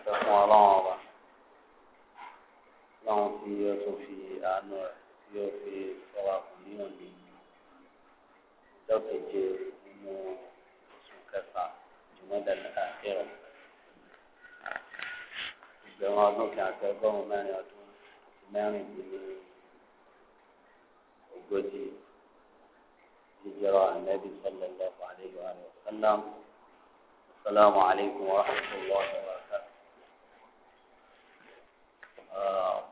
ọ̀sẹ̀ fún ọlọ́run ọba lọ́run tí ó tó fi àánú rẹ̀ tí ó fi sọ́wọ́ kù ní òní ọjọ́ keje nínú oṣù kẹfà jùmọ́dẹ̀lẹ́ àkẹ́rọ̀ ìgbẹ̀rún ọdún kan àti ọgọ́rùn-ún mẹ́rin ọdún mẹ́rìndínlẹ́ ogójì hijira annabi sallallahu alaihi wa sallam assalamu alaikum wa wa barakatuh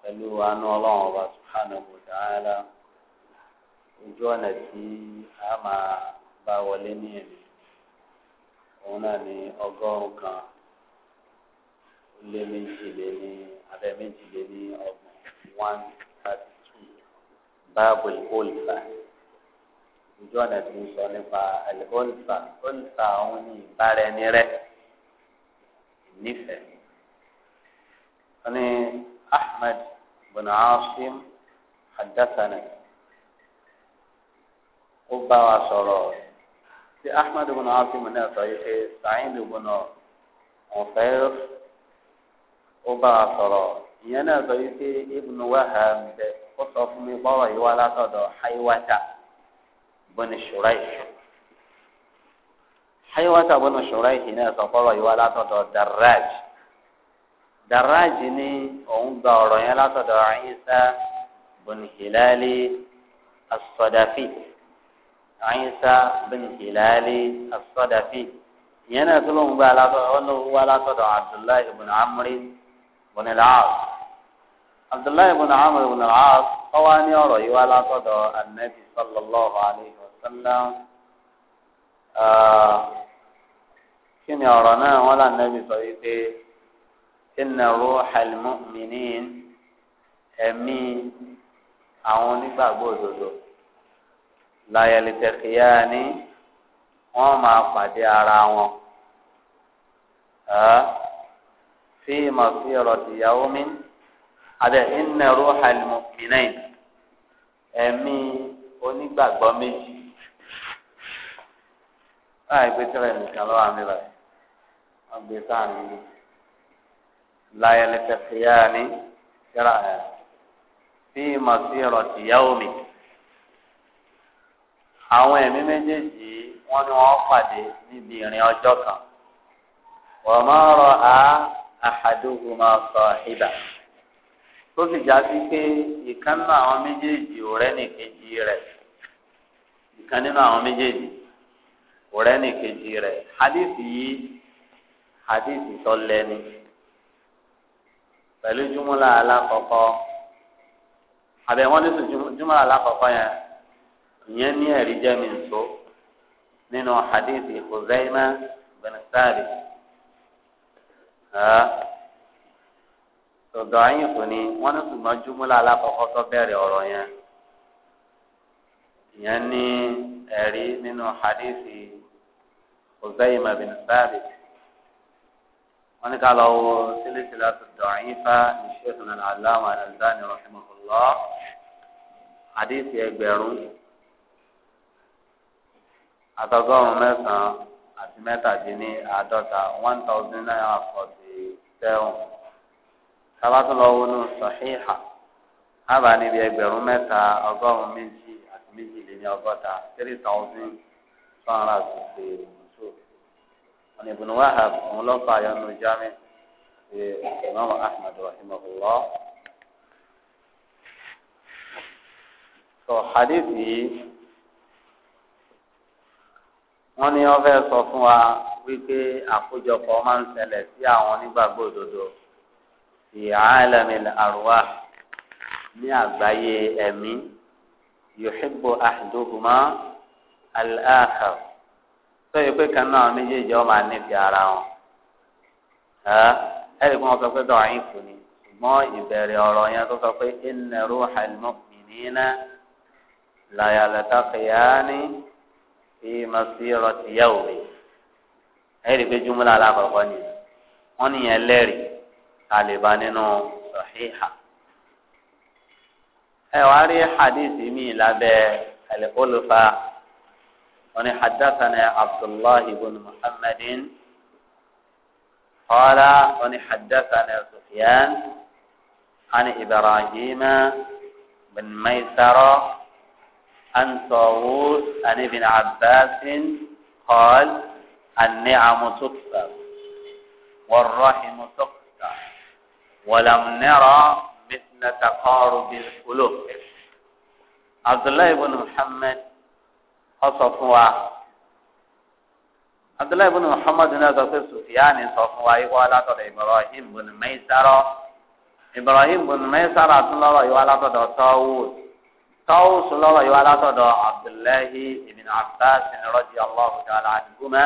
pẹ̀lú àánú ọlọ́run ọba subhanahu wa ta'ala ojú ọ̀nà tí a máa bá wọlé ní èmi òun náà ní ọgọ́rùn kan ó lé méjì lé ní abẹ́ méjì ní ọgbọ̀n one thirty two báàbò ìkólìfà ojú ọ̀nà tí ń sọ nípa àlìkólìfà kólìfà òun ní ìbára ẹni rẹ nífẹ̀ẹ́. أحمد بن عاصم حدثنا قبا وصرار في أحمد بن عاصم من طريق سعيد بن عفير قبا وصرار ينا طريق ابن وهب قصف مبارا ولا تدع حيوة بن شريح حيوة بن شريح ناس قرأ ولا تدع دراج dàrájì ní òun gba ọ̀rọ̀ yẹn látọ̀dọ̀ àyínsá bùnìhìláàlì asọ̀dàfì àyínsá bùnìhìláàlì asọ̀dàfì ìyẹn náà tó lóun gba wá látọ̀dọ̀ abdullahi ibùn amúrí ibùn al-aas abdullahi ibùn amúrí ibùn al-aas ọwọ́ ní ọ̀rọ̀ yìí wá látọ̀dọ̀ anabi sallallahu alayhi wa sallam kí ni ọ̀rọ̀ náà wọ́n lànà bí sọ yìí pé inna روح المؤمنين ẹ̀mí àwọn onígbàgbọ́ òdodo la yaltaqiyani wọ́n máa pàdé ara wọn fi masirati yawmin adé inna ruhal mu'minin ẹ̀mí onígbàgbọ́ méjì láì gbé tẹ́lẹ̀ nìkan lọ́wọ́ àmì báyìí wọ́n gbé sáà nínú. لا يلتقيان قراءة في مسيرة يوم àwọn ẹ̀mí méjèèjì wọn ni wọn pàdé níbi ìrìn ọjọ́ kan wọ́n máa rọ á àhàdúgbò máa sọ ìdá tó sì já sí pé ìkan nínú àwọn méjèèjì nìkejì ìkan nínú àwọn pẹ̀lú júmọ́lá alákọ̀ọ́kọ́ àbẹ̀ wọ́n ní sùn júmọ́lá alákọ̀ọ́kọ́ yẹn ìyẹn ní ẹ̀rí jẹ́ mi nso nínú hadith Khuzaima bin Thabit tọ̀dọ̀ ayín kò ní wọ́n ní ṣùgbọ́n júmọ́lá alákọ̀ọ́kọ́ tó bẹ̀rẹ̀ ọ̀rọ̀ yẹn ìyẹn ní ẹ̀rí nínú hadith Khuzaima bin wọ́n ní ká lọ wo sílẹ̀sílẹ̀ àtúntò àyínfà ìṣèkùnà àlámà àlùdáni rọ̀ṣẹ́mọ̀kùnlọ́ àdéhìsì ẹgbẹ̀rún àtọ́gọ́rùn-ún mẹ́sàn-án àti mẹ́tàdínní àádọ́ta one thousand nine hundred forty seven sábàtúnlọ́wọ́nù sọ̀híhà ábà níbi ẹgbẹ̀rún mẹ́ta ọgọ́rùn-ún méjì àti méjì ọgọ́ta three thousand two hundred sixty wọn Ibn Wahab òun lọ fà yọ nù jami ṣe imam ahmed rahimahullah sọ hadith yìí wọn ní wọn fẹ́ sọ fún wa wípé àkójọpọ̀ máa ń ṣẹlẹ̀ sí àwọn onígbàgbọ́ òdodo fi alamil arwah ní àgbáyé ẹ̀mí yuhibbu ahaduhuma al sọyìn pé kan náà méjèèjì ọmọ ànífi ara wọn ẹ̀rí kan sọ pé dọ̀ọ́yìn kù ni ṣùgbọ́n ìbẹ̀rẹ̀ ọ̀rọ̀ yẹn tó sọ pé inna ruhal mu'minina la yaltaqiyani fi masirati yawmi ẹ̀rí pé júmọ́lá alákọ̀ọ́kọ́ ni wọ́n nìyẹn lẹ́rìí àlèbá nínú sọ̀híhà ẹ̀ wá rí hadith mi lábẹ́ al وني حدثنا عبد الله بن محمد قال وني حدثنا سفيان عن إبراهيم بن ميسرة عن طاووس عن ابن عباس قال النعم تكسر والرحم تكسر ولم نرى مثل تقارب الخلق عبد الله بن محمد ó sọ fún wa abdullahi bin muhammad náà sọ pé sufiyani sọ fún wa yíwá látọ̀dọ̀ ibrahim bin maisaro ibrahim bin maisaro tún lọ́rọ̀ yíwá látọ̀dọ̀ tawus tawus lọ́rọ̀ yíwá látọ̀dọ̀ abdullahi ibn abbas radiyallahu ta'ala anhuma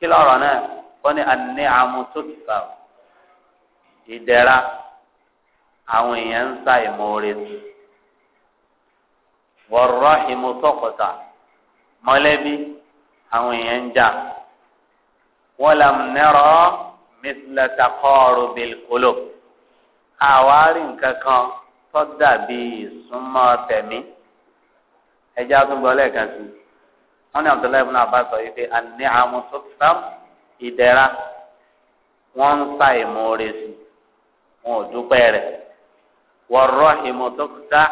kí lọ́rọ̀ náà wọ́n ní an-ni'amu tudfa'u ìdẹ̀ra àwọn èèyàn ń sa ìmoore wọ́n rọ́ ìmú mọ̀lẹ́bí àwọn èèyàn ń jà wọ́n làm nẹ́rọ̀ mísìlẹ̀tàkọ́ọ̀rù bìlkúlò àwárí nǹkan kan tó dàbí ìsúnmọ́ tẹ̀mí ẹja tó gbọ́ lẹ́ẹ̀kan sí wọ́n ní Abdullahi ibn Abbas sọ wípé àní àwọn tó sàm ìdẹ́ra wọ́n ń sa ìmoore sí wọn ò dúpẹ́ rẹ̀ wọ́n rọ́ ìmọ̀ tó ta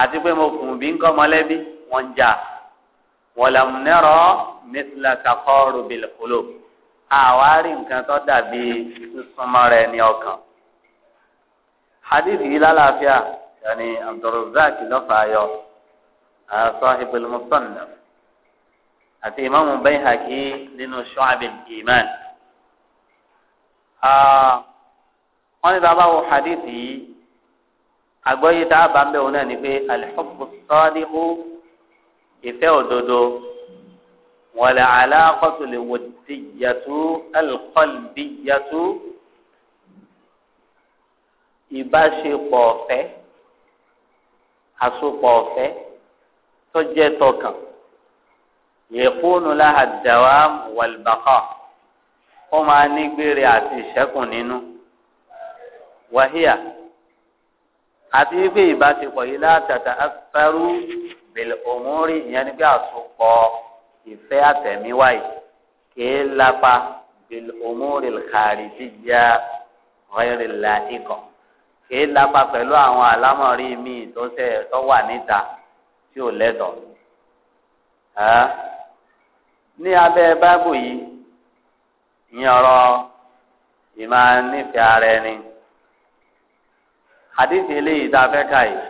àti pé mo kùn bí ń kọ́ mọ́lẹ́bí wọ́n ń jà wọ̀làm nẹ́rọ̀ mẹ́tìlá kakọ́rù bìlẹ̀ kúlò àwárí nǹkan tó dàbí sísúnmọ́ rẹ̀ ní ọkàn. hadith yìí lálàáfíà yanni abdulrasaq lọ́fàáyọ sahib al-musannaf àti imaamu bayhaqi nínú shu'ab al-iman. wọ́n ní bàbá wo hadith yìí àgbọ́yé tá a bá ń bẹ̀ wọn náà ni pé al-hubbu as ìfẹ́ òdodo wàlẹ̀ aláàkọ́tòlẹ̀ wòdìyàtú alùpàlùbíyàtú ìbáṣepọ̀ ọ̀fẹ́ àsopọ̀ ọ̀fẹ́ tọ́jẹ́ tọkàn yẹ̀kúnú láhàdáwà wàlùbákà ó máa ní gbére àti ìṣẹ́kùn nínú wàhíà àti wípé ìbáṣepọ̀ yìí látàtà afẹ́rú bẹ̀lẹ̀ òmùúrì ìyẹn ni pé àsopọ̀ ìfẹ́ àtẹ̀míwá yìí kìí lápa bẹ̀lẹ̀ òmùúrì kàrídìjà ọ̀rẹ́ la ikọ̀ kìí lápa pẹ̀lú àwọn àlámọ̀rí míì tó ṣẹ̀ tó wà níta tí ò lẹ́dọ̀ ní abẹ́ báàbù yìí ìyẹn ọ̀rọ̀ ìmáa nífẹ̀ẹ́ ara ẹni àdìsí eléyìí tá a fẹ́ kà yìí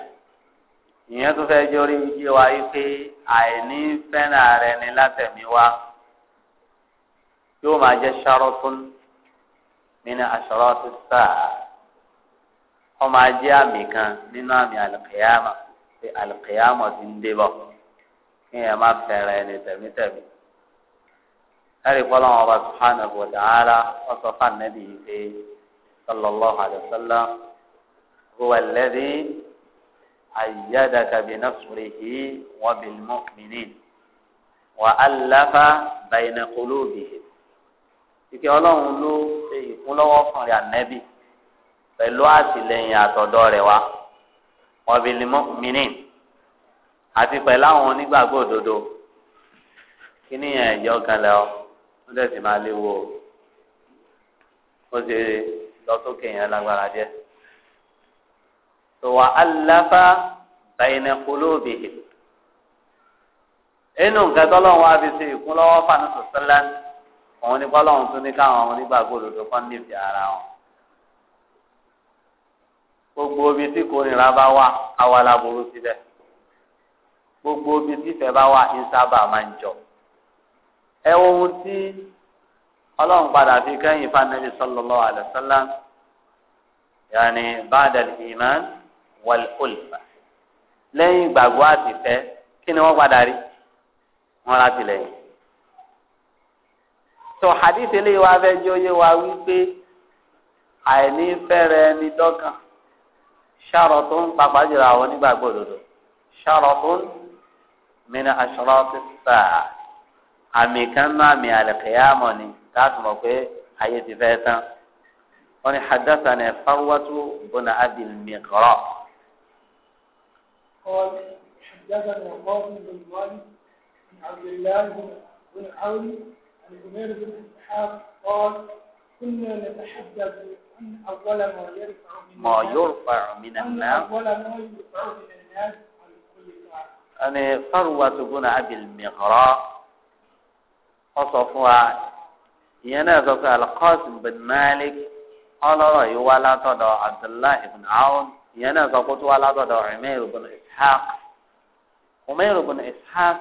ìyẹn tó fẹ́ jọrí yé wa yìí pé àìní fẹ́ràn rẹ ni látẹ̀mí wa yóò máa jẹ́ ṣarọ́tún nínú aṣọ́rọ́tù sáà ó máa jẹ́ àmì kan nínú àmì àlùkìyàmà pé àlùkìyàmà ti ń dé bọ̀ kí èèyàn má fẹ́ràn ẹni tẹ̀mítẹ̀mí. ẹ̀rí kọ́ lọ́wọ́ ọba subhanahu wa ta'ala wọ́n sọ fún ànábì yìí pé sallallahu alayhi wa sallam huwa ayyadaka بنصره وبالمؤمنين، wa بين mu'minin wa alafa bayna qulubihim ìkẹ́ ọlọ́run ló ṣe ìkúnlọ́wọ́ fún rẹ̀ ànẹ́bì pẹ̀lú àtìlẹyìn àtọ̀dọ̀ rẹ̀ wá wa bil mu'minin àti pẹ̀lú àwọn onígbàgbọ́ òdodo kí ni ẹ̀yọ́ kan lẹ́ ọ́ ó dẹ̀ sì máa léwu o ó ṣe lọ sókè yẹn lágbára díẹ̀ tó wà aláfa bàyìnà kólóòbì inú nǹkan tọ́lọ́run wá fi ṣe ìkúnlọ́wọ́ fani sọ̀sẹ́lá òun ni kọ́lọ́run tún ní káwọn onígbàgbọ́ òdodo kan níbi ara wọn. gbogbo omi tí kò nira bá wà awala burú síbẹ̀ gbogbo omi tí ìfẹ́ bá wà ní sábà máa ń jọ. ẹ wo ohun padà fi kẹ́yìn fanabi sallallahu alaihi wasallam yàní ba'da iman wal ulfa lẹ́yìn ìgbàgbọ́ àti ìfẹ́ kí ni wọ́n padà rí wọn láti lẹ́yìn. tó hadith eléyìí wá fẹ́ jẹ́ oyé wa wípé àìní fẹ́rẹ̀ ẹni dọ́kàn ṣàrọ̀ tó ń papá jùlọ àwọn onígbàgbọ́ òdodo ṣàrọ̀ tó ń mìíràn aṣọ́rọ́ ti sà àmì kan náà àmì àlẹ́kẹ̀yàmọ̀ ni láti mọ̀ pé ayé ti fẹ́ tán. wọ́n ní hadathana Farwatu bùnà Abil Miqrab. قال حدثنا الله بن مالك عن عبد الله بن عون عن عمير بن اسحاق قال كنا نتحدث ان اول ما يرفع من ما يرفع من الناس اول ما يرفع من الناس عن كل ساعه أنا يعني فروة بن أبي المغراء وصفوا على القاسم بن مالك قال رأي ولا تدع عبد الله بن عون ìyẹn náà sọ kó tó wá látọ̀dọ̀ Umayr ibn Ishaq Umayr ibn Ishaq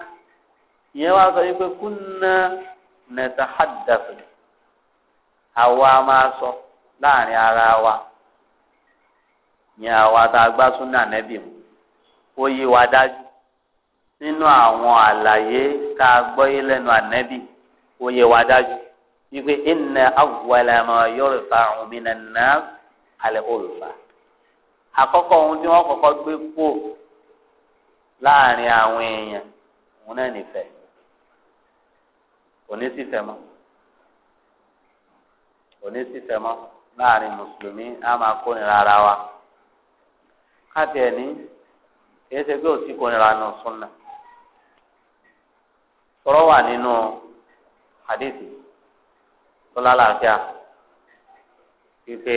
ìyẹn wá sọ wípé kunna natahaddathu àwa máa sọ láàrin ara wa ìyẹn àwa tá a gbá súnà nẹ́bì mu ó yí wa dájú nínú àwọn àlàyé tá a gbọ́ yé lẹ́nu ànẹ́bì ó yé wa dájú wípé inna awwala ma yurfa'u minan nas al-ulfa. akọkọ ohun tí wọn kọkọ gbé kó láàrin àwọn èèyàn òun náà nífẹ̀ẹ́ òní sì fẹ́ mọ́ òní sì fẹ́ mọ́ láàrin mùsùlùmí á máa kórìíra ara wa káàtì ẹni kìí ṣe pé òsì kórìíra nù súnà sọ̀rọ̀ wà nínú hadithi tó lálàáfíà wípé.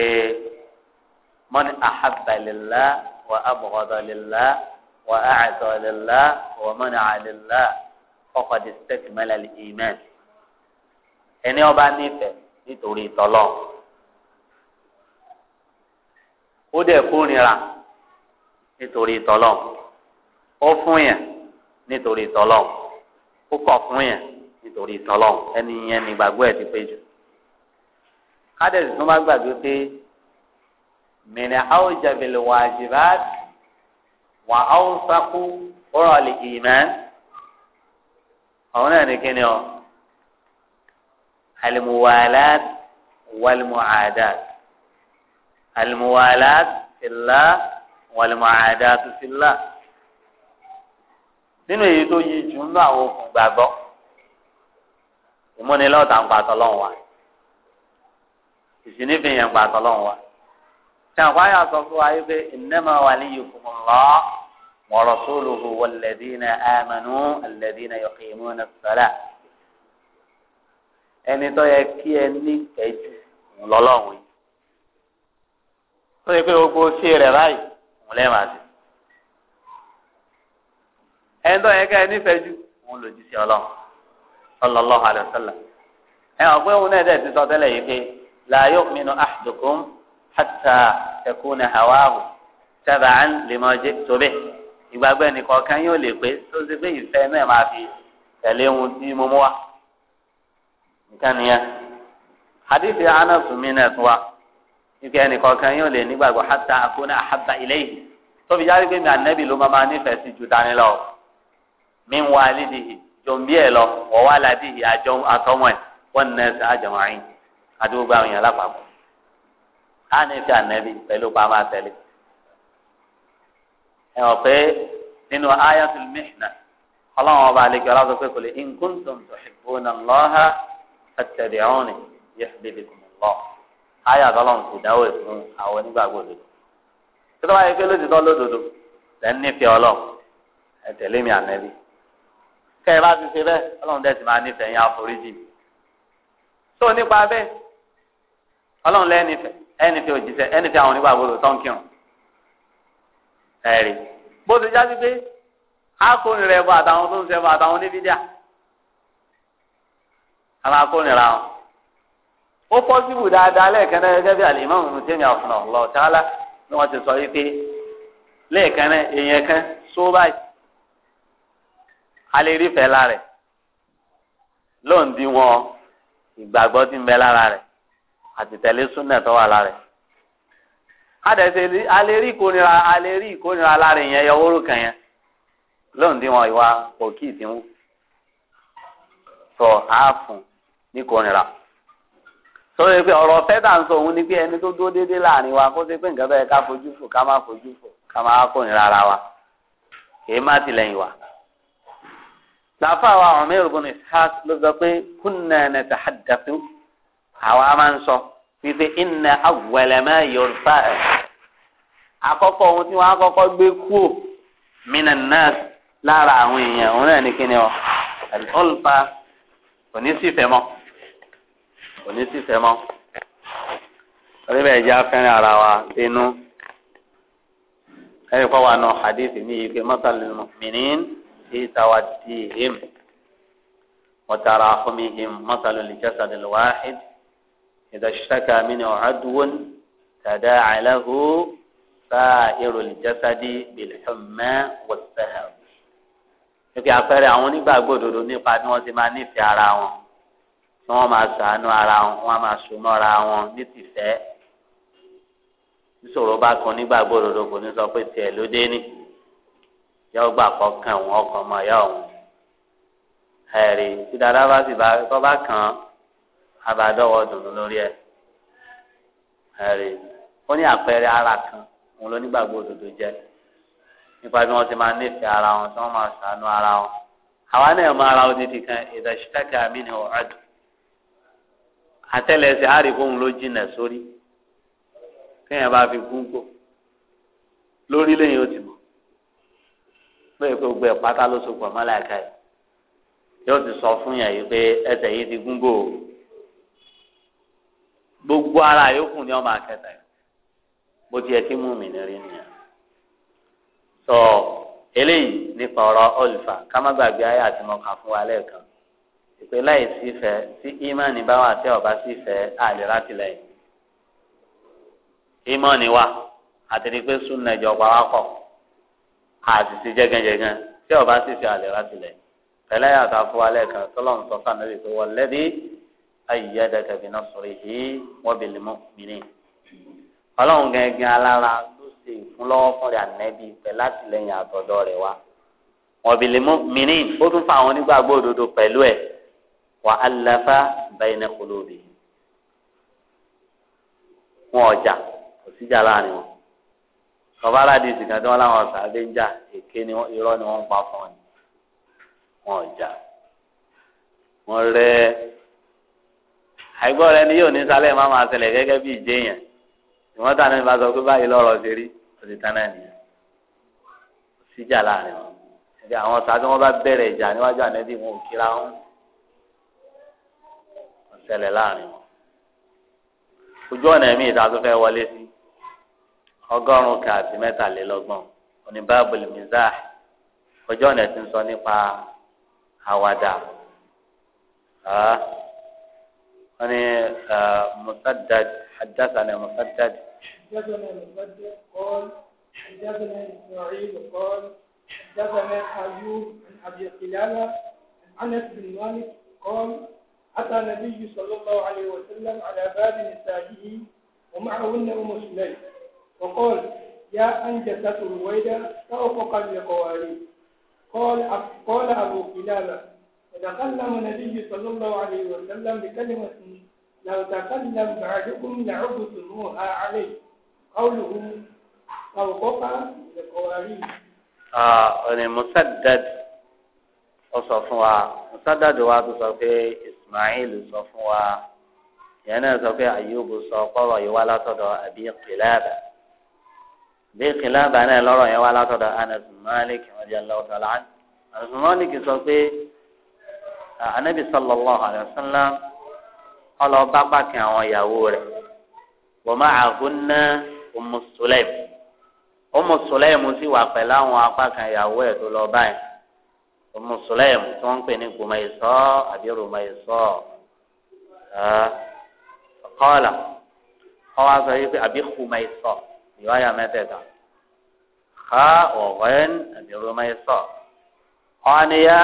من أحب لله وأبغض لله وأعطى لله ومنع لله فقد استكمل الإيمان ẹni ọba nífẹ̀ẹ́ nítorí tọ́lọ́ ó dẹ̀ kórìíra nítorí tọ́lọ́ ó fún yẹn nítorí tọ́lọ́ ó kọ̀ fún yẹn nítorí tọ́lọ́ ẹni yẹn nígbàgbọ́ ẹ̀ ti pé jù kádẹ́sì tó má gbàgbé pé. من أوجب الواجبات وأوثق قرى الإيمان هنا نكين الموالاة والمعاداة الموالاة في الله والمعاداة في الله nínú èyí tó yí jù nínú àwọn òkùn gbàgbọ́ ìmúnilọ́ta ń pa àtọ́lọ́hún wa ìsìnìfìyàn ń pa àtọ́lọ́hún wa sàǹkọ́ àyà sọ fún wa yìí pé innama waliyukumullah wa rasuluhu walladhina amanu alladhina yuqimuna as-salah ẹni tó yẹ kí ẹ ní kẹjù ńlọlọ́run yìí tó yẹ pé gbogbo sí rẹ̀ báyìí òun máa sí ẹni tó yẹ kí ẹ nífẹ̀ẹ́ jù òun lòdì sí ọlọ́run sallallahu alaihi wasallam ẹ̀ ọ̀pẹ́ òun náà dẹ̀ ti sọ tẹ́lẹ̀ yìí pé la yu'minu حتى تكون hawahu taba'an lima ji'tu bih ìgbàgbọ́ ẹnìkan kan yóò lè pé tó ṣe pé ìfẹ́ náà máa fi tẹ̀lé ohun tí mo mú wa nǹkan nìyẹn hadithi anas mi náà tún wa ìfẹ́ ẹnìkan kan yóò lè nígbàgbọ́ hatta akuna ahabba ilayhi tóbi jáde pé mi ànábì ló máa nífẹ̀ẹ́ sí ju dání lọ min walidihi jọ̀ǹbí ẹ̀ lọ wa waladihi àjọ àtọmọ ẹ̀ wọ́n nẹ́ẹ̀sì àjọmọ́ àyìn àdúgbò àwọn lápapọ̀. á ní fi ànẹ́bí pẹ̀lú pàmò àtẹ̀lé ẹ wọ pé nínú ayatul mihna ọlọ́run ọba àlejò aláwọ̀ pé kò lè in kuntum tuhibbuna Allaha fattabi'uni yuhbibkumullah ayé àtọ́lọ́run kò dáwọ́ ìfún àwọn onígbàgbọ́ òdodo tó tó wáyé pé lójútọ́ lódodo lẹ́nu nífẹ̀ẹ́ ọlọ́run ẹ tẹ̀lé mi ànẹ́bí kẹ́ ẹ bá ti ṣe bẹ́ẹ̀ ọlọ́run dẹ̀ ti máa nífẹ̀ẹ́ yín àforíjì tó nípa bẹ́ẹ̀ ọlọ́run lẹ́ẹ̀ nífẹ̀ẹ́ ẹni fi òjíṣẹ́ ẹni fi àwọn onígbàgbọ́ lò tán kírun ẹ̀rí bó ti jáde pé akónira ẹbọ àtàwọn tó ń ṣẹbọ àtàwọn oníbídíà àwọn akónira wọn ó pọ́sibù dáadáa lẹ́ẹ̀kan gẹ́gẹ́ bí alimami ibn Taymiyyah àfúnà ni wọ́n ti sọ yìí pé èèyàn kan só báyìí lára rẹ̀ lóun àti tẹ̀lé súnà tó wà lára adẹ̀sẹ̀ alẹ́ rí ìkórira alẹ́ rí ìkórira lára ìyẹn yọ wóró kan yẹn lóun tí wọn ìwà òkì tí wọn sọ àáfùn ní ìkórira sọ́dọ̀ pé ọ̀rọ̀ fẹ́tà ń sọ òun ni pé ẹni tó dúró déédéé láàrin wa kó ṣe pé nǹkan bẹ́ẹ̀ ká fojú fò ká má fojú fò ká má kórira ara wa kì í má tilẹ̀yìn wa làáfàá wa ọ̀mẹ́rùn-ún ni sars ló sọ pé kúnnà ẹ̀ àwa máa ń sọ wípé inna awwala ma yorùbá ẹ̀ àkọ́kọ́ ohun tí wọ́n á kọ́kọ́ gbé kúò minan nas lára àwọn èèyàn òun náà ní kíni ọ ọlùfà kò ní sí fẹ́ mọ́ kò ní sí orí bẹ́ẹ̀ jẹ́ afẹ́rẹ́ ara wa inú ẹ̀rí kọ́ wa nù hadith mi yìí pé masalul mu'minin fi tawaddihim wa tarahumihim masalul jasadil wahid. إذا اشتكى منه عدو تداعى له سائر الجسد بالحمى والسهر níbi àpẹẹrẹ àwọn onígbàgbọ́ òdodo nípa bí wọ́n ti máa nífẹ̀ẹ́ ara wọn tí wọ́n máa ṣàánú ara wọn wọ́n máa súnmọ́ra wọn ní tìfẹ́ níṣòro bá kan onígbàgbọ́ òdodo kò ní sọ pé tiẹ̀ ló dé ní yóò gbà kọ́kàn òun ọkàn mọ́ ìyá òun ẹ̀rí tí dáadáa bá sì bá kọ́ bá kàn án abadọwọ dòdò lórí ẹ ẹrí ó ní àpẹẹrẹ ara kan òun ló nígbàgbọ́ òdòdó jẹ nípa bí wọn ti máa nífẹ̀ẹ́ ara wọn tí wọn máa sànú ara wọn àwa náà mọ ara wọn nídìí kan ìdàṣítàkì àmínú ọ̀rẹ́dù àtẹlẹsẹ àríkóhun ló jìnà sórí kéèyàn bá fi gúngbò lórí lẹ́yìn ó ti mọ bẹ́ẹ̀ pé gbogbo ẹ̀ pátá ló so pọ̀ mọ́ láìka yìí yóò ti sọ fún yàn yìí pé ẹsẹ̀ yìí ti gúngbò o. gbogbo ara yòókù ni ọmọ akẹta yìí bó tiẹ̀ ti mú mi nírí nìyẹn sọ eléyìí nípa ọ̀rọ̀ olùfà ká má gbàgbé ayé àti mọ̀ọ́ká fún wa lẹ́ẹ̀kan ìpè láì sí fẹ́ tí ìmánì bá wà tí ọba sì fẹ́ àlè látìlẹ́yìn ìmánì wà àti pé súnà ìjọba wa kọ̀ àti sí jẹ́gẹ́jẹ́gẹ́ tí ọba sì fẹ́ àlè pẹ̀lẹ́ yàtọ̀ fún wa lẹ́ẹ̀kan tọ́lọ́mùsọ fún àmì ayyadaka bi nasrihi wa bil mu'minin ọlọ́run gẹ́gẹ́ alára ló ṣe ìfúnlọ́wọ́ fún rẹ̀ ànẹ́bí pẹ̀lú àtìlẹ́yìn àtọ̀dọ́ rẹ̀ wá wa bil mu'minin ó tún fa àwọn onígbàgbọ́ òdodo pẹ̀lú ẹ̀ wa allafa bayna qulubihim wọn ọjà kò síjà láàrin wọn tọ́ba aládìsí kan tí wọ́n láwọn ọ̀sán abẹ́ èké ni irọ́ ni wọ́n pa fún wọn ọjà wọn rẹ́ẹ́ àìgbọ́ rẹ ni yóò ní sálẹ̀ máa máa ṣẹlẹ̀ gẹ́gẹ́ bí ìjẹ yẹn ìwọ́n tà náà bá sọ pé báyìí lọ́rọ̀ ṣe rí òsì tán náà nìyẹn síjà láàrin wọn ẹgbẹ́ àwọn sáà tí wọ́n bá bẹ̀rẹ̀ ìjà níwájú ànẹ́bí wọn ò kíra wọn ṣẹlẹ̀ láàrin wọn. ojú ọ̀nà mi ìta tó fẹ́ wọlé sí ọgọ́rùn-ún kan àti mẹ́tàlélọ́gbọ̀n òní báàbùlì mizah ojú ọ̀nà ti ń sọ nípa àwàdà. أنا آه، مسدد حدثنا مسدد حدثنا مسدد قال حدثنا إسماعيل قال حدثنا أيوب عن أبي قلابة عن أنس بن مالك قال أتى النبي صلى الله عليه وسلم على باب نسائه ومعهن أم سليم وقال يا أنجسة رويدة توفقا لقوارير قال قال أبو قلابة تكلم النبي صلى الله عليه وسلم بكلمة لو تكلم بعدكم لعبدتموها عليه قوله موقوفا للقوارير ọ̀rẹ́ musaddad ó sọ مسدد wa musaddad wa tó sọ pé ismail sọ fún wa yẹn náà sọ pé ayubu sọ kọ́rọ̀ yìí wá látọ̀dọ̀ àbí kìláàbà bí kìláàbà náà lọ́rọ̀ yẹn wá látọ̀dọ̀ anas malik radiyallahu ta'ala anhu anas sọ pé anabi sallallahu alayhi wa sallam ọlọba pàkín àwọn ìyàwó rẹ̀ wa ma'ahunna Ummu Sulaim Ummu Sulaim sì wà pẹ̀lú àwọn apákan ìyàwó ẹ̀ tó lọ báyìí Ummu Sulaim tí wọ́n ń pè ní Gumaisọ àbí Rumaisọ kọ́ọ̀là wọ́n wá sọ wípé àbí Kumaisọ ìwáyà mẹ́tẹ̀ẹ̀ta ká ọ̀rẹ́n àbí Rumaisọ wọ́n á ní yá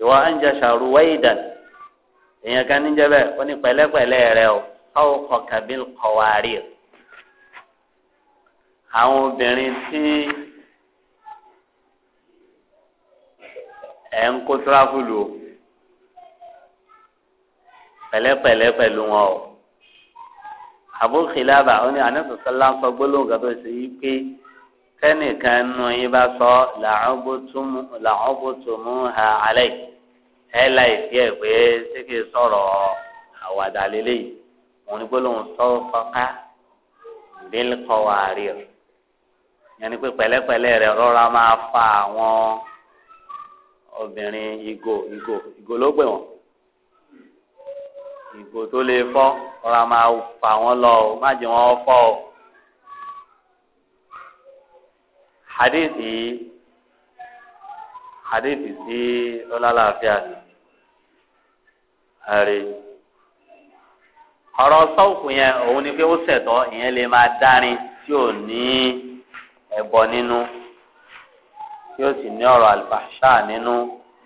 ìwọ ànjẹ ṣàrù wẹ́ẹ̀dàn èèyàn kan níjẹ bẹ́ẹ̀ ó ní pẹ̀lẹ́pẹ̀lẹ́ rẹ o káwọ́ kọ kabil kọ̀wárì àwọn obìnrin tí ẹ̀ ń kó tíráfùlù o pẹ̀lẹ́pẹ̀lẹ́ pẹ̀lú wọn o Abu Khilaba ó ní anasọsọlá ń gbólóhùn kan tó ṣe yí pé. kẹ́nìkan nù bá sọ làọ́bùtùmù ha alẹ́ ẹ̀ láì fi ẹ̀ pé ṣé sọ̀rọ̀ àwàdà yìí òun ni gbólóhùn sọ́fọ́ká bílkọ̀wárì rẹ̀ yẹn ni pé pẹ̀lẹ́pẹ̀lẹ́ rẹ̀ rọra máa fa àwọn obìnrin ìgò ìgò ìgò ló pè ìgò tó fa lọ má jẹ́ wọn fọ́ hadithi hadithi tí ó lálàáfíà ni ẹ̀rí ọ̀rọ̀ sọ́ọ̀kù yẹn òun ni pé ó ṣẹ̀tọ́ ìyẹn lè máa dárin tí ò ní ẹ̀bọ nínú tí ó sì ní ọ̀rọ̀ àlùfàṣà nínú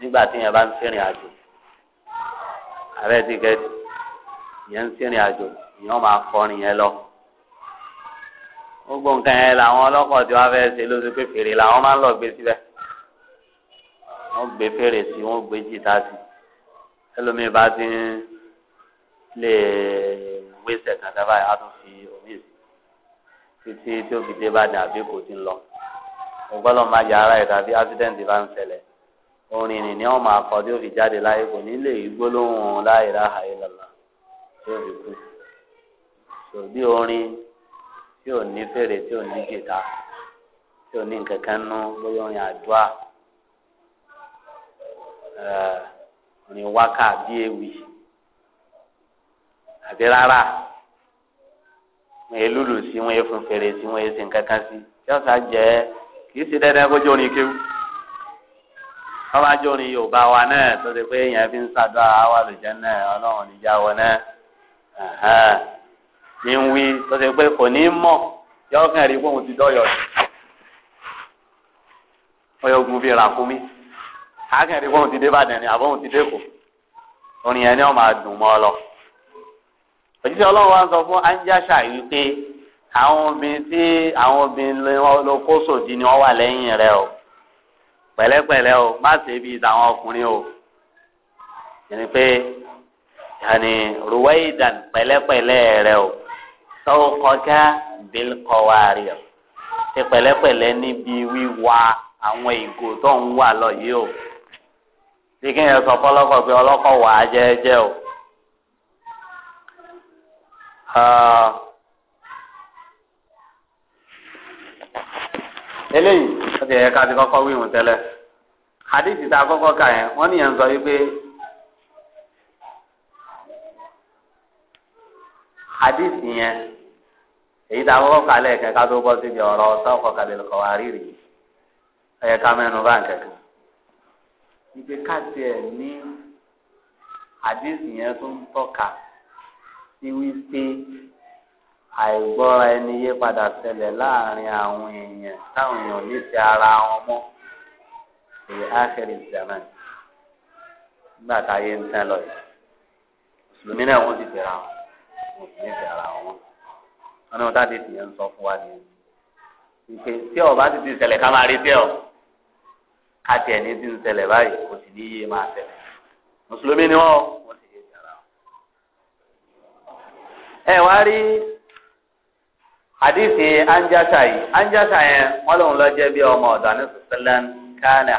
nígbà tí yẹn bá ń sìnrìn àjò ààrẹ ti gẹ̀ẹ́dì yẹn ń sìnrìn àjò ìyẹn máa kọrin yẹn lọ gbogbo nǹkan yẹn làwọn ọlọ́kọ̀ tí wọ́n fẹ́ ṣe lóṣù pé fèrè làwọn máa ń lọ gbé síbẹ̀ wọ́n gbé fèrè sí wọ́n gbé jìtá sí ẹlòmíì bá ti ń lè wé sẹ̀kàn dábàá yìí á tún fi omi sí títí tí ó fi dé bá dàn àbí kò ti ń lọ ọgbọ́dọ̀ má jẹ ara ẹ̀ tàbí ásídẹ́ǹtì bá ń ṣẹlẹ̀ orin ni ni máa kọ tí ó fi jáde láyé kò ní lè gbólóhùn la ilaha illallah tí ó fi kú. tí ò ní fèrè tí ò ní jìtá tí ò ní kankan nú bóyá orin àdúrà orin wákà bí ewì àti rárá wọn yẹ sí wọn fún fèrè sí wọn kankan sí tí wọn sá kìí ṣe dandan kó jẹ orin kéwù wọn bá Yorùbá wa náà tó pé èèyàn fi ń wà náà Ọlọ́run níjà wọn náà. ní ń wí lọ́sẹ̀ pé kò ní mọ̀ yọ kàn rí bóun ti dọ́yọ̀ ọyọ ogun bíi ràkúnmí àákàn rí bóun ti dé bàdàn ni àbóun ti dé kò orin yẹn ni wọn máa dùn mọ́ ọ lọ. òjijì ọlọ́run wa ń sọ fún anjáṣà yìí pé àwọn obìnrin tí àwọn obìnrin olókòsòdì ni wọ́n wà lẹ́yìn rẹ o pẹ̀lẹ́pẹ̀lẹ́ o má ṣe bíi tàwọn ọkùnrin o yẹn pé yàní rúwẹ́ìdàn pẹ̀lẹ́pẹ̀lẹ́ rẹ o sọ́kọ́ká bílkọ̀wárì ṣe pẹ̀lẹ́pẹ̀lẹ́ níbi wíwa àwọn ìgò tó ń wà lọ yìí o bí kéèyàn sọ fọlọ́kọ̀ pé ọlọ́kọ̀ wà á jẹ́ẹ́jẹ́ o. eléyìí ó ti yẹ ká ti kọ́kọ́ wíwùn tẹ́lẹ̀ hadith tá a kà yẹn wọ́n níyẹn sọ wípé. hadith yẹn èyí tá a kọ́kọ́ kà ká tó bọ́ síbi ọ̀rọ̀ sọ́kọ̀ kàlẹ́lẹ̀ kọ̀ wá rírì ẹ̀yẹ ká mẹ́nu bá nǹkankan. ibi ká tiẹ̀ ní hadith yẹn tó ń tọ́ka sí wípé àìgbọ́ra ẹni padà ṣẹlẹ̀ láàrin àwọn ara wọn mọ́ èyí nígbà ń tẹ́ lọ yìí wọn sì ara wọn wọn ní wọn tá a sọ fún wa ni ìpè tí ọba ti ti ṣẹlẹ̀ ká máa rí ọ ní ti ń ṣẹlẹ̀ báyìí kò sì ní máa mùsùlùmí ni wọn wọn ara wọn. ẹ wá rí àdìsí wọn lòun lọ jẹ bí ọmọ sọsẹlẹn káàní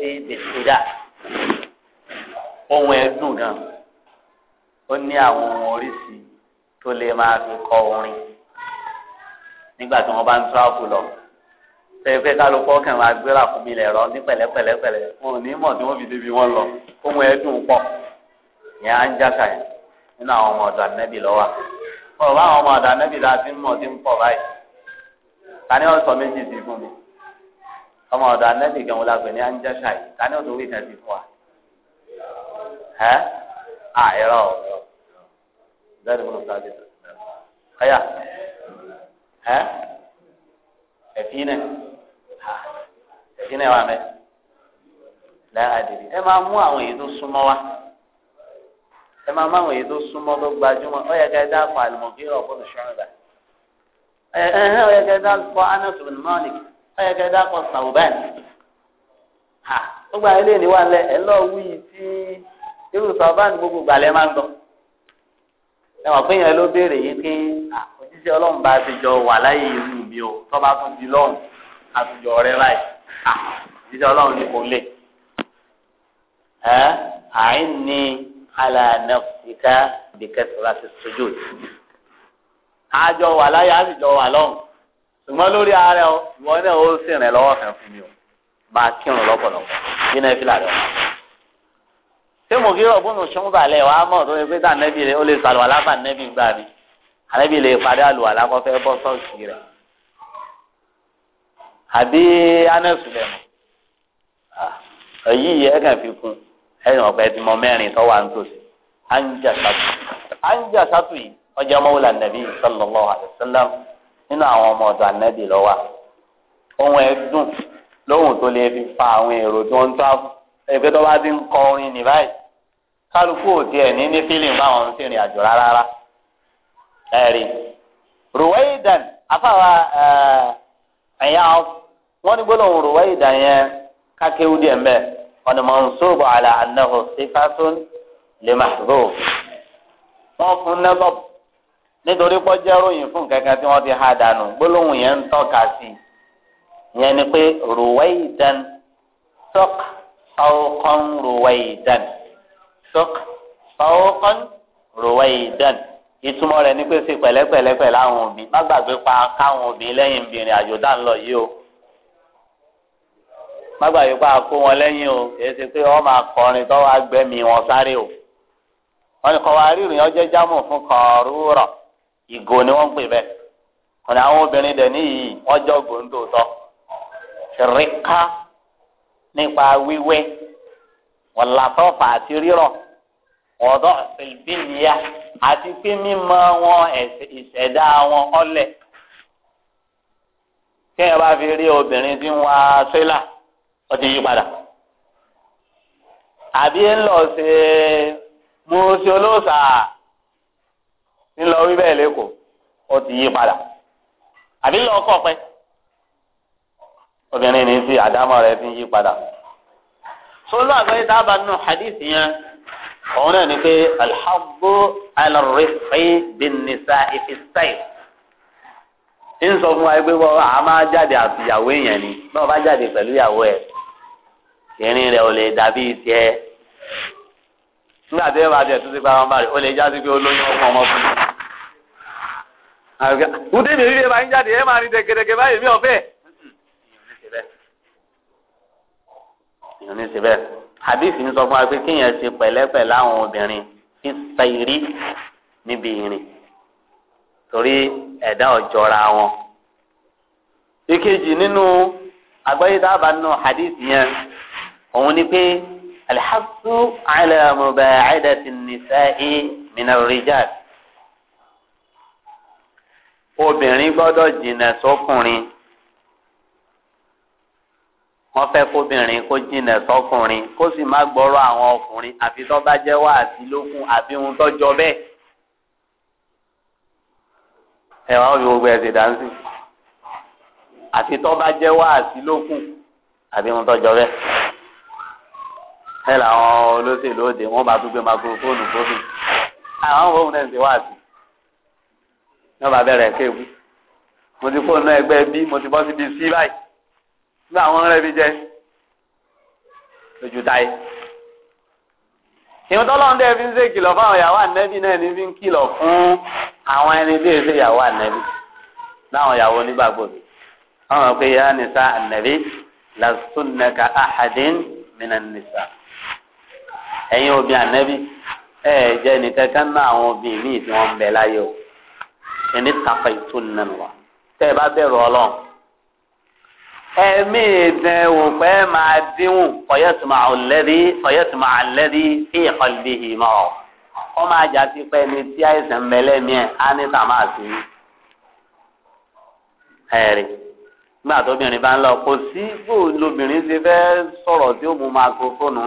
ní bẹsídà ohun ẹdùn ó ní àwọn oríṣi tó lè máa fi kọ orin nígbà tí wọ́n bá ń tíráàpù lọ pẹ̀lẹ́pẹ́ kálukú ọkàn máa gbéra fún mi lẹ̀rọ ní pẹ̀lẹ́pẹ̀lẹ́pẹ̀lẹ́ wọn ò ní mọ̀ tí wọ́n fi débi wọn lọ ohun ẹ̀dùn pọ̀ ìyẹn á ń jáka yẹn nínú àwọn ọmọ ọ̀dọ̀ ànẹ́bì lọ́wọ́ ọ̀rọ̀ bá àwọn ọmọ ọ̀dọ̀ ànẹ́bì dáa ti ń mọ̀ ń pọ̀ báyìí ta ni méjì sí fún mi ọmọ ọ̀dọ̀ ànẹ́bì gan-an la pè ní á ń jáka yìí ta ni wọ́n sọ wíìtẹ́ sí fún à ẹ̀rọ ọ̀rọ̀ jáde fún ọ̀sán ọ ọ̀yà ẹ̀ ẹ̀fín nẹ̀ ẹ̀fín nẹ̀ wà mẹ́ láàdìrí ẹ máa mú àwọn èyí tó súnmọ́ wá ẹ máa mú àwọn èyí tó súnmọ́ tó gbajúmọ̀ ó yẹ ká ẹ dáàpọ̀ àlùmọ̀kí ọ ṣọ́ọ̀dà ẹ ẹ ó yẹ ká ẹ ọ gba irú sọ̀báàni gbogbo gbàlẹ́ máa ń gbọ́ ẹ wà pé yẹn ló béèrè yìí pé òjíṣẹ́ ọlọ́run bá ti jọ wà láyé irú mi o tó bá tún di lọ́run àtúnjọ ọ̀rẹ́ láì òjíṣẹ́ ọlọ́run ni kò lè ẹ́ àìn ní alànà ìka bìkẹ́sọ̀rọ̀ àti sojú àjọ wà láyé àtijọ́ wà lọ́run ṣùgbọ́n lórí ààrẹ ìwọ náà ó sì rìn lọ́wọ́ fẹ́ fún mi o bá kírun lọ́pọ̀lọpọ̀ yín náà fi làárẹ̀ ọ̀hún ṣé mo kí ọ̀bùnù ṣùgbọ́n lẹ̀ wá mọ̀ tó ṣe pé tà nẹ́bí rẹ̀ ó lè sàlùwà lábà nẹ́bí gbà mí ànẹ́bí lè padà lù àlákọ́fẹ́ bọ́ sọ́ọ̀sì rẹ̀ àbí anẹ́sù lẹ̀ mọ̀ èyí ẹ̀ kàn fi kún ẹ̀yìn ọ̀pẹ ti mọ mẹ́rin tó wà nítòsí anja satu anja satu yìí ọjà mọ́wúlà nàbí sallallahu alaihi nínú àwọn ọmọ ọ̀dọ̀ ànẹ́bí lọ́wọ́ ohun ẹ̀ lóhùn tó lè fi fa àwọn èrò tó ń tó àfún ẹgbẹ́ tó bá ti ń kọ nìbáyìí. kálukú ò tiẹ̀ ní ní fílìm báwọn ń sìnrìn àjò rárá ẹ̀rí rùwẹ́ìdàn afáwa eh, ẹ̀yà wọ́n ní gbólóhùn rùwẹ́ìdàn yẹn kákéwú díẹ̀ mbẹ́ wọn ni mọ̀nsóòbù àlà ànáhù sífàtún lè màdó wọ́n fún nẹ́sọ̀bù nítorí pọ́jẹ́ ròyìn fún kankan tí wọ́n ti há dànù gbólóhùn yẹn ń tọ́ka sí yẹn ni pé sọ́k fàwọ́kọ́n rọ̀wẹ́ ìdán ìtumọ̀ rẹ̀ ní pé ṣe pẹ̀lẹ́pẹ̀lẹ́ pẹ̀lú àwọn òbí má gbàgbé pa káwọn òbí lẹ́yìn ìbìnrin àjò dá ń lọ yìí o má gbàgbé pa kó wọn lẹ́yìn o kì í ṣe pé wọ́n máa kọrin tó wá gbẹ́mí wọn sáré o wọ́n ní kọ́ rírìn ọjọ́ jámù fún kọ̀ọ̀rúrọ̀ ìgò ni wọ́n pè bẹ́ẹ̀ ọ̀nà àwọn obìnrin dẹ̀ níyì wọ́n jọ gòńdò tọ́ ṣèríkà nípa wíwẹ́ wọ̀làtọ́fà àti rírọ̀ ọ̀dọ́ ìbílíà àti pé mímọ wọn ìṣẹ̀dá wọn ọlẹ̀ kéèyàn bá fi rí obìnrin tí ń wá sẹ́là ó ti yí padà àbí ń lọ ṣe mo ṣe olóòṣà ń lọ wí bẹ́ẹ̀ lẹ́kọ̀ọ́ ó ti yí padà àbí ń lọ kọ̀ pẹ́ obìnrin ní ti àdámọ̀ rẹ̀ ti yí padà. sọlá àgbáyé dábàá nínú hadith yẹn òun náà ni pé alḥabbu alárèfé bínísà ìfisẹ́ì ń sọ fún wa pé wọ́n a máa jáde àtìyàwó èèyàn ni náà bá jáde pẹ̀lú ìyàwó ẹ̀ ìrìn rẹ̀ ò lè dàbí tiẹ̀ nígbà tí ẹ bá tiẹ̀ tún ti pa wọn báyìí ó lè jáde pé olóyún ọmọ ọmọkùnrin wúdé mi ríre máa jáde ẹ máa rí dẹgẹdẹgẹ báyìí mi ọ̀fẹ́. èèyàn ní ṣe bẹ́ẹ̀. èèyàn ní ṣe bẹ́ẹ̀ hadith ń sọ fún wa pé kéèyàn ṣe pẹ̀lẹ́pẹ̀lẹ́ àwọn obìnrin fi ṣàìrí níbi ìrìn torí ẹ̀dá ọ̀jọ̀ra wọn. ìkejì nínú àgbáyé dábàá nínú hadith yẹn òun ni pé alḥasu ala mubaacadati nisaa'i minar rijal obìnrin gbọ́dọ̀ jìnnà sọ́kùnrin. So wọ́n fẹ́ kóbìnrin kó jìnà sọkùnrin kó sì má gbọ́rọ̀ àwọn ọkùnrin àfi tó bá jẹ́ wá àti lókun àfi ohun tó jọ bẹ́ẹ̀. ẹ wá òbí gbogbo ẹsẹ̀ dáńsì àfi tó bá jẹ́ wá àti lókun àfi ohun tó jọ bẹ́ẹ̀. ẹ làwọn olóṣèlú òde wọ́n bá tún gbé makurofóònù kófì àwọn òun náà ń ṣe wá àti wọ́n bá bẹ̀rẹ̀ kéwù mo ti fóònù ẹgbẹ́ bí mo ti bọ́ síbi sí báyìí nígbà wọn rẹ̀ mi jẹ́ lójú táyé. ìwọ́n tọ́lọ́run dẹ́ fi ń ṣe kìlọ̀ fún àwọn ìyàwó ànẹ́bí náà ní fi ń kìlọ̀ fún àwọn ẹni bí èsè ìyàwó ànẹ́bí láwọn ìyàwó onígbàgbọ́ mi. wọ́n mọ̀ pé yá nìsa ànẹ́bí làtúnnẹ̀ka àhàdín mìíràn nìsa. ẹ̀yin obìn ànẹ́bí ẹ̀ jẹ́ nìkankan náà àwọn obìn míì tí wọ́n ń bẹ láyé o. ẹni tàfẹ́ ìtúnnẹ̀ nù tẹ́ ẹ bá bẹ̀rù ọlọ́run emi ìdẹ̀wò pé máa díwò fọyẹ́tùmọ̀ àlẹ́dí fọyẹ́tùmọ̀ àlẹ́dí fi ìkọlẹ́dí yìí ọ. kọ́ máa jà sí pé ní tí àìsàn mẹ́lẹ́mí ẹ̀ á ní sàmà sí i. nígbà bá ń lọ kò sí bó lobìnrin ti fẹ́ sọ̀rọ̀ tí ó mú máa kó fóònù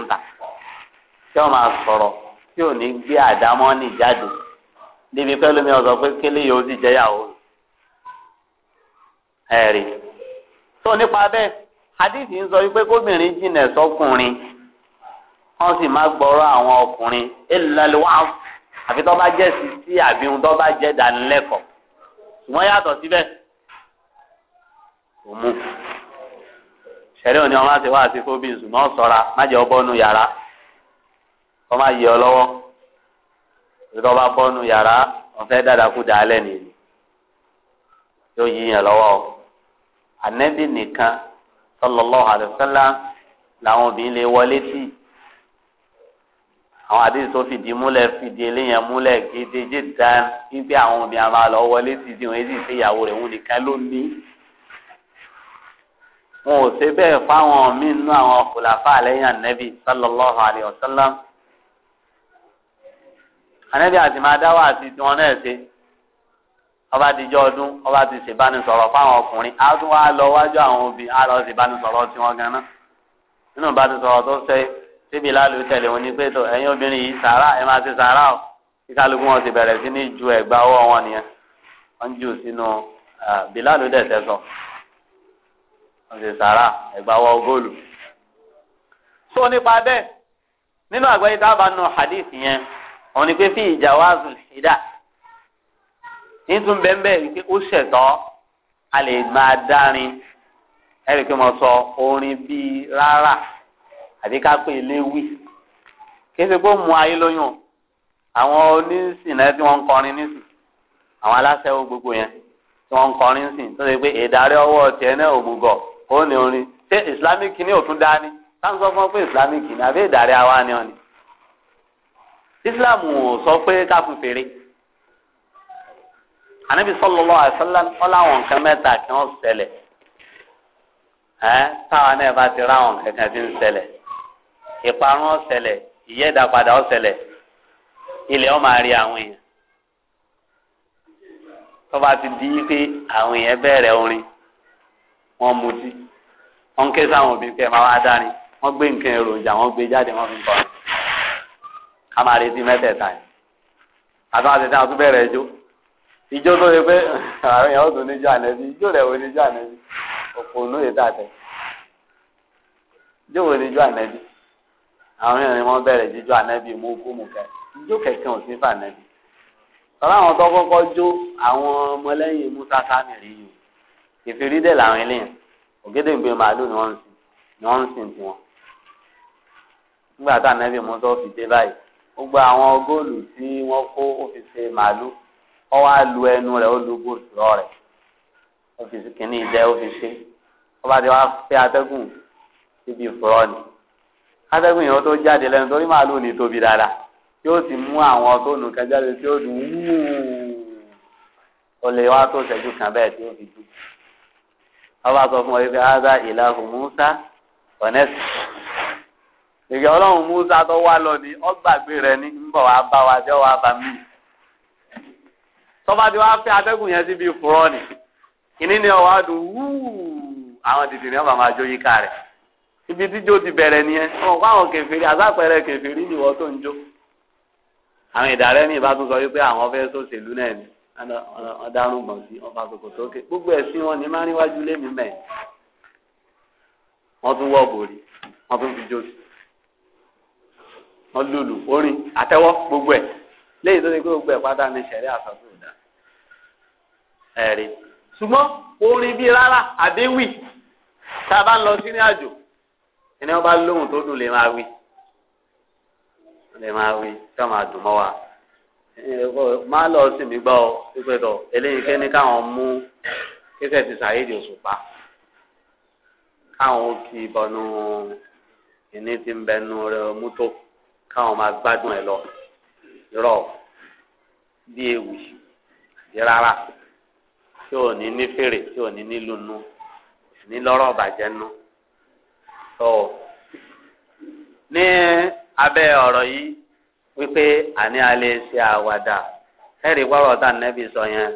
tó nípa bẹ́ẹ̀ hadithi ń sọ wípé kóbìnrin jìnà sọkùnrin wọ́n sì máa gbọ́rọ̀ àwọn ọkùnrin elaliwa àfi tó bá jẹ́ sí sí àbí ohun tó bá jẹ́ dánilẹ́kọ̀ọ́ wọ́n yàtọ̀ síbẹ̀ kò mú ṣẹ̀rí òní ọmọ àti wá àti fóbi ṣùgbọ́n ṣọ́ra má jẹ́ yàrá kọ́ má yẹ ọ lọ́wọ́ tó bá bọ́nu yàrá ọ̀fẹ́ dàdàkú dàálẹ̀ nìyí yóò yí yẹn lọ́wọ́ o ànẹ́bì nìkan sallallahu alaihi wasallam làwọn obìnrin lè wọlé tì àwọn àdéhùn tó fìdí múlẹ̀ fìdí eléyàn múlẹ̀ gédéjé dán wípé àwọn obìnrin a máa lọ wọlé tì tí wọn èsì ìṣèyàwó rẹ̀ wọn nìkan ló ní. wọn ò ṣe bẹ́ẹ̀ fáwọn míín nú àwọn kùlàfà lẹ́yìn ànẹ́bì sallallahu alaihi wasallam àti máa dá tiwọn náà ṣe ọba àtijọ́ ọdún ọba ti ṣèbánisọ̀rọ̀ fáwọn ọkùnrin á tún wá lọ wájú àwọn obì á lọ ṣèbánisọ̀rọ̀ tiwọn ganan nínú ìbánisọ̀rọ̀ tó ṣe síbi láàlú tẹ̀lé wọn ni pé tó ẹ̀yin obìnrin yìí sàárà ẹ máa ṣe sàárà o kí kálukú wọn ti bẹ̀rẹ̀ sí ní ju ẹ̀gbá ọwọ́ wọn nìyẹn wọ́n jù sínú bíláàlú dẹ̀sẹ̀ sọ wọ́n ṣe sàárà ẹ̀gbá ọwọ́ góòlù. tó nípa bẹ́ẹ̀ nínú àgbáyé tábà nù hadith yẹn òun ni pé fi ìjà wàásù ìdá nítorí bẹ́ẹ̀ bẹ́ẹ̀ wípé ó ṣẹ̀tọ́ a lè máa dárin ẹ̀rí pé mo sọ orin bíi rárá àbí ká pé léwì kéṣe pé ó mú ayé lóyún àwọn onísìn náà tí wọ́n ń kọrin nísìn àwọn aláṣẹ́wó gbogbo yẹn tí wọ́n ń kọrin nísìn tó ṣe pé ìdarí ọwọ́ tiẹ̀ náà òmùgọ̀ ó ní orin ṣé islamic ní òtún dání táwọn sọ fún ọ pé islamic ní àbí ìdarí àwa ni ọ ni islam ò sọ pé ká fèrè anabi sallallahu alaihi wasallam ọláwọn nǹkan mẹ́ta kí wọn ṣẹlẹ̀ ẹ táwọn náà bá ti ráwọn kankan ti ń ṣẹlẹ̀ ìparun ó ṣẹlẹ̀ ìyẹdàpadà ó ṣẹlẹ̀ ilẹ̀ ó máa rí àwọn èèyàn tó bá ti di pé àwọn èèyàn bẹ̀rẹ̀ orin wọn mutí wọn ké sáwọn òbí pé máa wá dání wọn gbé nǹkan èròjà wọn gbé jáde wọn fi kọrin ká máa retí mẹ́tẹ̀ẹ̀ta yìí àtúntò àti tí wọn tún bẹ̀rẹ̀ ẹjọ́ ìjó tó ṣe pé àwọn èèyàn tó níjó ànẹ́bí ìjó rẹ̀ wo níjó ànẹ́bí òpònú yìí dàtẹ́ ìjó wo níjó ànẹ́bí àwọn èèyàn ni wọ́n bẹ̀rẹ̀ jíjó ànẹ́bí mú kú mú kẹ́ ìjó kẹ̀kẹ́ ò sí fà ànẹ́bí tọ́lá àwọn tó kọ́kọ́ jó àwọn ọmọlẹ́yìn Musa sani rí yìí ìfìrí dẹ̀ làwọn eléyìn ògédèǹgbè màálù ni wọ́n ń sìn ni wọ́n ń sìn tiwọn nígbà tá ànẹ́bí Musa fi dé báyìí gbogbo àwọn góòlù tí wọ́n kó ó fi ṣe màálù ọ wá lu ẹnu rẹ̀ ó lu bòtúrọ rẹ̀ ó fi kìíní ìdẹ ó fi ṣe ó bá ti wá fẹ́ atẹ́gùn síbi ìfúrọ ni atẹ́gùn yẹn ó tó jáde lẹ́nu torí màálù ní tóbi dáadáa yóò ti mú àwọn tó nù kan jáde tí ó dùn wúù ó lè wá tó ṣẹ́jú kan bẹ́ẹ̀ tí ó fi dùn wọ́n sọ fún ọ wípé áza ìlàhù musa ọ̀nẹ́sì ìgbà ọlọ́run musa tó wá lọ ní ọgbàgbé rẹ̀ ní ń bọ̀ bá wa jẹ́ wá bá mí tọ́ba ti wá fẹ́ atẹ́gùn yẹn síbi fúrọ́ ni kìnínní ni ọ̀wá dùn wúù àwọn dìdì ní ọba máa jó yíká rẹ̀ ibi tíjó ti bẹ̀rẹ̀ nìyẹn wọn kó àwọn kẹfìrí àsápẹrẹ kẹfìrí ni wọ́n tó ń jó àwọn ìdàrẹ́ ní ìbátan sọ wípé àwọn fẹ́ sòṣèlú náà ni wọ́n dárú gbọ̀n sí wọ́n fa kòkò sókè gbogbo ẹ̀sìn wọn ni máa ń níwájú lémi mẹ́ wọ́n tún wọ́ bòrí wọ́n tún fi jó sí wọ́n lùlù orin àtẹ́wọ́ gbogbo ẹ̀ léyìí tó ṣe gbogbo ẹ̀ pátá ni ṣẹ̀rí àsọ̀tún ẹ̀rí ṣùgbọ́n orin bíi rárá àbẹ́wì tá a bá ń lọ sí ní àjò ẹni wọn bá lóhùn tó dùn lè máa wí lè máa wí tí wọn máa dùn mọ́ wa má lọ sí mi gbọ́ ọ pípẹ́ tọ̀ eléyìí ké ní káwọn mú kíkẹ́ ti ṣàyédì òṣùpá káwọn kì í bọnú ìní ti ń bẹnu rẹ mútó káwọn máa gbádùn ẹ lọ irọ́ bí ewì rárá tí ò ní ní fèrè tí ò ní nílùú nù ní lọ́rọ̀ bàjẹ́ nù. tó ní abẹ́ ọ̀rọ̀ yìí wípé àní a lè ṣe àwàdà ẹ̀rí wọ́rọ̀ tá nẹ́bí sọ yẹn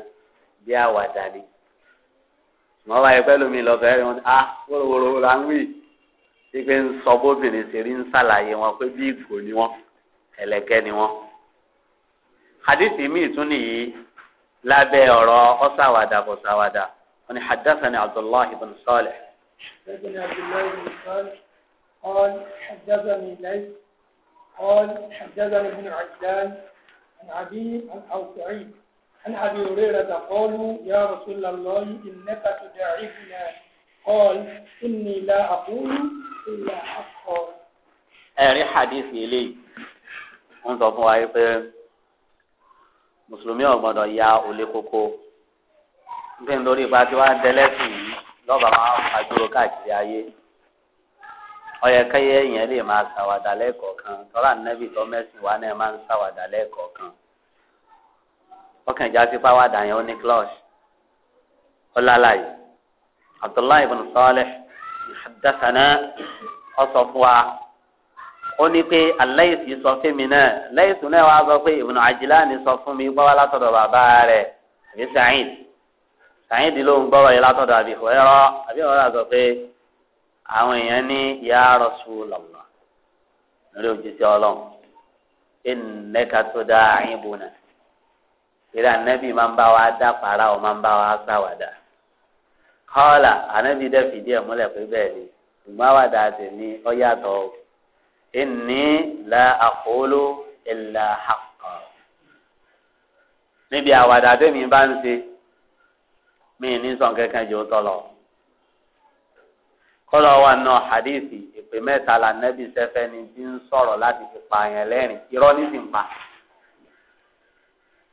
bí àwàdà ni. wọ́n bá yẹ pẹ́lú mi lọ́fẹ̀ẹ́ rẹ̀ wọ́n ti ah wórówóró la ń wí wípé ń sọ bóbìnrin ṣe rí ń ṣàlàyé wọn pé bí ìgò ni wọn ẹlẹ́gẹ́ ni wọn. hadithi mi ìtún lábẹ́ ọ̀rọ̀ ọ̀sàwàdà kò sàwàdà wọn ni hadassani abdullahi ibn salih. ibn abdullahi ibn salih قال حدثني ليث قال حدثني ابن عجلان عن عبيد عن اوسعي عن ابي هريره قالوا يا رسول الله انك تداعبنا قال اني لا اقول الا حقا. ẹ̀rí hadith eléyìí ń sọ fún wa pé mùsùlùmí ọgbọdọ ya olè koko nígbà nítorí ipa tí wọ́n á dẹlẹ́sìn yìí lọ́ba máa ń fàjúrò káàkiri ayé ọyẹ kẹyẹ yẹn lè máa ṣàwàdà lẹ́ẹ̀kọ̀ọ̀kan tọ́lá nẹ́bì tó mẹ́sìn wa náà máa ń ṣàwàdà lẹ́ẹ̀kọ̀ọ̀kan ọkàn ìjà sí yẹn ó ó ní pé aláìsí sọ fún mi náà aláìsí náà wàá sọ pé Ibn Ajlan ni sọ fún mi gbọ́wọ́ látọ̀dọ̀ bàbá rẹ̀ àbí Sa'id Sa'id ló ń gbọ́wọ́ yìí látọ̀dọ̀ àbí Hurairah àbí Hurairah sọ pé àwọn èèyàn ní ya Rasulullah lórí òjíṣẹ́ ọlọ́run innaka tuda'ibuna ìrẹ́ ànábì máa ń bá wa dá para ọ̀ máa ń bá wa sáwàdà kọ́ọ̀là ànábì dẹ́ fìdí ẹ̀ pé bẹ́ẹ̀ ni ìgbọ́n àwàdà tèmi ọ yàtọ̀ o inni la aqulu illa haqqan níbi àwàdà tẹ́mi bá ń ṣe mí ní sọ̀n kankan jò tọ̀lọ̀ kọ́lọ̀ wà nù hadithi ìpè mẹ́ta la nẹ́bí sẹ́fẹ́ ni ti ń sọ̀rọ̀ láti fi pa àyàn lẹ́rìn irọ́ ní sì ń pa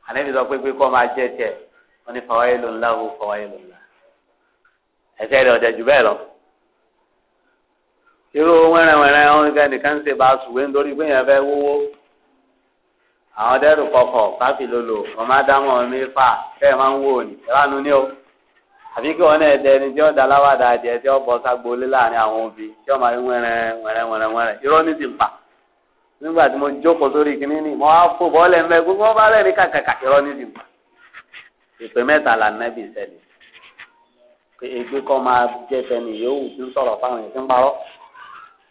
ànẹ́bí sọ pé pé kọ́ máa jẹ́ tiẹ̀ wọ́n ní fawailun lahu fawailun lahu ẹ̀sẹ̀ rẹ̀ ọ̀dẹ̀ jù bẹ́ẹ̀ lọ irú wẹ́rẹ́wẹ́rẹ́ wọn nìkan nìkan ń ṣe bá sùwé nítorí pé yẹn fẹ́ wówó àwọn dẹ́rù kọkọ̀ káfí lolo ọmọ adámọ̀ mi fà kẹ́ ẹ̀ máa ń wò ní ìránú ní o àbí kí wọn náà dẹ ẹni tí ó da aláwàdà jẹ tí ó bọ sagbolé láàrin àwọn òbí tí ó máa rí wẹ́rẹ́wẹ́rẹ́ irọ́ ní ti ń pa nígbà tí mo jókòó sórí kìíní ni mo á fò bọ́ọ̀lẹ̀ mẹ́ gbogbo ọba rẹ̀ ní kàkàkà irọ́ ní ìdìbò ìpè mẹ́ta là nẹ́bí sẹ́ni pé egbé kọ́ máa jẹ́ tẹni yòówù tí ń sọ̀rọ̀ fáwọn èèyàn tí ń parọ́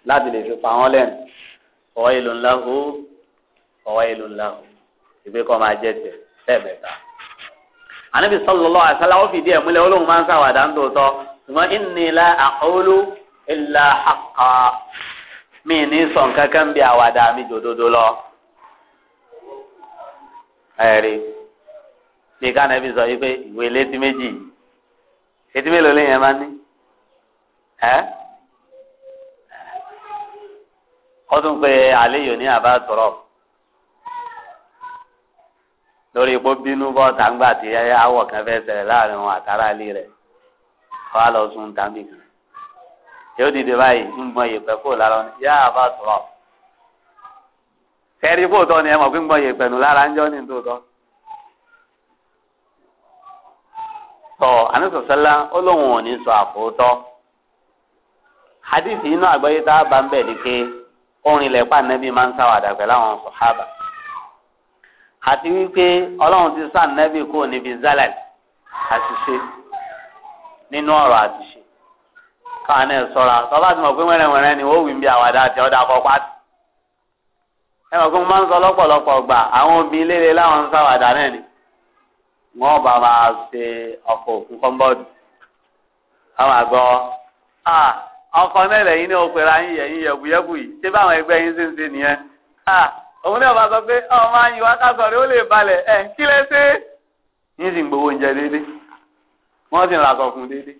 láti lè fi pa wọ́n lẹ́nu ọ̀wọ́ ìlú ńlá hó ọ̀wọ́ ìlú ńlá hó ìgbé kọ́ máa jẹ́ tẹ̀ lẹ́ẹ̀mẹ́ta. ànábì sallallahu alaihi wasallam ó fìdí ẹ̀ múlẹ̀ olóhùn máa ń sàwádà ń tòótọ́ ṣùgbọ́n inni la aqulu illa haqqa mi ní sọ̀n kankan bí àwàdà mi jòdodo lọ. ẹ̀rí bí ká nàbí sọ yìí pé ìwé létí méjì létí mélòó lè yẹn máa ní ó tún pe àléyò ní àbá tọrọ lórí ipò bínú bọ́ tàǹgbà tí awọ kan fẹ́ ṣẹlẹ̀ láàrin wọn àtàrà ilé rẹ̀ kọ́ á lọ sun tàǹbì kan yóò dìde báyìí ń gbọ́n yèpẹ̀ kó lára wọn yá àbá tọrọ kẹrí kó tọ́ ni ẹ mọ̀ pé ń gbọ́n yèpẹ̀ nù lára ń jọ́ ní tòótọ́. tọ́ àníṣọ̀sẹ́lá ó lóun ò ní sọ àfòótọ́ hadithi inú àgbáyé tá a bá ń bẹ̀ ni pé orin lẹ́pà nẹ́bí máa ń sáwàdà pẹ̀lú àwọn sọ̀hábà àti wípé ọlọ́run ti sá nẹ́bí kúrò níbi zálàl àṣìṣe nínú ọ̀rọ̀ àṣìṣe káwọn náà sọ̀rọ̀ àtọ́lá ti mọ̀ pé wẹ́rẹ́wẹ́rẹ́ ni ó wì ń bí àwàdà àti ọ̀dà àkọ́kọ́ àti ẹ mọ̀ pé mo máa ń sọ lọ́pọ̀lọpọ̀ gbà àwọn obìnrin léle láwọn ń sáwàdà náà ni wọ́n bá máa ṣe ọkọ̀ òkú kọ́ńbọ́ọ̀dù àwọn àgọ́ ah, ọkọ náà lẹ́yìn náà ó pera yín yẹ̀yìn yẹ̀bùyẹ̀bù yìí ṣé báwọn ẹgbẹ́ yín ṣe ń ṣe nìyẹn. òun náà bá sọ pé ọmọ ayìn wa ká sọ̀rọ̀ ó lè balẹ̀ ẹ̀ kí lẹ ṣe. yín sì ń gbowó oúnjẹ déédé wọ́n sì ń ra sọkùn déédé.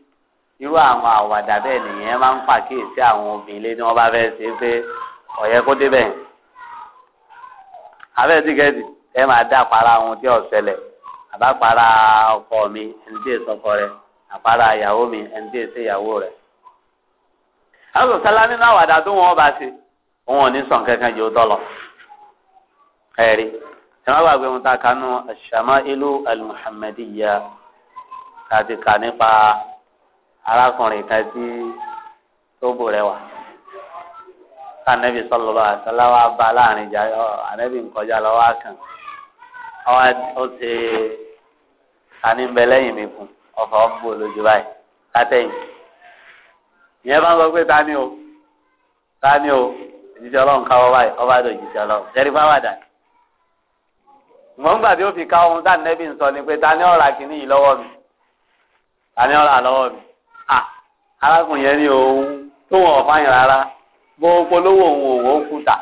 irú àwọn àwàdà bẹ́ẹ̀ nìyẹn máa ń pàkíyèsí àwọn obìnrin ni wọ́n bá fẹ́ ṣe pé ọ̀yẹ́ kó débẹ̀. abẹ́ tíkẹ́ẹ̀tì ẹ máa dá para ohun tí ò ṣẹlẹ̀ àbá para ọkọ mi ẹni tí èso àwọn sọ̀tẹ́lá nínú àwàdà tó wọn bá ṣe wọn ò ní sàn kankan jù tọ́ lọ. ẹ̀rí ẹ má gbàgbé wọn ta kanú ash-shama'ilu al-muhammadiyya láti kà nípa arákùnrin kan tí tó bò rẹwà anabi sọlọlọ asalawa ba láàrin jà ọ anabi nkọjá lọ wá kàn ọwọ ó ti tani ń bẹ lẹ́yìn mi kù ọfọ ń bò lójú báyìí ìyẹn bá ń sọ pé ta ni o ta ni o ìjíṣẹ́ ọlọ́run káwọ́ báyìí ọba àdó ìjíṣẹ́ ọlọ́run jẹ́rí fáwàdà mọ̀ nígbà tí ó fi ká ohun táà nẹ́bí ń sọ ni pé ta ni ọ̀rà kìíní yìí lọ́wọ́ mi ta ni ọ̀rà lọ́wọ́ mi à arákùnrin yẹn ni òun tó wọn ọ̀fáyìn rárá bó polówó òun òun ó kúta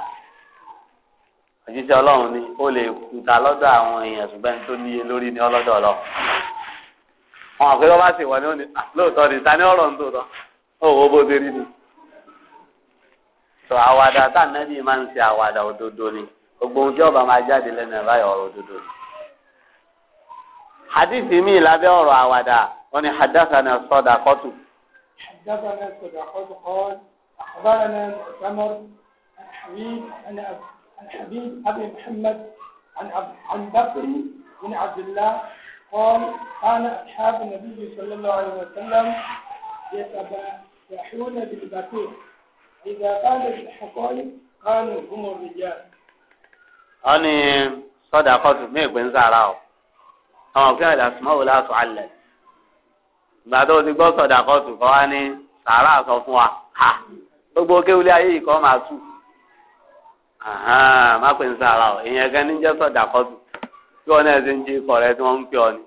òjíṣẹ́ ọlọ́run ni ó lè kúta lọ́dọ̀ àwọn èèyàn ṣùgbọ́n tó níye lórí ni ọlọ́dọ̀ ọlọ́run wọn àpérò bá sì wọlé ọwọ́ bó ṣe rí ni. sọ àwàdà tá ànábì máa ń ṣe àwàdà òdodo ni gbogbo ohun tí ọba máa jáde lẹ́nu ẹ̀ báyọ̀ ọ̀rọ̀ òdodo ni. hadithi mi lábẹ́ ọ̀rọ̀ àwàdà wọn ni hadathana sadaqatu. hadathana sadaqatu qala akhbarana mu'tamar al-habib al-habib abi muhammad an bin abdullah قال كان أصحاب النبي صلى الله عليه وسلم يتبع يحيون بالبقيع إذا قال بالحقائق قالوا هم الرجال أني صدقة ميك بن زعراو àwọn òkè àdá sùmọ́ wò láàtọ̀ alẹ̀ ìgbà tó ti gbọ́ sọ̀dà kan tù kọ́ wa ní sàárà sọ fún wa ha gbogbo kéwìlé ayé yìí kọ́ máa tù má pè ní sàárà o èèyàn kan ní jẹ́ sọ̀dà tù tí wọ́n náà ti ń jí ikọ̀ rẹ tí wọ́n ń pè ọ ni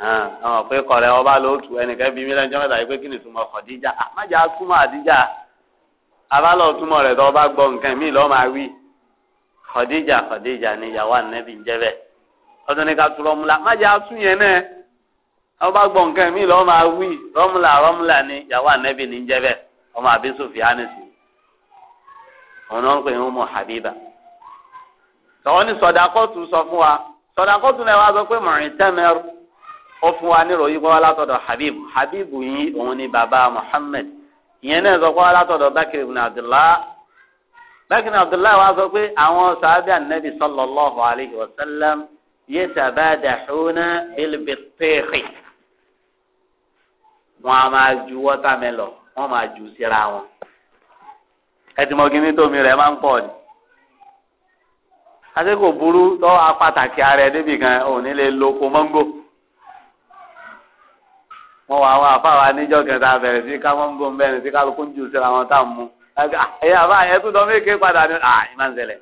Haa, pé kọ̀rẹ́ ọba ló ẹnìkan bí mílíọ̀nù jọ́mọ̀ tàbí pé kí ni túmọ̀ Khadija àmájà àdíjà tó ọba gbọ nǹkan mí lọ́ máa wí Khadija Khadija ni ìyàwó ànẹ́bí ń jẹ́ bẹ́ẹ̀ ọdún ní ká tu rọ́múlà tún yẹn náà ọba nǹkan mí máa wí ni ìyàwó ní ń ọmọ ń pè ń mọ tọ́wọ́ ní sọ fún wa náà wá sọ pé ó fún wa ní ròyìn wá látọ̀dọ̀ habib habib yìí òun ni bàbá muhammed ìyẹn náà sọ pé wá látọ̀dọ̀ bakr ibn abdullah bakr ibn abdullah wa sọ pé àwọn sàábì anabi sallallahu alayhi wa sallam yatabadahuna bilbitiqi wọn a máa ju wọ́tàmẹ́lọ̀ wọ́n máa ju síra wọn ẹtìmọ́gí ní tómi rẹ̀ máa ń pọ̀ ni àti kò burú tọ́ apàtàkì ara ẹ̀ débì kan ní lè lo kò mọ́ngò wọn wà wọn àfàwà níjọ kẹta bẹ̀rẹ̀ sí káwọn bó ń bẹ̀rẹ̀ sí kálukú ń jù síra wọn tá a mú ẹyà àbá yẹn tún lọ méke padà ní à ah, ìmá ń ṣẹlẹ̀.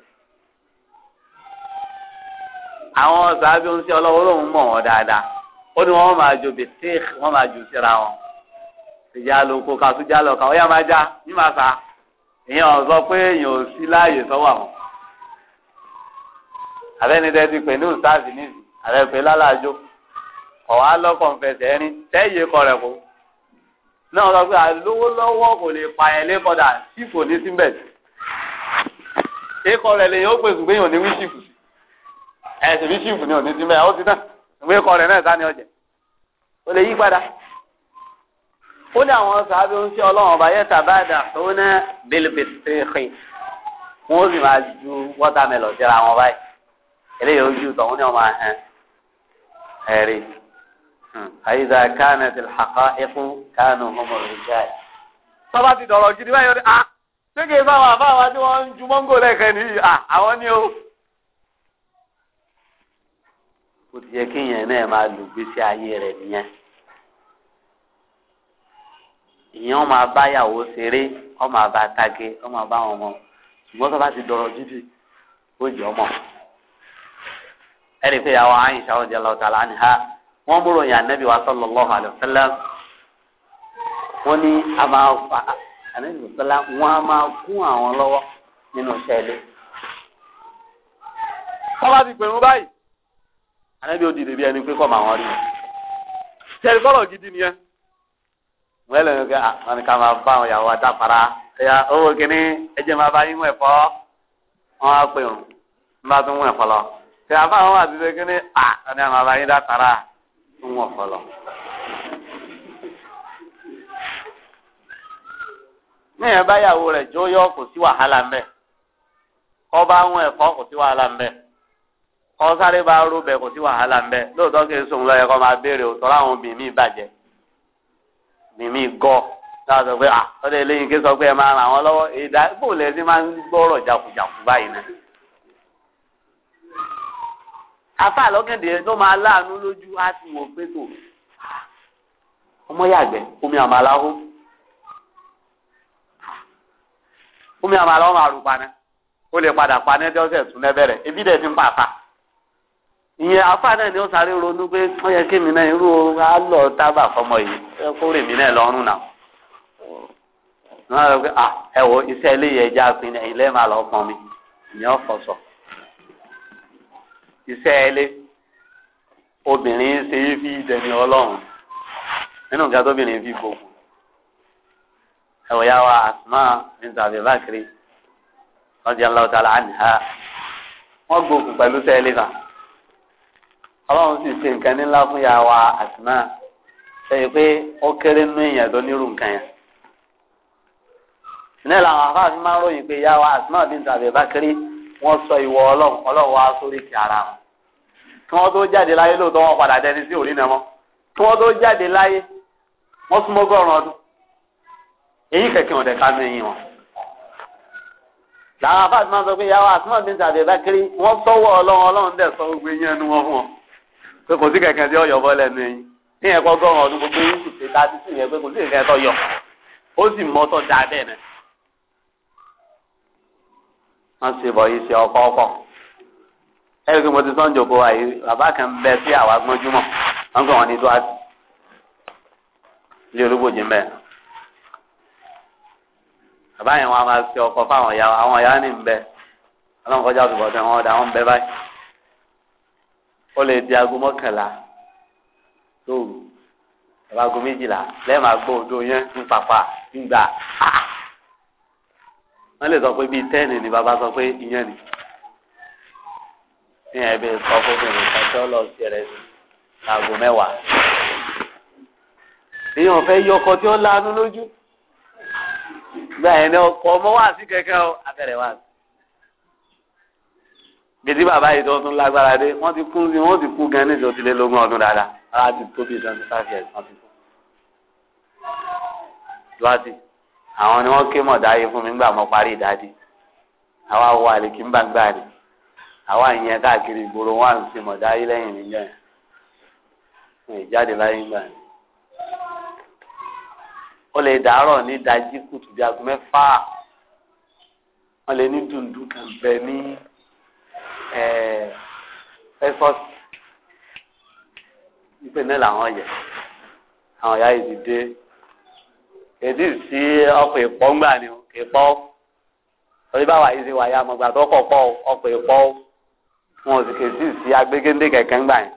àwọn sàábí ń ṣe ọlọ́wọ́ lòun mọ̀ wọ́n dáadáa ó ní wọ́n máa jò bìtíì wọ́n máa jù síra wọn. ìjà ló kó kàtó já lọ kà ó yà máa já ní màá sa ìyẹn ò sọ pé èèyàn ò sí láàyè sọ́wọ́ àwọn. àbẹ́ni dẹ́ ti pè ní ùsáàsì níbi àbẹ́ pè lálàájó ọ̀wá lọ́kàn fẹsẹ̀ ẹni tẹ́yẹ kọ rẹ̀ kó náà sọ pé àlówó lọ́wọ́ kò lè pa ẹ̀ lẹ́kọ̀dà tí kò ní síbẹ̀ ikọ̀ rẹ̀ lèyìn ó pèsè pé yóò ní wíṣìpù ẹ̀sìn wíṣìpù ni ò ní síbẹ̀ ó ti tán ìwé ikọ̀ rẹ̀ náà sáni ọ̀jẹ̀ ó lè yí padà ó ní àwọn sàábé ń ṣe ọlọ́run ọba yẹta bá dà tó ná bílíbìtì wọn ó sì máa ju wọ́tàmẹ́lọ̀ síra wọn báyìí eléyìí ó ju tọ̀hún àyíká kánẹtì àkà ẹkún kánú ọmụrụ rẹ jáì. tọ́ba ti dọ̀rọ̀ ya báyọ̀ ah, ni a ṣéke fáwọn àfáwọn tí wọ́n ń ju mọ́ngò lẹ́ẹ̀kan nìyí à ah, àwọn ni o. kò ti yẹ kéèyàn náà máa lò gbèsè ayé rẹ̀ ya ìyẹn máa báyàwó ṣeré ó máa bá tage ó máa bá wọ́n múrò yàn nẹ́bí wa sallallahu alaihi wasallam wọ́n ní a máa fa ànábì sọ́lá wọ́n á máa kún àwọn lọ́wọ́ nínú iṣẹ́ ilé. tọ́lá ti pè mú báyìí ànábì ó dìde bí ẹni pé kọ́ màá wọ́n rí mi. sẹ́ẹ̀rì kọ́lọ̀ gidi nìyẹn. wọ́n lè ní ká ah, wọ́n ní ká máa bá àwọn ìyàwó adáfara ẹ̀yà owó kìíní ẹ̀jẹ̀ máa bá yín mú ẹ̀fọ́ wọ́n á pè wọ́n bá tún mú ẹ̀fọ́ lọ. tẹ̀ àbá àwọn àti ń wọ̀ fọlọ́. níyẹn báyàwó rẹ̀ jó yọ kò sí wàhálà ń bẹ̀ kọ́ bá ń ẹ̀fọ́ kò sí wàhálà ń bẹ̀ kọ́ sáré bá rú bẹ̀ kò sí wàhálà ń bẹ̀ lóòótọ́ kì í sòun lọ́yẹ kọ́ máa béèrè láwọn ah eléyìí ké sọ pé ẹ máa ràn wọ́n lọ́wọ́ máa ń gbọ́rọ̀ afa lọ́kẹ̀dẹ̀ ló máa láàánú lójú á ti wọ̀ pé tó ah, ọmọ yàgbẹ́ omi àmàláwó ah, omi àmàláwó máa rù paná ó lè padà paná tí ọ̀sẹ̀ tún lẹ́bẹ̀rẹ̀ ebi dẹ̀ ti ń pa àfa ìyẹn afa náà ni ó sáré ronú pé ó yẹ kí mi náà irú alọ tábà fọmọ yìí kó rè mí náà lọ́rùn náà wọn rẹ pé ah, ẹ wo iṣẹ́ ilé yẹn já pin ẹ̀yin lẹ́ẹ̀ máa lọ fọn mi ìyẹn ọ̀fọ̀ sọ iṣẹ́ ilé obìnrin ṣe é fi dẹni ọlọ́run nínú nǹkan tóbìnrin fi gbogbo ẹ̀wọ̀ yà wá Asma bint Abi Bakri radiyallahu ta'ala anha wọ́n gbogbo pẹ̀lú iṣẹ́ ilé náà ọlọ́run sì ṣe nǹkan nílá fún yà wá Asma sẹ́yìn pé ó kéré nínú èèyàn tó nírú nǹkan yẹn ní làwọn afáàfin máa ń ròyìn pé yà wá Asma bint Abi Bakri. wọ́n sọ ìwọ ọlọ́run ọlọ́run wá sórí ti ara wọn kí wọ́n tó jáde láyé lóòótọ́ wọn padà dẹni sí òrìnà wọn kí wọ́n tó jáde láyé wọ́n súnmọ́ gọ́ọ̀rùn ọdún èyí kẹ̀kẹ́ wọn dẹ̀ka wọn. làwọn afáàtì máa ń sọ sọ gbogbo eyín ẹnu wọn fún wọn pé kò sí kẹ̀kẹ́ tí ọ̀yọ́ wọ́n sì bọ̀ yìí ṣe ọkọ̀ ọkọ̀ ẹ̀rí pé mo ti sọ́n jòkó àyè bàbá kan bẹ sí àwa gbọ́njúmọ̀ wọ́n gbọ́n wọn ní dúwà ilé olúgbòjì ń bẹ̀. bàbá yẹn wọn a máa ṣe ọkọ̀ fáwọn ìyá àwọn ìyá ní ń ọlọ́run kọjá òtún bọ̀dọ̀ wọn ọ̀dà wọn bẹ báyìí. ó lè di aago mọ́kànlá lóru bàbá aago méjìlá lẹ́ẹ̀ máa gbọ́ odò yẹn ń fàfà ń gbà áà wọ́n lè sọ pé bíi tẹ́ẹ̀nì ni bàbá sọ pé ìyẹn ni ní ẹbí sọ fún mi nìkan tí ó lọ sí rẹ sí aago mẹ́wàá èèyàn fẹ́ yọ ọkọ tí ó lanu lójú gba ẹni ọkọ ọmọ wà sí kẹ̀kẹ́ ọ abẹ́rẹ́ wà sí gbèdé bàbá yìí tó tún lágbára dé wọ́n ti kú ni ti kú gan ní ìṣòtí lógún ọdún dáadáa ara tóbi twenty five years ti kú àwọn ni wọ́n ké mọ̀ dáyé fún mi ńgbà mọ́ parí ìdádì àwa wọ àlèkí ńgbà ńgbà rè àwa ìyẹn káàkiri ìgboro wọn à ń sin mọ̀ dáyé lẹ́yìn níjọ́ yẹn fún ìjáde láyé ńgbà rè. ó lè dàárọ̀ ní ìdájí kùtù bíi aago mẹ́fà wọ́n lè ní dùndún kan bẹ ní ẹ̀ẹ́dẹ́fọ́sì ìpè làwọn yẹ àwọn ìyá yìí ti dé èdè sí ọkọ̀ ìpọ́ ńgbà ni o kì í pọ́ torí báwa yìí ṣe wáyà àmọ̀gbà tó kọ̀ pọ̀ ọkọ̀ ìpọ́ wọn ò sì kì í sí agbégéńdé kẹ̀kẹ́ ńgbà yẹn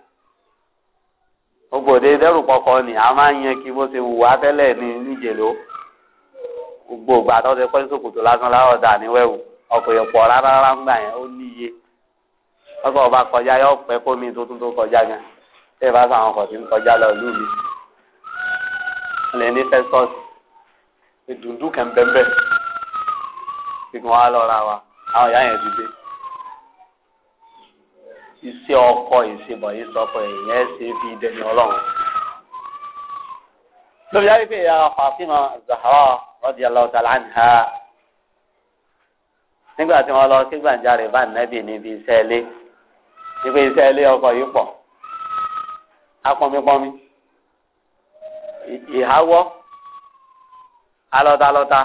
gbogbo òde dẹ́rù pọkọ ni a máa ń yan kí bó ṣe wù wá tẹ́lẹ̀ ní níjèló gbogbo ògbà tó ṣe pẹ́ sòkòtò lásán láwọ̀ dà ní wẹ́wù ọkọ̀ ìpọ̀ rárá ńgbà yẹn ó níye ọkọ̀ ọba kọjá yọ pẹ́ kómi tuntun tó kọjá gan tẹ́ẹ̀ bá àwọn ọkọ̀ tí ń kọjá lọ lù mí fẹ́ sọ́ọ̀sì ìdùndú kan bẹ́ẹ̀ kíkún wa lọ́ra wa àwọn ìyá yẹn ti dé iṣẹ́ ọkọ ìṣebọ̀ yìí sọ́kọ èèyàn ṣe fi dẹni ọlọ́run. lórí ayé pé ìyá Fatima Zahra radiyallahu ta'ala anha nígbà tí wọ́n lọ sí gbàǹjarè bá nẹ́bì níbi iṣẹ́ ilé níbi iṣẹ́ ilé ọkọ yìí pọ̀ apọnmipọnmi ìhàwọ́ alọ́talọ́ta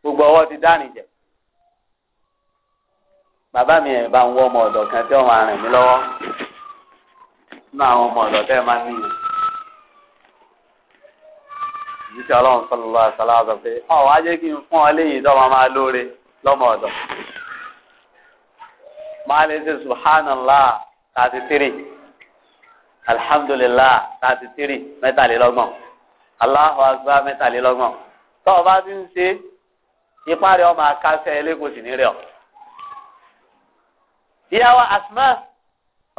gbogbo ọwọ́ ti dánì jẹ. bàbá mi ẹ̀ bá ń wọ ọmọ ọ̀dọ̀ kan tí ọmọ arìn mi lọ́wọ́ nínú àwọn ọmọ ọ̀dọ̀ tẹ́ ẹ máa ń níyì. ìdíṣẹ́ ọlọ́run sọlọ́lá ṣọlá ọ̀dọ̀ pé ọ̀ wá jẹ́ kí n fún ọ léyìn tó máa máa lóore lọ́mọ ọ̀dọ̀. máa lè ṣe subhanallah thirty three alhamdulillah thirty three mẹ́tàlélọ́gbọ̀n Allahu akbar mẹ́tàlélọ́gbọ̀n tọ́ ọ bá ti ń ṣe ipá rẹ̀ ọmọ akásẹ̀ ẹlẹ́kọ̀ọ́sì ní rẹ̀ ọ. ìyàwó Asma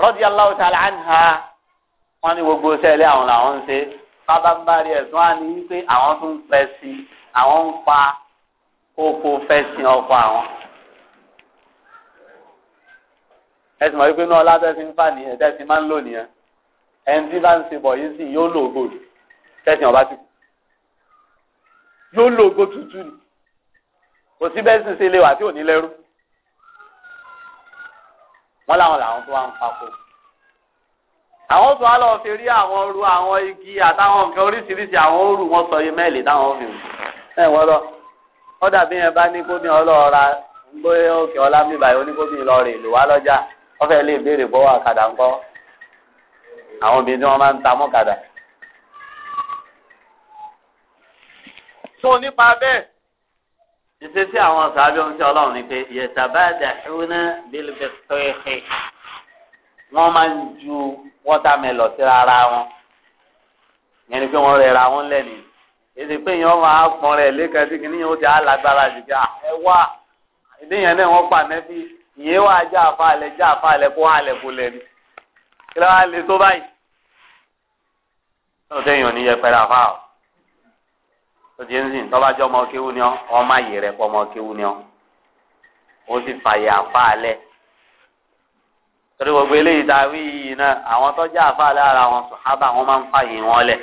radiyallahu ta'ala anha wọ́n ní gbogbo sẹ́lẹ̀ àwọn làwọn ń ṣe bábá ń bá rí ẹ̀sùn á ní wípé àwọn tún ń sí àwọn ń pa kókó fẹ́ sin ọkọ àwọn. ẹsìn mọ̀ wípé náà látẹ́sí ń fà nìyẹn tẹ́sí máa ń lò nìyẹn ẹni tí bá ń ṣe bọ̀ yìí sì yóò lò gbòdì tẹ́sí ọba ti kú. yóò lo ògo tútù ni kò sí bẹ́ẹ̀ sì ṣe lé wà tí ò ní lẹ́rú wọ́n láwọn làwọn fi rí àwọn ru àwọn igi àtàwọn nǹkan oríṣiríṣi àwọn òru wọn sọ yé mẹ́ẹ̀lì táwọn fi rù ẹ̀ wọ́n lọ wọ́n dàbí yẹn bá ní kóbi ọlọ́ọ̀ra gbé òkè ọlá mi báyìí ìlú wa lọ́jà wọ́n tó nípa bẹ́ẹ̀ ìṣesí àwọn sàábẹ́ oúnjẹ ọlọ́run ni pé yẹ̀sàbá dàhúnà bílbẹ̀tọ́ẹ̀kì wọ́n máa ń ju wọ́tàmẹ́lọ̀ sí ara wọn yẹn ni pé wọ́n rẹra wọn lẹ́nu èdè pé yẹn máa pọn rẹ̀ lẹ́ka sí kìíní yẹn ó ti á lágbára jù kí ẹ wá ìdí yẹn náà wọ́n pa nẹ́bí ìyẹn wà já àfa alẹ́ já àfa alẹ́ kó alẹ́ kó lẹ́nu kí ló wá lè tó báyìí. ọ̀sẹ̀ yìí ò ní yẹpẹrẹ àfa tòtí ẹnzìn tọ́ba jẹ́ ọmọ kéwú ni ọ́ ọmọ ayè rẹ̀ kọ́ ọmọ kéwú ni ọ́ ó sì fàyè àfa alẹ́ torí gbogbo eléyìí tá a wí yìí náà àwọn tọ́jà àfa alẹ́ ara wọn sàhábà wọn máa ń fàyè wọn lẹ̀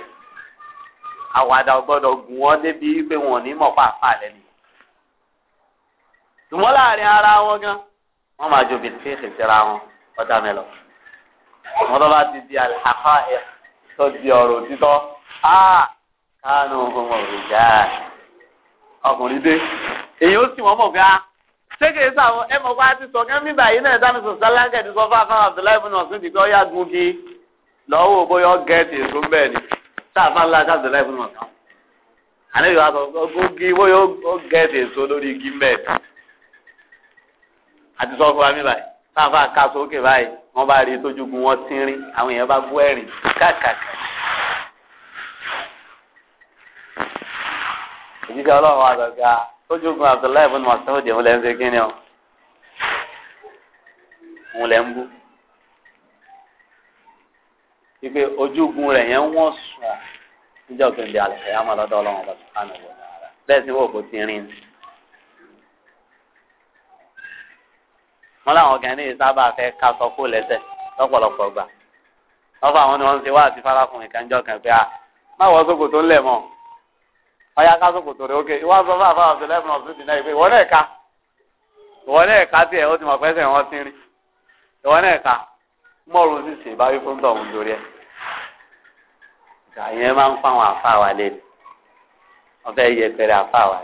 àwàdà gbọ́dọ̀ gùn wọn débi pé wọn ò ní mọ̀ pa àfa alẹ́ ni tùmọ̀ láàrin ara wọn gan wọn máa jòbí fíìsì síra wọn ọ̀dà mẹ́lọ wọn tó bá ti di àlàkà ẹ̀ tó di ọ̀rọ̀ òtítọ́ áà kánú gbogbo ìjà ọkùnrin dé èyí ó sì wọ́n mọ̀ gá sékèé sáwọn ẹ mọ̀ wá ti sọ kẹ́mí báyìí náà dáná sọ sáláńkẹ́ ti sọ fáfáwọn abdullahi bin ọ̀sìn ti kọ́ yá gungi lọ́wọ́ bóyá gẹ́ẹ̀tì èso ń bẹ̀ ni sáfà ńlá sí abdullahi bin ọ̀sìn àlẹ́ yóò sọ gungi bóyá gẹ́ẹ̀tì èso lórí igi ń bẹ̀ a àti sọ fún wa mi báyìí sáfà ká sókè báyìí wọ́n bá rí tójú gun wọn tínrín àwọn èèyàn bá gbọ́ ẹ̀rín káàkiri. òjíṣẹ́ ọlọ́run àgbàgbà tójúgun abdullahi ibùn masoud òun lẹ ń ṣe kíni o òun lẹ ń bú wípé ojúgun rẹ̀ yẹn wọ́n sùn níjọ́ gbèndé àlùfẹ́yàmọ̀ lọ́dọ̀ ọlọ́run ọba sùkánù wò lára lẹ́sìn wò kó ti rìn. wọ́n láwọn kan ní ìsábà fẹ́ ká sọ kó lẹ́sẹ̀ lọ́pọ̀lọpọ̀ gbà wọ́n fọ àwọn ni wọ́n ń ṣe wá àti fárákùnrin kan jọ kan pé ọyá kásòkò tó rẹ ókè ìwọ sọ fún àfáà ọsẹ lẹbùn ọsùn dìnnà ìpè ìwọ náà ká ìwọ náà ká tiẹ̀ ó ti mọ fẹsẹ̀ wọn ti rìn ìwọ náà ká mọrùn sì ṣe ìbáwí fún tọhún lórí ẹ àyẹn máa ń fáwọn àfáà wa lé wọn fẹẹ yẹ pẹrẹ àfáà wa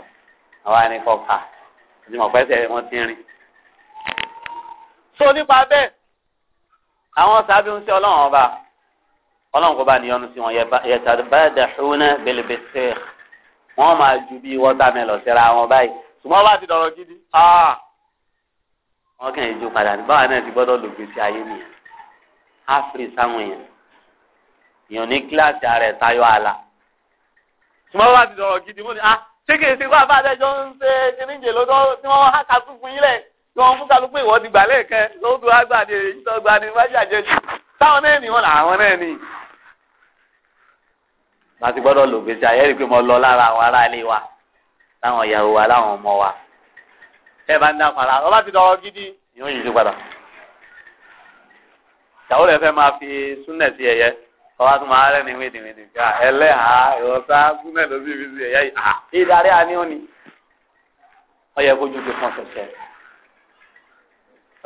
àwa ni kọ ká ó ti mọ fẹsẹ̀ wọn ti rìn. so nípa bẹ́ẹ̀ àwọn sábẹ́ ń ṣe ọlọ́run ọba ọlọ́run kò bá níyọnu sí wọn yẹ tá a bá dàṣúná bẹ́lẹ̀ bẹ́sẹ̀ wọ́n máa ju bí wọ́tàmẹ́lọ̀ síra wọn báyìí ṣùgbọ́n bá ti dọ̀rọ̀ gidi ah! wọ́n kàn ìjó padà ní báwa náà ti gbọ́dọ̀ lò gbèsè ayé nìyẹn áfírí sáwọn èèyàn èèyàn ní kíláàsì ààrẹ tayọ àlà ṣùgbọ́n bá ti dọ̀rọ̀ gidi wọ́n ni ah ṣé kìí ṣe fún abájẹjọ ń ṣe kìnìjẹ lọ́dọ̀ tí wọ́n há kàtú fún yín lẹ̀ tí wọ́n fún kálukú ìwọ́ ti gbà lẹ́ẹ̀kẹ́ lóòdù àgbàdì èyí tó gbani wájú àjẹjù táwọn náà ní wọn làwọn náà ní láti gbọ́dọ̀ lò gbèsè àyẹ́rì pé mo lọ lára àwọn ará ilé wa láwọn ìyàwó wa láwọn ọmọ wa ẹ bá ń dá para ọba ti dọwọ gidi ìyóò yìí ti padà ìyàwó rẹ fẹ́ máa fi súnẹ̀ sí ẹ̀yẹ ọba tó máa rẹ́ni wíìdìwíìdì ká ẹlẹ́hà ìrọ̀sá súnẹ̀ ló sì fi sí ẹ̀yẹ yìí ìdarí àní òní ọyẹ kójú ti fọ́n ṣẹ̀ṣẹ̀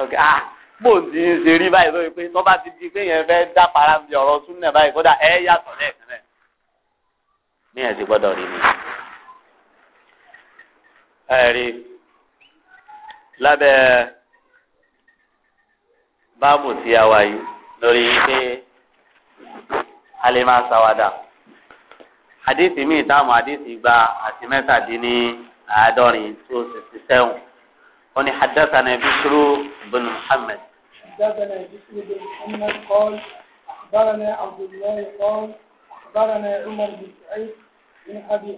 ok ah bó ti ń ṣe rí báyìí lórí pé tọ́ba ti di pé yẹn fẹ́ dá para bí ọ̀rọ̀ súnẹ̀ báyìí kódà ẹ yàtọ̀ lẹ́ẹ̀kan náà ní ẹ̀sìn gbọ́dọ̀ rí mi. ẹ̀rí lábẹ́ báàmù tí a wà yìí lórí pé a lè máa ṣàwádà àdìsí míì táwọn àdìsí gba àti mẹ́tàdínní àádọ́rin tó sèṣì sẹ́wọ̀n wọ́n ní hadathana bishru bin muhammed. hadathana bishru bin muhammed qala akhbarana abdullahi qala akhbarana umar bin sa'id. ابن أبي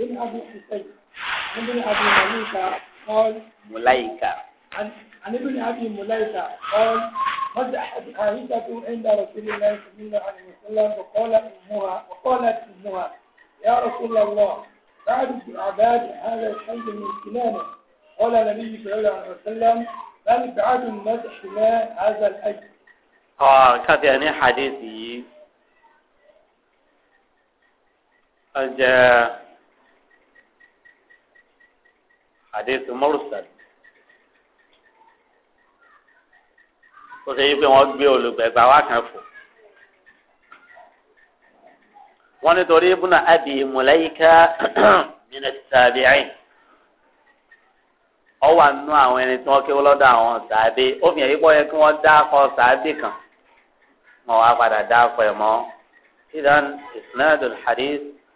أبي حسين ابن أبي مليكة قال مليكة عن ابن أبي مليكة قال مزحت عائشة عند رسول الله صلى الله عليه وسلم وقالت أمها وقالت أمها يا رسول الله بعد عباد هذا الحي من كنانة قال النبي صلى الله عليه وسلم بل بعد المزح ما هذا الحي. اه كان يعني حديثي ọjọ́ hadithu mursal ó ṣe yí pé wọ́n gbé olùgbẹ̀gbà wá kan fò wọ́n nítorí ibùnà abi mùláyíká nínú sàbíìn ọ wà nínú àwọn ẹni tí wọ́n kéwú lọ́dọ̀ àwọn sàbí ó fi hàn yí pé ó yẹ kí wọ́n idan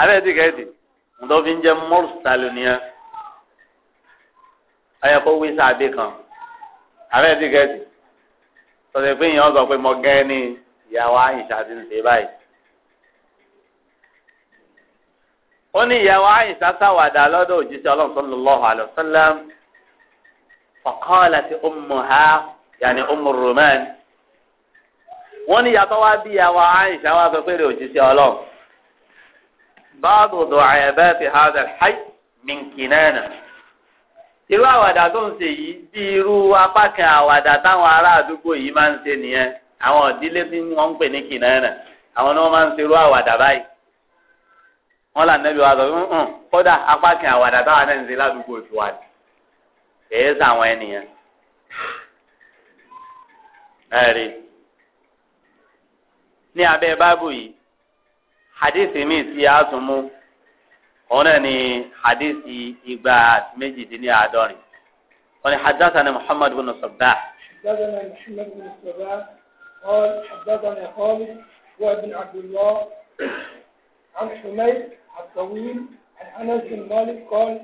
alẹ́ ti kẹ́ẹ̀dì ńdọ́ fi ń jẹ́ mọ́rùsálù nìyẹn ayẹ kó kan alẹ́ ti kẹ́ẹ̀dì sọ̀rọ̀ pé ìyẹn sọ pé mo gẹ́ ní ìyàwó àyìnṣà ti ń ṣe ó ní ìyàwó àyìnṣà ṣàwàdà lọ́dọ̀ òjíṣẹ́ ọlọ́run sallallahu alaihi wasallam faqalat ummuha yàní ummu wọ́n ní ìyàtọ̀ wá bí báàbò dọ̀ọ̀ẹ́bẹ́ ti ha dẹ̀ háì irú àwàdà tó ń ṣe yìí bí irú apá kan àwàdà táwọn ará yìí máa ń ṣe nìyẹn àwọn ìdílé tí ń pè ní kìnnẹ́nà àwọn náà máa ń ṣe irú àwàdà báyìí. là sọ fún un kódà apá kan àwàdà táwọn náà ń ṣe ládùúgbò ní hadithi mi ti a tún mú òun náà ni hadithi igba àti méjìdínláàádọ́rin wọn ni hadassah ni muhammad bin sabah. حدثنا محمد بن الصباح قال حدثنا خالد هو ابن عبد الله عن حميد الطويل عن انس بن مالك قال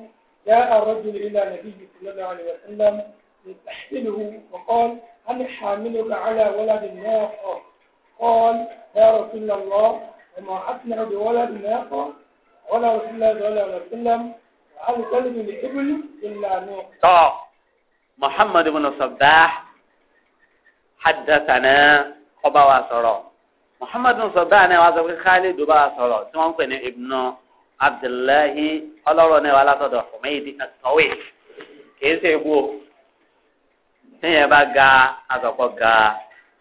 جاء الرجل الى نبي صلى الله عليه وسلم يستحمله وقال هل حاملك على ولد الناقه قال يا رسول الله وما أسمع بولد ناقة ولا رسول الله صلى الله عليه وسلم وعلى كلب لإبل إلا نوح محمد بن صباح حدثنا ọba wa sọ̀rọ̀ muhammadu sọdá ni wàá sọ pé khalid bá wa sọ̀rọ̀ tí wọn ń pè ní ibnu abdullahi ọlọ́rọ̀ ní wàá látọ̀dọ̀ humaydi atọwé kìí ṣe egbò tíyẹn bá ga asọpọ ga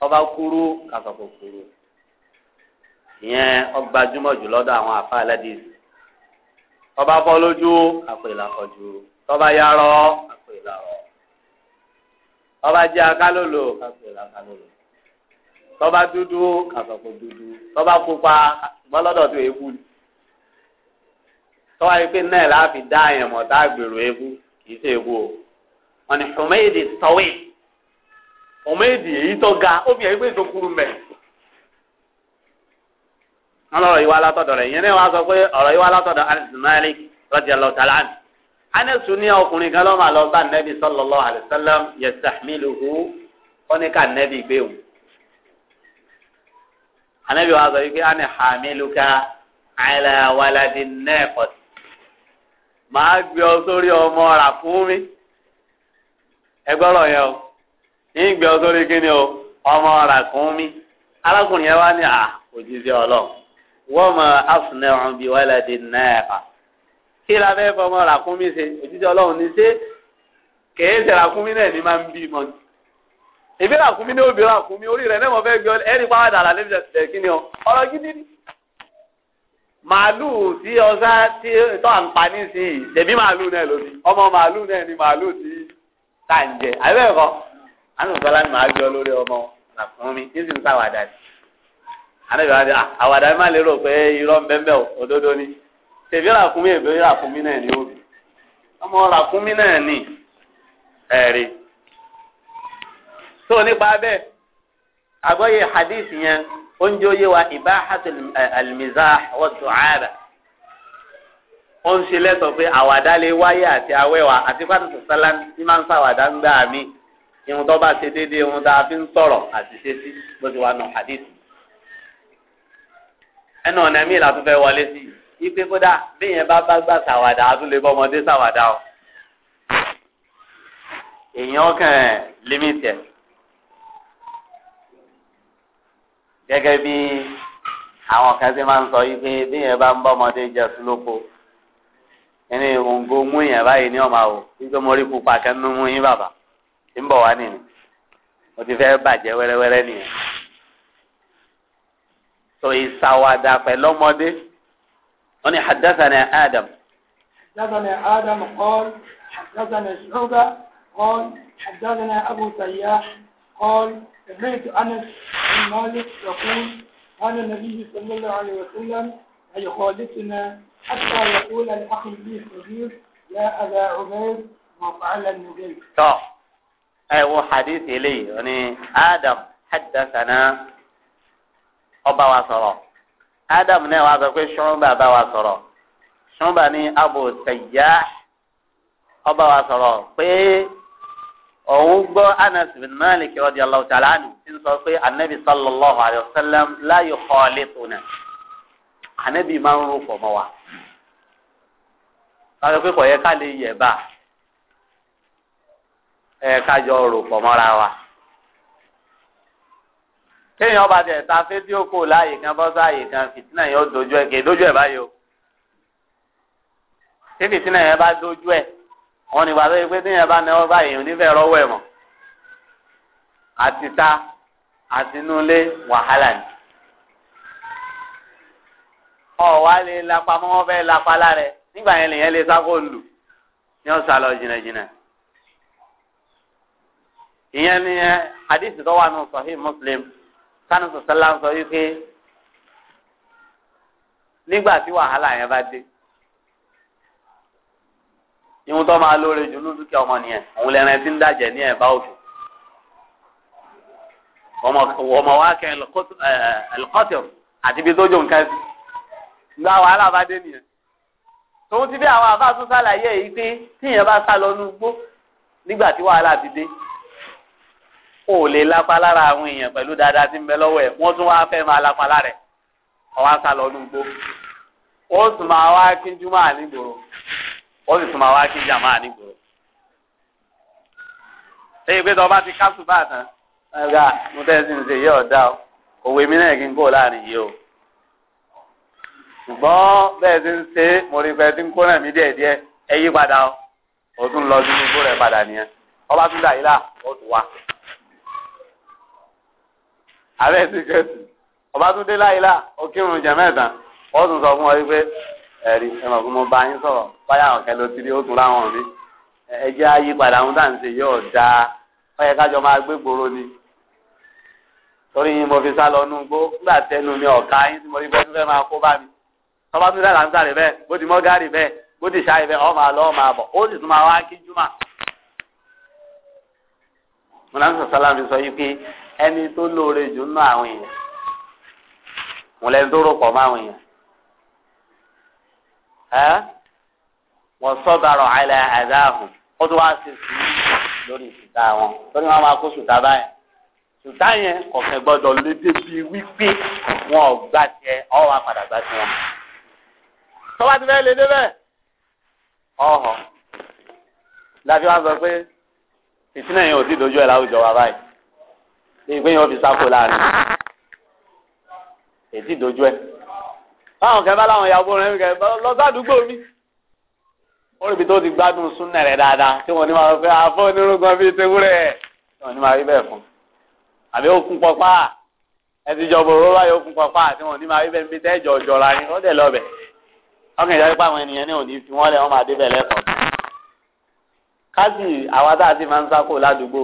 ọba kúrú kasọpọ kúrú ìyẹn ọgbà júmọ̀ jù lọ́dọ̀ àwọn àfa aládìs tọ́ba bọ́ lójú àpè làkọ̀jù tọ́ba yarọ àpè làrọ̀ tọ́ba jẹ́ akálòlò àpè làkálòlò tọ́ba dúdú kàfọ̀kọ̀ dúdú tọ́ba pupa bọ́lọ́dọ̀ tó ewu ni tọ́wá yìí pé náà láàfin dá àyàn mọ̀ tá a gbèrò ewu kì í ṣe ewu o wọn ni Humaydi tọ́wé Humaydi èyí tó ga ó fi hàn pé ìtòkùrù mẹ́rin. wọn lọ́rọ̀ yìí wá yẹn náà wá sọ pé ọ̀rọ̀ yìí ní ọkùnrin kan lọ́mọ àlọ́ bá nnebi sallallahu alaihi wasallam yastahmiluhu ká anabi wa sọ hamiluka ala waladi màá gbé ọ sórí ọmọ rà fún mi ẹgbọ́rọ̀ yẹn o ń gbé ọ sórí kíni o ọmọ rà fún mi yẹn wá ní ah, òjijì wọ́n mọ asùnà ọ̀hún bíi wọ́n lẹ́dí náírà kí la fẹ́ fọmọ ràkúnmí ṣe òjijì ọlọ́run ní ṣe kèé ṣe ràkúnmí náà ní máa ń bí mọ́ ni ìbí ràkúnmí ní òbí ràkúnmí orí rẹ̀ náà mo fẹ́ gbé ẹni pàwọn dàrà lẹ́bi ṣẹ̀ṣẹ̀ kí ni ọ ọ̀rọ̀ gidi ni màálù tí ọ̀sá tí tọ́ àǹfààní sí i ṣèbí náà ló ọmọ màálù náà ni màálù tí tà ń jẹ àbẹ́ẹ̀kọ́ àwọn ni màá jọ lórí ọmọ ràkúnmí ní sì ń sáwàdà ni ànábì wa ni ah, àwàdà má lérò pé irọ́ bẹ́ẹ̀ o òdodo ni tèmi ràkúnmí èbè ràkúnmí náà ni òbí ọmọ ràkúnmí náà ni ẹ̀rí tó nípa bẹ́ẹ̀ àgbọ́yé hadith yẹn oúnjẹ oyé wa ìbáhàtò àlùmíza wọ́tò ààrà ó ń ṣe lẹ́tọ̀ọ́ pé àwàdà lè wáyé àti awẹ́wà àti pàtàkì sálá ní máa ń sàwàdà ń gbà mí ìhun tó bá ṣe déédéé ìhun tá a fi ń sọ̀rọ̀ àti ṣe sí bó ti wà nù hadith ẹnu ọ̀nà míì la tún fẹ́ wọlé sí ipe kódà bíyẹn bá bá gbà sàwàdà a tún lè bọ́ ọmọdé sàwàdà o èèyàn kàn límítẹ̀ gẹ́gẹ́ bí àwọn kan ṣe máa ń sọ yìí pé bíyẹn bá ń bọ́ ọmọdé jẹ sílóko ẹni òǹgó mú yẹn báyìí ní ọmọ àwò wípé mo rí pupa kan nínú yín bàbá ń bọ̀ wá nìyẹn mo ti fẹ́ bàjẹ́ wẹ́rẹ́wẹ́rẹ́ nìyẹn. so ìsàwàdà pẹ̀lú ọmọdé wọn حدثنا ادم حدثنا ادم adam حدثنا شعبه قال حدثنا ابو سياح قال سمعت انس بن مالك يقول قال النبي صلى الله عليه وسلم اي خالتنا حتى يقول الاخ لي الصغير يا ابا عبيد ما فعل النبي. طب ايوه حديث الي يعني ادم حدثنا ọba wa sọ̀rọ̀ adam náà wà sọ pé ṣọ́nba bá wa sọ̀rọ̀ ṣọ́nba ní abu sayyah ọba wa sọ̀rọ̀ pé òun gbọ́ anas bin malik radiyallahu ta'ala anhu ti sọ pé anabi sallallahu alayhi wa sallam la yukhalituna anabi máa ń rú pọ̀ mọ́ wa wọ́n sọ pé kò yẹ ká lè yẹ̀ bá ẹ̀ka jọ rò pọ̀ mọ́ra wa kéèyàn bá tẹ̀ ta fẹ́ tí ó kò láàyè kan bọ́ sáàyè kan fìtínà yẹn ó dojú ẹ̀ kéè dojú ẹ̀ báyìí o tí fìtínà yẹn bá dojú ẹ̀ wọn ni wàá lóye pé tí yẹn bá náwó báyìí onífẹ́ rọ́wọ́ ẹ̀ mọ̀ àti ta àti inúlé wàhálà ni ọ̀wá lè lapa mọ́ wọn fẹ́ lapa lára ẹ̀ nígbà yẹn lèyẹn lè sáko lù ní ọ̀sà lọ jìnnàjìnnà ìyẹn ni eh, hadith tó wà nù Sahih Muslim sani sọsọlá ń sọ wípé nígbà tí wàhálà yẹn bá dé ìhun tó máa lóore jù ní dúkìá ọmọ nìyẹn òun lẹ́rìn tí ń dàjẹ́ ní ẹ̀bá òfin ọmọ wa kẹ ẹlẹkọtìọ àti ibi tó jò nǹkan sí gba wàhálà bá dé nìyẹn tòun ti bí àwọn àbá tún ṣàlàyé yìí pé tíyẹn bá sá lọ nú gbó nígbà tí wàhálà ti dé O lè lápá lára àwọn èèyàn pẹ̀lú dáadáa tí ń bẹ lọ́wọ́ ẹ̀ wọ́n tún wáá fẹ́ máa lápá lára ẹ̀ ọwọ́ àṣà lọ́dún gbó ó sì máa wá kí júmọ́ ànígboro ó sì tún máa wá kí jàmọ́ ànígboro. ṣéyí pé tọ́ba ti kásù bá tán ẹ̀ka mo tẹ́ sí ń ṣe yé ọ̀dà o òwe mi náà kí n kó láàrin yìí o ṣùgbọ́n bẹ́ẹ̀ ti ń ṣe mo rí pé tí ń kó náà mí díẹ̀díẹ̀ ẹ yí padà o ó tún lọ sí gbogbo rẹ̀ padà nìyẹn ọba tún dà yìí là ó tún wá. àbẹ́ ti ọba tún dé láyìlá ó kírun jẹ fún ọ wípé ẹ̀rí fún mo bá yín sọ̀rọ̀ báyà ọ̀kẹ́ ló ti rí ó tún láwọn mi ẹjẹ́ ń yóò ó ni torí yín mo lọ nú gbó tẹnu mi ọ̀ka yín tí mo rí bẹ́ẹ̀ máa kó bá mi ọba tún làǹtà rẹ̀ bẹ́ẹ̀ bó ti ọ máa lọ ọ máa bọ̀ ó mọ̀nàmísà sálámi sọ yìí pé ẹni tó lóore jù nínú àwọn èèyàn wọn lẹni tó rọpọ̀ mọ́ àwọn èèyàn ẹ́ wọ́n sọ́dọ̀rọ̀ àìlẹ̀ àdáhùn ó tún wá sí sí lórí ìsìta wọn tó ní wọn máa kó sùtá báyìí sùtá yẹn kọ̀kẹ́ gbọ́dọ̀ lédè bíi wípé wọn ò gbà tiẹ̀ ọ̀ wá padà gbà tiẹ̀ tọ́wá ti fẹ́ lédè bẹ́ẹ̀ ọ̀họ̀ làbí wọn sọ pé ìtìlẹ̀ yẹn ò sí dojú ẹ̀ láwùjọ wa báyìí lẹ́yìn pé yẹn ò fi sáko láàrin ètí dojú ẹ̀ báwọn kẹ́ bá láwọn ìyàwó rẹ̀ kẹ́ lọ sádùúgbò mi wọ́n ríbi tó ti gbádùn súnà rẹ̀ dáadáa tí wọ́n ní máa fẹ́ afọ́ onírúgbọ́n bíi tewúrẹ́ wọ́n ní máa rí bẹ́ẹ̀ fún àbí ó kún pọpá ẹ ti jọ bòrò báyìí ó kún pọpá tí wọ́n ní máa rí bẹ́ẹ̀ bíi tẹ́jọ jọra yín ó dẹ̀ lọ́bẹ̀ ọkàn ìdájọ́ pé àwọn ènìyàn ní òní fi wọ́n lẹ̀ wọ́n máa débẹ̀ lẹ́kọ̀ọ́ káàsì àwa tá a ti máa ń sáko ládùúgbò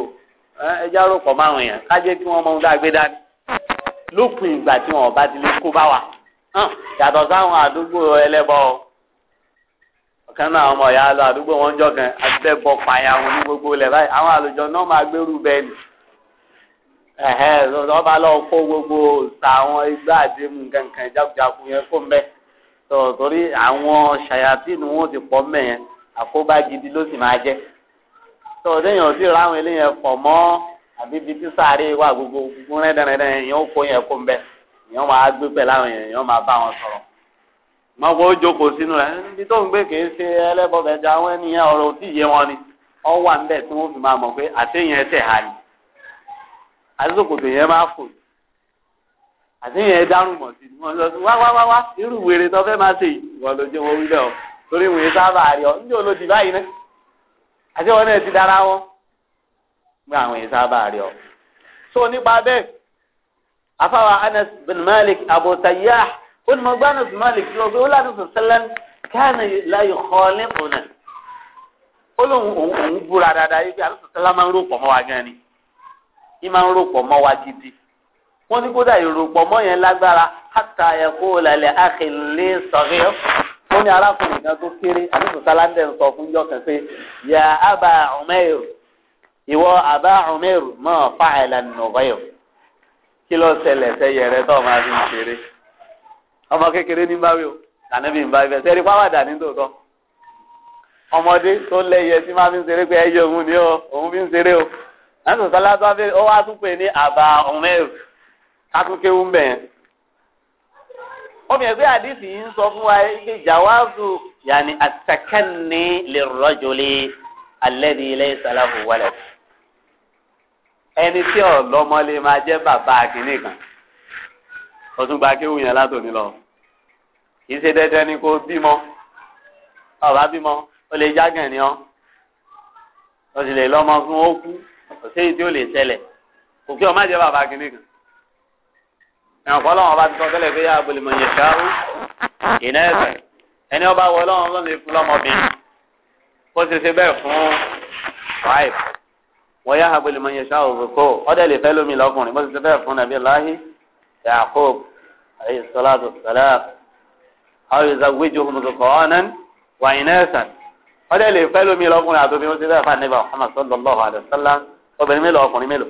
ẹjẹ àròpọ̀ máwọn èèyàn ká jẹ́ kí wọ́n mọ ohun tá a gbé dání lópin ìgbà tí wọn bá ti lè kó bá wa yàtọ̀ sáwọn àdúgbò ẹlẹ́bọ ọ̀kan náà àwọn ọmọ ìyá lọ àdúgbò wọn jọ kan àtẹ́bọ pààyà wọn ní gbogbo ilẹ̀ báyìí àwọn àlùjọ náà máa gbérù bẹ́ẹ̀ ni ẹ̀hẹ́ ọba lọ kó gbogbo sàwọn igbá àti nǹkankan jákujáku yẹn fún bẹ́ẹ̀ tọ̀ torí àwọn ṣàyàtì ni wọ́n ti pọ̀ mẹ́yẹn àkóbá gidi ló sì máa jẹ́ tó o déyàn sí ráwọn eléyẹn pọ̀ mọ́ àbí ibi tí sáré wà gbogbo gbogbo rẹ̀ dẹ̀rẹ̀dẹ̀ èèyàn ó kó yẹn kó ń bẹ̀ èèyàn máa gbé pẹ̀ láwọn èèyàn èèyàn máa bá wọn sọ̀rọ̀ mọ̀kò ó jókòó sínú rẹ̀ níbi tó ń gbé kìí ṣe ẹlẹ́bọ̀bẹ̀jọ àwọn ènìyàn ọ̀rọ̀ òtí yé wọn ni wọ́n wà ń bẹ̀ tí wọ́n fi máa mọ̀ pé àtẹ̀yìn ẹsẹ̀ hà ni àtẹ̀sọ̀kòtò yẹn máa fò ní àtẹ̀yìn ẹ dárùn mọ̀ sí ni wọ́n sọ wá wá wá wá irú wèrè tó fẹ́ máa ṣe ìwọ lójú wọn wí bẹ́ẹ̀ o torí wèrè sábà rí ọ níjó ló di báyìí náà àti wọn náà ti dára wọn gbé àwọn yìí sábà rí ọ. so nípa bẹ́ẹ̀ afáwa Anas bin Malik Abu Tayyah ó ní mo gbá Anas bin Malik lọ pé ó lànà sọ̀sẹ́lẹ̀ káàní láyò kọ́lé ọ̀nà ó lóun òun búra dáadáa yìí pé Anas sọ̀sẹ́lẹ̀ máa ń rò pọ̀ mọ́ wa gan ni ní máa ń rò pọ̀ mọ́ wa gidi wọ́n ní kódà ìròpọ̀ mọ́ yẹn lágbára hàtà ẹ̀kọ́ lálẹ́ àkèlé sọ̀rẹ́ ó ní arákùnrin kan tó kéré àdìsù sálándẹ̀ ń sọ fún jọ́kàn pé yà ábà ọ̀mẹ́rù ìwọ àbá ọ̀mẹ́rù mọ́ fáìlà nùbẹ́rù kí ló ṣẹlẹ̀ sẹ́yẹ rẹ tó máa fi ń ṣeré ọmọ kékeré ní báwí o tànàbí ń báwí bẹ́ẹ̀ sẹ́rí pàwádà ní tòótọ́ ọmọdé tó lẹ́yẹ tí máa fi ń ṣeré pé ẹyẹ òun ni ó òun fi ń ṣeré o àdìsù sálándẹ̀ ó wá tún pè ní àbà ọ̀mẹ́rù ọmọ ẹgbẹ́ àdìsí yìí ń sọ fún wa pé jàwáàzù yàní àtàkànnì lè rọ́jò lé alẹ́dí ilé ìsàlámù wọlé ẹni tí ọlọ́mọ lè máa jẹ́ bàbá akínní kan ọtún gba akéwù yẹn látòní lọ kì í ṣe dẹ́dẹ́ ni kò bímọ ọba bímọ ó lè jágàn ni ọ́ ó sì lè lọ́mọ fún ó kú ọ̀sẹ̀ yìí tí ó lè ṣẹlẹ̀ kò kí ọ má jẹ́ bàbá akínní kan ẹ̀wọ̀n kọ́ lọ́wọ́ bá ti sọ tẹ́lẹ̀ pé yá abúlé mọ̀ yẹ ṣááru ìná ẹ̀sẹ̀ ẹni ọba wọ lọ́wọ́ lọ́wọ́ lè fún lọ́mọbìnrin kó ṣe ṣe bẹ́ẹ̀ fún wife wọ́n yá abúlé mọ̀ yẹ ṣááru kó ọdẹ lè fẹ́ lómi lọ́kùnrin bó ṣe ṣe bẹ́ẹ̀ fún nàbí láhi Yaqub ayé sọláàtù sọláà àwọn ìzàgbéjì ọmọdékọ̀ọ́nán wà ìná ẹ̀sẹ̀ lè fẹ́ lómi lọ́kùnrin àtòbí wọ́n ṣe bẹ́ẹ̀ fún àníbà Muhammad sallallahu alayhi wa obìnrin mélòó ọkùnrin mélòó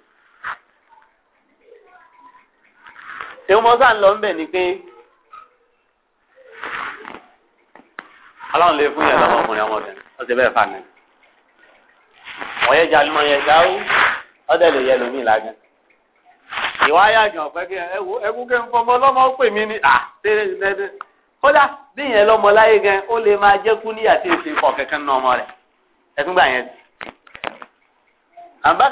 tèmi mọ sáà ń lọ ń bẹ̀ ni pé ọlọ́run lè fún yàrá ọmọkùnrin ọmọbìnrin ó ti bẹ́ẹ̀ fà náà ọ̀yẹ́ jalumọ̀ yẹn dáwó ọ̀dẹ̀ lè yẹ lómi làágán ìwà ayé àjàn ọ̀pẹ́ kí ẹkú kí n fọmọ ọlọ́mọ pè mí ni à tẹ́lẹ̀ tẹ́lẹ̀ kódà bí ìyẹn lọ́mọ láyé gan ó lè máa jẹ́ kú ní àti èsì ikọ̀ kẹ̀kẹ́ nínú ọmọ rẹ̀ ẹkún gbà yẹn. àbá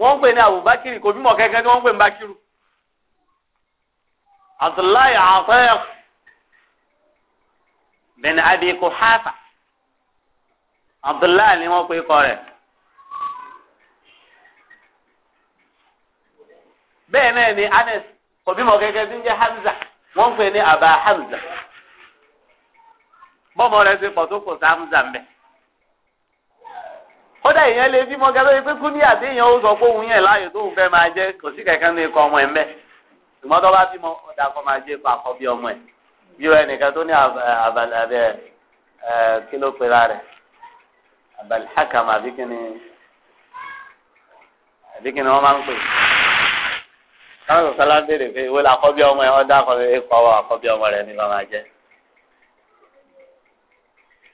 wọ́n ń pè ní àbùbákiri kò bímọ kẹ́kẹ́ tí wọ́n ń pè ní bákírù abdullahi ateef bin abi kuhafa abdullahi ni wọ́n pe kọ rẹ̀. bẹ́ẹ̀ ni anes òbí mọ̀ hamza wọ́n ń pè ní hamza kódà ìyẹn lè bímọ gẹ́gẹ́ bí pé kú ní ó sọ pé òun yẹn tóun máa ṣùgbọ́n tó bá bímọ ọ̀dà kan máa jẹ́ papọ̀ bí ọmọ ẹ̀ bí ọ ẹnìkan tó ní abalẹ̀ abẹ́ kí ló pera rẹ̀ abalẹ̀ hakam àbí kí ni ni wọ́n máa ń pè. káwọn sọ̀tàn láń béèrè pé ìwé la kọ́ ọmọ ẹ̀ ọ̀dà kan ẹ̀ kọ́ wà ọmọ rẹ̀ ní lọ́ọ́ jẹ́.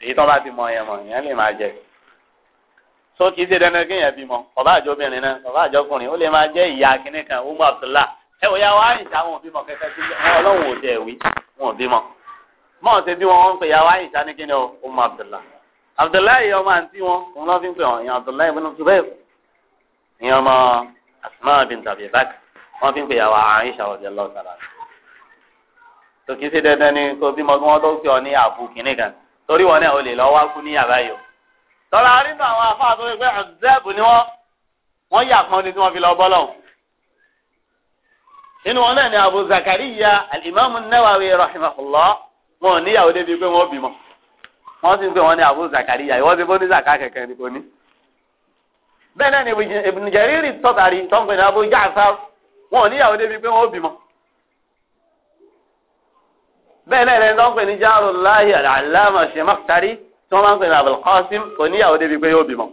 èyí tó bá bímọ yẹn mọ̀ yẹn lè máa jẹ́ so kì í ṣe dandan kéèyàn bímọ ọba àjọ obìnrin náà ọba àjọ ọkùnrin ó lè máa jẹ́ ìyá akínní kan umu abdullah ẹ wò yà wá àyìnṣà wọn ò bímọ kẹkẹ sí wọn ọlọ́run ò dẹ̀ wí wọn ò bímọ mọ ọsẹ bí wọn ń pè yà wá àyìnṣà ní kíni o ọmọ Abdullahi Abdullahi ọmọ àǹtí wọn òun lọ fi ń pè wọn ìyàn Abdullahi ibn Zubair ìyàn ọmọ Asma bint Abi Bakr wọn fi ń pè yà wá àyìnṣà ọ̀dẹ̀ lọ́sàrà tòkì sí dandan ni kò bímọ kí wọn tó fi ọ ní àbù kìnnì kan torí wọn náà o lè lọ wá kú ní yàrá yìí o tọ́lá yà kan ní tí wọ́n fi lọ bọ́ lọ́hùn nínú wọn náà ni abu zakariya alimami nawawi rahimahullah wọn ò níyàwó débi pé wọn bímọ wọn sì ń pè wọn ní abu zakariya ìwọ ti bó ní zaka kẹkẹ ni kò ní. bẹ́ẹ̀ náà ni ibn jariri tọ́tàrí tọ́ǹpẹ̀ ní abu jaafar wọn ò níyàwó débi pé wọn bímọ. bẹ́ẹ̀ náà lẹ́yìn tọ́ǹpẹ̀ ní jaarullahi alama shemaktari tí wọ́n máa ń pè ní abulqasim kò níyàwó débi pé yóò bímọ.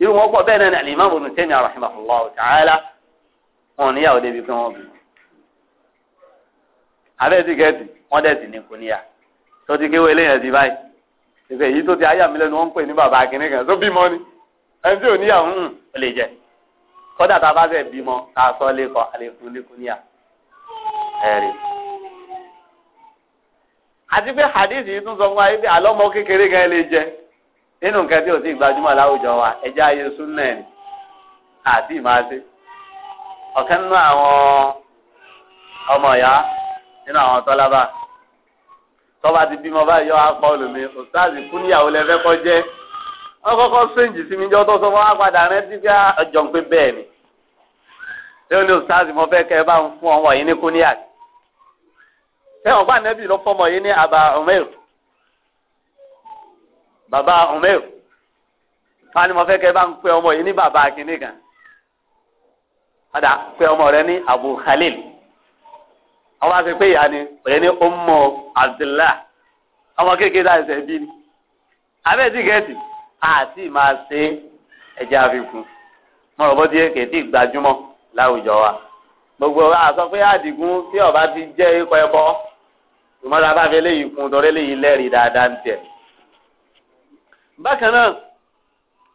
irú wọn pọ̀ bẹ́ẹ̀ náà ni alimami abẹ́ tíkẹ́ẹ̀tì wọ́n dẹ̀ sì ní kúníyà tó ti kéwé eléyàn ti báyìí ìfẹ́ yìí tó ti ayé àmì lẹ́nu wọ́n ń pè ní bàbá akínní kan tó bímọ ni ẹni tí ò níyàwó ń ò lè jẹ kódà tá a bá fẹ́ bímọ tá a sọ lẹ́kọ̀ọ́ alẹ́ fún ní kúníyà ẹ̀rí. àti pé hadith yìí tún sọ fún wa yìí pé àlọ́mọ kékeré gan lè jẹ nínú nǹkan tí ò sí gbajúmọ̀ láwùjọ wa ẹjẹ́ ayé súnà ẹ̀ àti ìmáṣe ọ̀kan nínú àwọn ọmọ ìyá nínú àwọn tọ́lábà tọ́ba ti bímọ báyìí yọ apá olùmí òsáàzì fún níyàwó lẹ́fẹ́ kọ́ jẹ́ wọ́n kọ́kọ́ séǹjì sí mi jọ́ tó sọ wọ́n á padà rẹ́ sí bí ọjọ́ ń pé bẹ́ẹ̀ ni ṣé o ní òsáàzì mo fẹ́ kẹ́ ẹ bá ń fún ọmọ yìí ní kúníyà ṣé ọ̀gbà nẹ́bì ló fọmọ yìí ní àbá Umair bàbá Umair fani mo fẹ́ kẹ́ ẹ bá ń pè ọmọ yìí ní bàbá kìnnìkan padà pè ọmọ rẹ ní Abu Khalil ọmọ àti pé ìyá ni òye ní ọmọ Abdullah ọmọ kékeré àìsàn ẹbí ni abẹ́ẹ̀tì gẹ̀ẹ́tì àti máa ṣe ẹja àfikún mọ̀rọ̀ bó ti kètì gbajúmọ̀ láwùjọ wa gbogbo àsọ pé àdìgún tí ọba ti jẹ́ ikọ̀ ẹ̀kọ́ ìmọ̀ra bá fi eléyìí torí eléyìí lẹ́rìí dáadáa ń tiẹ̀. bákan náà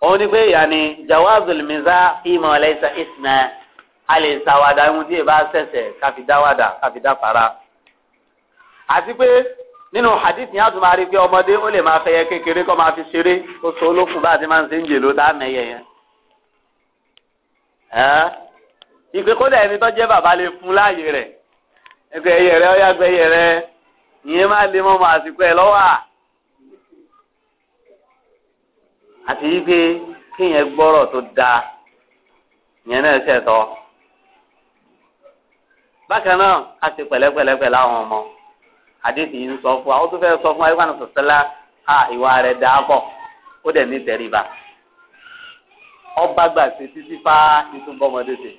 òun ni pé ìyá ni jawazul miza ìmọ̀ ọ̀lẹ́sà ìsìnà a lè ṣàwàdà ohun tí èèbá ṣẹ̀ṣẹ̀ káfi dáwàdà àti pé nínú hadith yẹn a tún ọmọdé ó lè máa fẹyẹ kékeré kó máa fi ṣeré ó so olókùn bá a ti máa ń se ń jèlò mẹyẹ yẹn. ìpè kódà ẹni tó jẹ́ bàbá lè fún láàyè rẹ̀ ẹgbẹ́ ẹyẹ rẹ ẹyẹ ìyẹn máa lè mọ́ àsìkò ẹ̀ lọ́wọ́ kéèyàn gbọ́rọ̀ tó ìyẹn náà ṣẹ̀tọ́. bákan náà a ti pẹ̀lẹ́pẹ̀lẹ́ pẹ̀lú àwọn ọmọ àdéhùn yìí ń sọ fún wa ó tún fẹ́ sọ fún wa ìwà nàṣọ̀sẹ́lá à ìwà rẹ̀ dáa pọ̀ ó dẹ̀ ní tẹ̀ríba ọba gbà sí títí fá ìtúbọ̀mọdé sí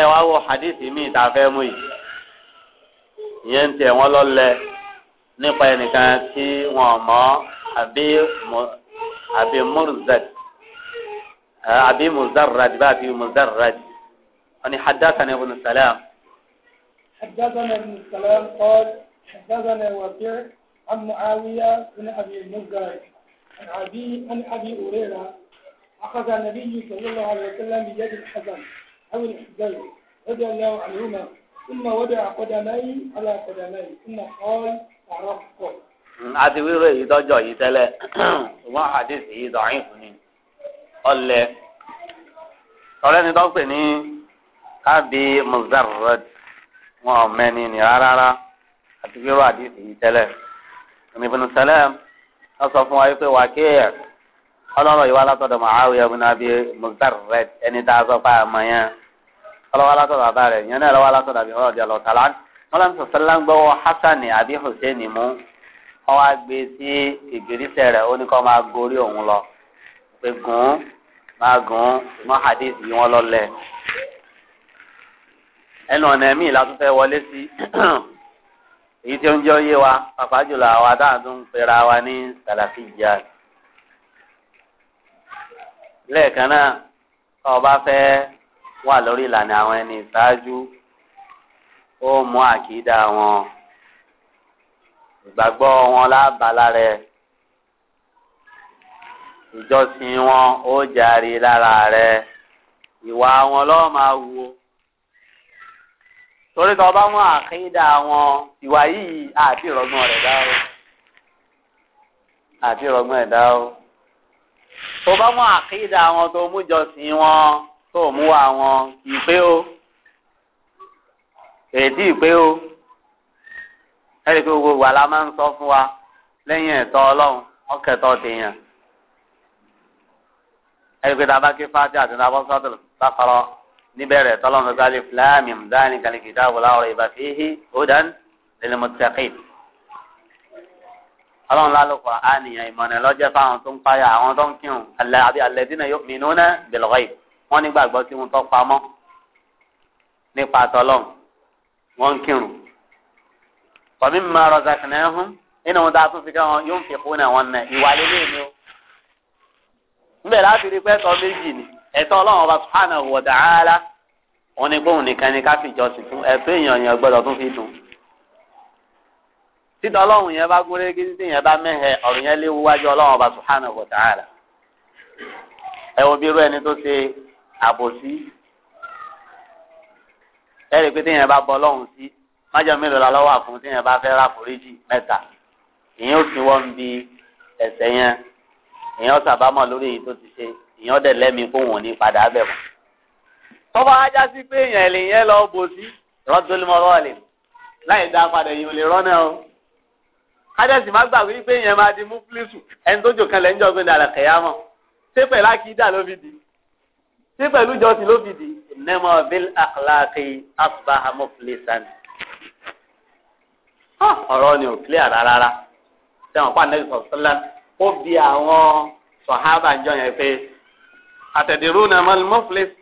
ẹ wá wo hadith mi ta fẹ́ mú yìí ìyẹn ń tẹ̀ wọ́n lọ́lẹ̀ nípa ẹnìkan tí wọ́n mọ̀ àbí àbí murzak أبي مزرد بابي مزرد أني حدثني ابن السلام حدثنا ابن السلام قال حدثنا وكيع عن معاوية بن أبي المزرد عن أبي عن أبي هريرة أخذ النبي صلى الله عليه وسلم بيد الحزن أو الحزن رضي الله عنهما ثم وضع قدمي على قدمي ثم قال عرفت. àti wíwé إذا جاء yìí tẹ́lẹ̀ ṣùgbọ́n àdéhùn yìí ọlẹ ọ̀rẹ́ ni dọkítà ní abi muzarrad wọn ò mẹni ní rárá àti bí wàá dìbò yìí tẹ́lẹ̀ Ibn Salam wọn sọ fún wa pé wàá kéèyàn ọlọ́rọ̀ yìí wá látọ̀dọ̀ Muawiya ibn Abi Muzarrad ẹni tá a sọ fún àmọ́ yẹn ọlọ́wọ́ látọ̀dọ̀ bàbá rẹ̀ yẹn náà lọ́wọ́ látọ̀dọ̀ àbí ọ̀rọ̀ ọ̀dẹ̀ wọn lọ́n sọ̀sẹ́ lágbọ́wọ́ Hasan àbí Hussein mú wọn wá gbé sí ìgbèrísẹ̀ rẹ̀ ó ní kó máa gorí òun lọ pé gùn máa gùn mọ́ hadith yìí wọ́n lọ́lẹ̀. ẹnu ọ̀nà míì la tún fẹ́ wọlé sí èyí tí ó ń jẹ́ òye wa pàápàá jùlọ àwa tá à ń pera wa ní sàlàfíjà. lẹ́ẹ̀kan náà tó o bá fẹ́ wà lórí ìlànà àwọn ẹni ìṣáájú ó mú àkídà wọn ìgbàgbọ́ wọn lábàlá rẹ̀ ìjọsìn wọn ó jàre lára rẹ ìwà wọn lọ́ọ́ máa wo torí tó bá wọn àkídà wọn ìwà yìí àti ìrọ̀gbọ́n rẹ̀ dá o àti ìrọ̀gbọ́n ẹ̀ dá o tó bá wọn àkídà wọn tó mú jọsìn wọn tó mú wà wọn kì o èdè ìpé o ẹ̀rí pé gbogbo wà la máa ń sọ fún wa lẹ́yìn ẹ̀tọ́ ọlọ́run ọkẹ̀tọ́ tèèyàn ẹgbẹ́ tá a bá ké fáti àti náà bọ́ sọ́tò láfarọ́ níbẹ̀rẹ̀ tọ́lọ́mù gbálẹ̀ fúlàmì dání kàlíkì dáàbò láwọ̀rọ̀ ìbá fíhí hudan lil muttaqin. ọlọ́run lálùkọ́ àníyàn ìmọ̀nà lọ́jẹ́ fáwọn tó ń páyà àwọn tó ń kírun alẹ́ àbí alladhina yu'minuna bil ghaib wọ́n nígbàgbọ́ kí wọ́n tọ́ pamọ́ nípa tọ́lọ́run wọ́n ń kírun. wa mimma razaqnahum nínú wọn tá a fi kẹ́ wọn yóò fi kú náà wọn náà ìwà lélẹ́yìn o ńbẹ̀ láti rí pẹ́tọ́ méjì ni ẹ̀tọ́ ọlọ́run ọba subhanahu wa ta'ala wọn ni bóun nìkan ni ká fi jọsìn fún ẹ̀tọ́ èèyàn yẹn gbọ́dọ̀ tún fi dùn. títọ́ ọlọ́run yẹn bá gúnré kí títí yẹn bá mẹ́hẹ̀ ọ̀rùn yẹn léwu wájú ọlọ́run ọba subhanahu wa ta'ala. ẹ wo bí irú ẹni tó ṣe àbòsí ẹ pé téèyàn bá bọ ọlọ́run sí májọ mélòó la lọ́wọ́ àfún téèyàn bá fẹ́ ráforíjì mẹ́ta ìyẹn ò sí wọ́n bí ẹ̀ṣẹ̀ yẹn èèyàn sàbámọ̀ lórí èyí tó ti ṣe èèyàn dẹ̀ lẹ́mi kó wọn ní padà bẹ̀ wọ́n. tọ́ba ajá sí pé èèyàn ẹ̀lẹ́ yẹn lọ bò sí rọ́dúnlẹ́mọ́rọ́ lè láì dá padà èèyàn lè rọ́nà o. kájẹ́sì má gbàgbé pé èèyàn máa di múfúlísù ẹni tó jò kan lẹ́ ń jọ gbẹ̀dẹ̀ àlàkẹ́yà mọ̀ ṣé pẹ̀lú àkídà ló fi di ṣé pẹ̀lú jọ́sìn ló fi di nẹ́mọ̀ bíl àkàlàkì asbaha muflisan. ọ̀rọ̀ ni ò kílíà rárá sẹ́wọ̀n pa nẹ́gbẹ̀sọ̀ sọ́lá ó bi àwọn sọ̀hábà jọ yẹn pé àtẹ̀dẹ̀rú náà mọ́ mọ́fìlẹ́sì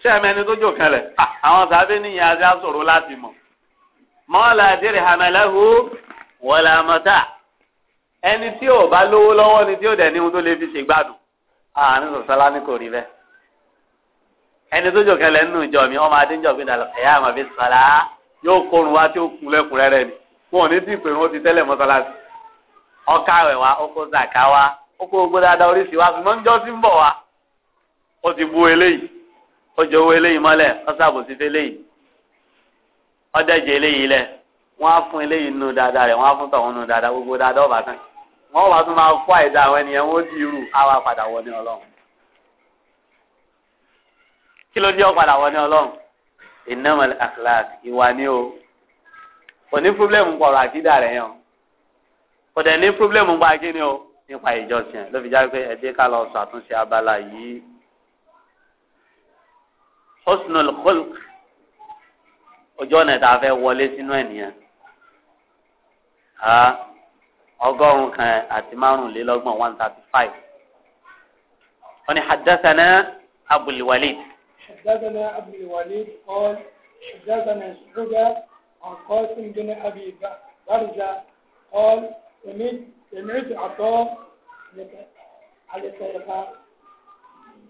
ṣé ẹ̀mí ẹni tó jò kẹlẹ̀ àwọn sàbẹ̀ níyàn àti àṣòro láti mọ̀ mọ́lá àdìrì hàmẹ́lẹ́hu wọ̀lá mọ́tà ẹni tí ò bá lówó lọ́wọ́ ni tí ò dẹ̀ ní ohun tó lè fi ṣègbádùn àárín sọ̀sọ́lá ní kò rí bẹ́ẹ̀ ẹni tó jò kẹlẹ̀ nínú ìjọ mi ọmọ adéjọ́ gbé dàlọ́ ẹ̀yà àmọ́ fi sọ̀lá yóò kórun wá tí ó kun lẹ́kùnrẹ́rẹ́ wọn ò ní ọkà rẹ̀ wá ọkọ̀ zàkà wá ọkọ̀ gbogbo dáadáa oríṣi wá ṣùgbọ́n níjọ́ tí ń bọ̀ wá ó ti bu eléyìí ó jẹ owó eléyìí mọ́lẹ̀ ó ṣàbòsí fún eléyìí ó dẹ̀jẹ̀ eléyìí lẹ̀ wọ́n á fún eléyìí nù dáadáa rẹ̀ wọ́n á fún tọ̀hún nù dáadáa gbogbo dáadáa ọ̀bà tán wọ́n wá tún máa kó àìdá àwọn ènìyàn wọ́n di irú àwa padà wọ ní ọlọ́run kí ló dé ọ̀padà wọ ní ọlọ́run ìnáwó àkàlà ìwà ni o kò ní fúlẹ̀mù pọ̀rọ̀ àkídà rẹ̀ yàn kò dẹ̀ ní pírọ́blẹ́mù pa kí ni o nípa ìjọsìn ẹ̀ ló fi jáde pé ẹ̀dẹ́ ká lọ ṣàtúnṣe abala yìí. husnul khulq ojú ọ̀nà tá a fẹ́ wọlé sínú ẹ̀ ọgọ́rùn-ún kan àti márùnlélọ́gbọ̀n one thirty five. wọ́n ní haddathana abu al-walid. حدثنا أبو الوليد قال حدثنا سعودة عن قاسم بن أبي قال سمعت عطاء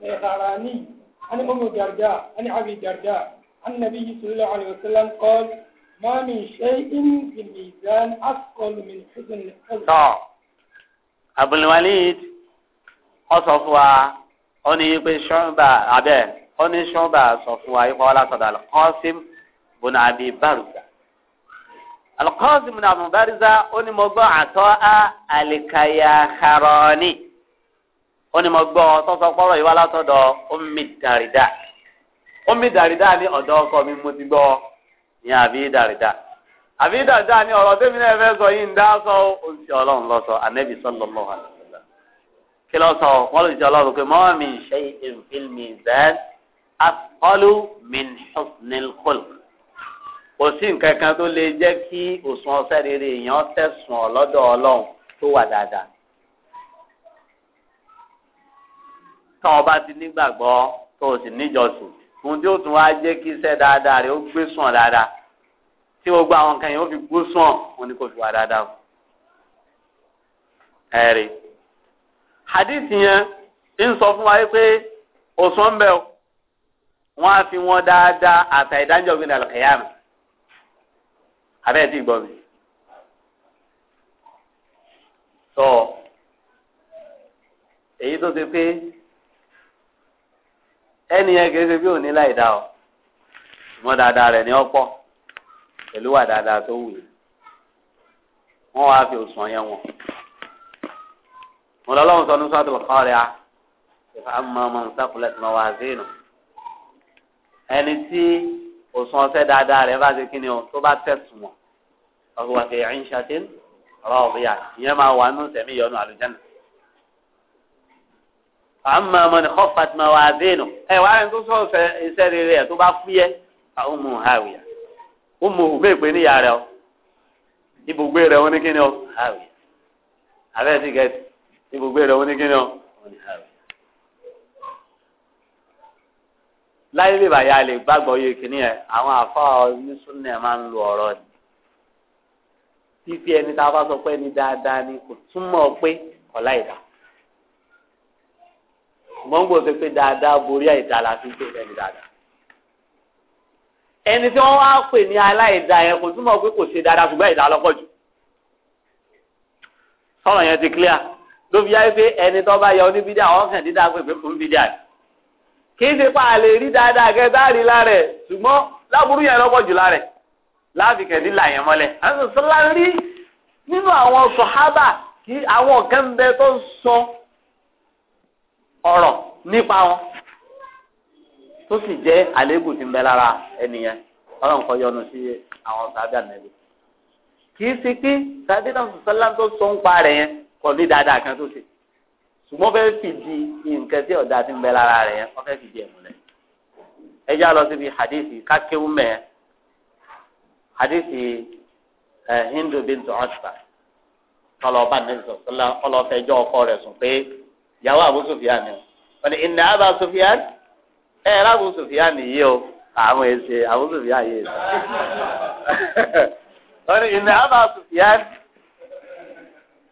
الخيراني عن أم الدرداء عن أبي الدرداء عن النبي صلى الله عليه وسلم قال ما من شيء في الميزان أثقل من حزن القلب. أبو الوليد أصفوا أني بشعبة أبي أني شعبة أصفوا يقول صدى القاسم بن أبي بردة alqasim ibn abu bariza ó ní mo gbọ́ àtọ́ a alikayaharani ó ní mo gbọ́ tọ́sọ pọ́rọ̀ yìí wá látọ̀dọ̀ omi dàrídà omi dàrídà ní ọ̀dọ̀ ọkọ mi mo ti gbọ́ ní àbí dàrídà àbí dàrídà ní ọ̀rọ̀ tẹ́mi náà fẹ́ sọ yìí ń dá sọ oṣù ọlọ́run lọ sọ anabi sallallahu alaihi wasallam kí lọ sọ wọn lè jẹ mi ṣe ìfilmi zẹ́n asqalu min husnil khulq kò sí nǹkan kan tó lè jẹ́ kí òsùn ọ̀sẹ̀ rere èèyàn tẹ̀sùn ọ̀ lọ́dọ̀ ọlọ́run tó wà dáadáa. táwọn bá ti nígbàgbọ́ tó o sì níjọsìn ohun tí ó tún wá jẹ́ kí iṣẹ́ dáadáa rẹ̀ ó gbé sùn dáadáa tí gbogbo àwọn kan yẹn ó fi gbó sùn wọn ni kò fi wà dáadáa ẹ̀rí hadith yẹn ń sọ fún wa pé òsùn ń bẹ̀ wọ́n á fi wọn dáadáa àtàìdájọ́ gbé ní àlùkẹ́yàmù abẹ́ẹ̀ ti gbọ́ mi. sọ èyí tó ti pé ẹni yẹn kìí ṣe bí òní láì dá o ṣùgbọ́n dáadáa rẹ̀ ní ọ̀pọ̀ pẹ̀lú wà dáadáa tó wù yìí wọ́n wá fi òṣùwọ̀n yẹn wọ̀n. mo lọ lọ́wọ́ sọ ní sọ́dọ̀ kọ́rẹ́ a ìfà mọ́ ọmọ nǹkan kúlẹ̀ tí sí nù ẹni tí òsùn ọsẹ dáadáa rẹ bá ṣe kí ni o tó bá tẹsùn wọn ọkọ wa kẹyà ń ṣàtẹ rọọbìyà ìyẹn máa wà nù sẹmí yọnu àlùjánnà. àmọ́ ọmọ ní kọfàtì máa wà dénú ẹ wàá rìn tó sọ iṣẹ́ rere ẹ tó bá fúyẹ́ àwọn ọmọ hàwìyà ọmọ òwú bẹ́ẹ̀ níyà rẹ o ibùgbé rẹ wọn ní kí ni o hàwìyà abẹ́ẹ̀ gẹ̀ẹ́sì ibùgbé rẹ wọn ní kí ni o hàwìyà. láyé bèbà ya lè gbàgbọ́ yé kínní ẹ̀ àwọn àfa onísùnà ẹ̀ máa ń lo ọ̀rọ̀ ni fífi ẹni tá a bá sọ pé ẹni dáadáa ni kò túmọ̀ pé ọ̀la ìdá gbọ́ngbò ṣe pé dáadáa borí àìdá la fi ń pè ẹni dáadáa ẹni tí wọ́n wá pè ní aláìdá yẹn kò túmọ̀ pé kò ṣe dáadáa ṣùgbọ́n ìdá lọ́pọ̀ jù sọ̀rọ̀ yẹn ti clear ló fi yá pé ẹni tó bá yọ oníbídà ọ̀kàn dídá pé pé fún bídà ni kìí ṣe pa àlè rí dáadáa kẹtàrí lára ẹ ṣùgbọ́n láburú yẹn lọ́pọ̀ jù lára ẹ láàfin kẹ̀dí là yẹn mọ́lẹ̀. àwọn sọlá ń rí nínú àwọn sọ̀hábà kí àwọn kan bẹ tó ń sọ ọ̀rọ̀ nípa wọn tó sì jẹ́ àléébù tí ń bẹ lára ẹnìyẹn ọlọ́run kọ́ yọnu sí àwọn sábẹ́ ànẹ́bí. kìí ṣe pé sábẹ́ náà sọ̀sọ́lá tó sọ ń pa rẹ̀ yẹn kọ̀ ní dáadáa kan tó ṣe ṣùgbọ́n fẹ́ fìdí nǹkan tí ọ̀dà ti ń bẹ lára rẹ̀ yẹn wọ́n fẹ́ fìdí ẹ̀ múlẹ̀ ẹ já lọ síbi hadithi kákéwú mẹ́ hadithi ẹ̀ hindu bintu ọ̀ṣà ọlọ́ọ̀bá nẹ́sọ̀ ọlọ́ọ̀fẹ́jọ́ ọkọ rẹ̀ sùn pé ìyàwó àbú sùfìàn ni wọ́n ní ìnà àbá sùfìàn ẹ̀ ẹ̀ lábù sùfìàn nìyí o àwọn èsè àbú sùfìàn yìí wọ́n ní ìnà àbá sùfìàn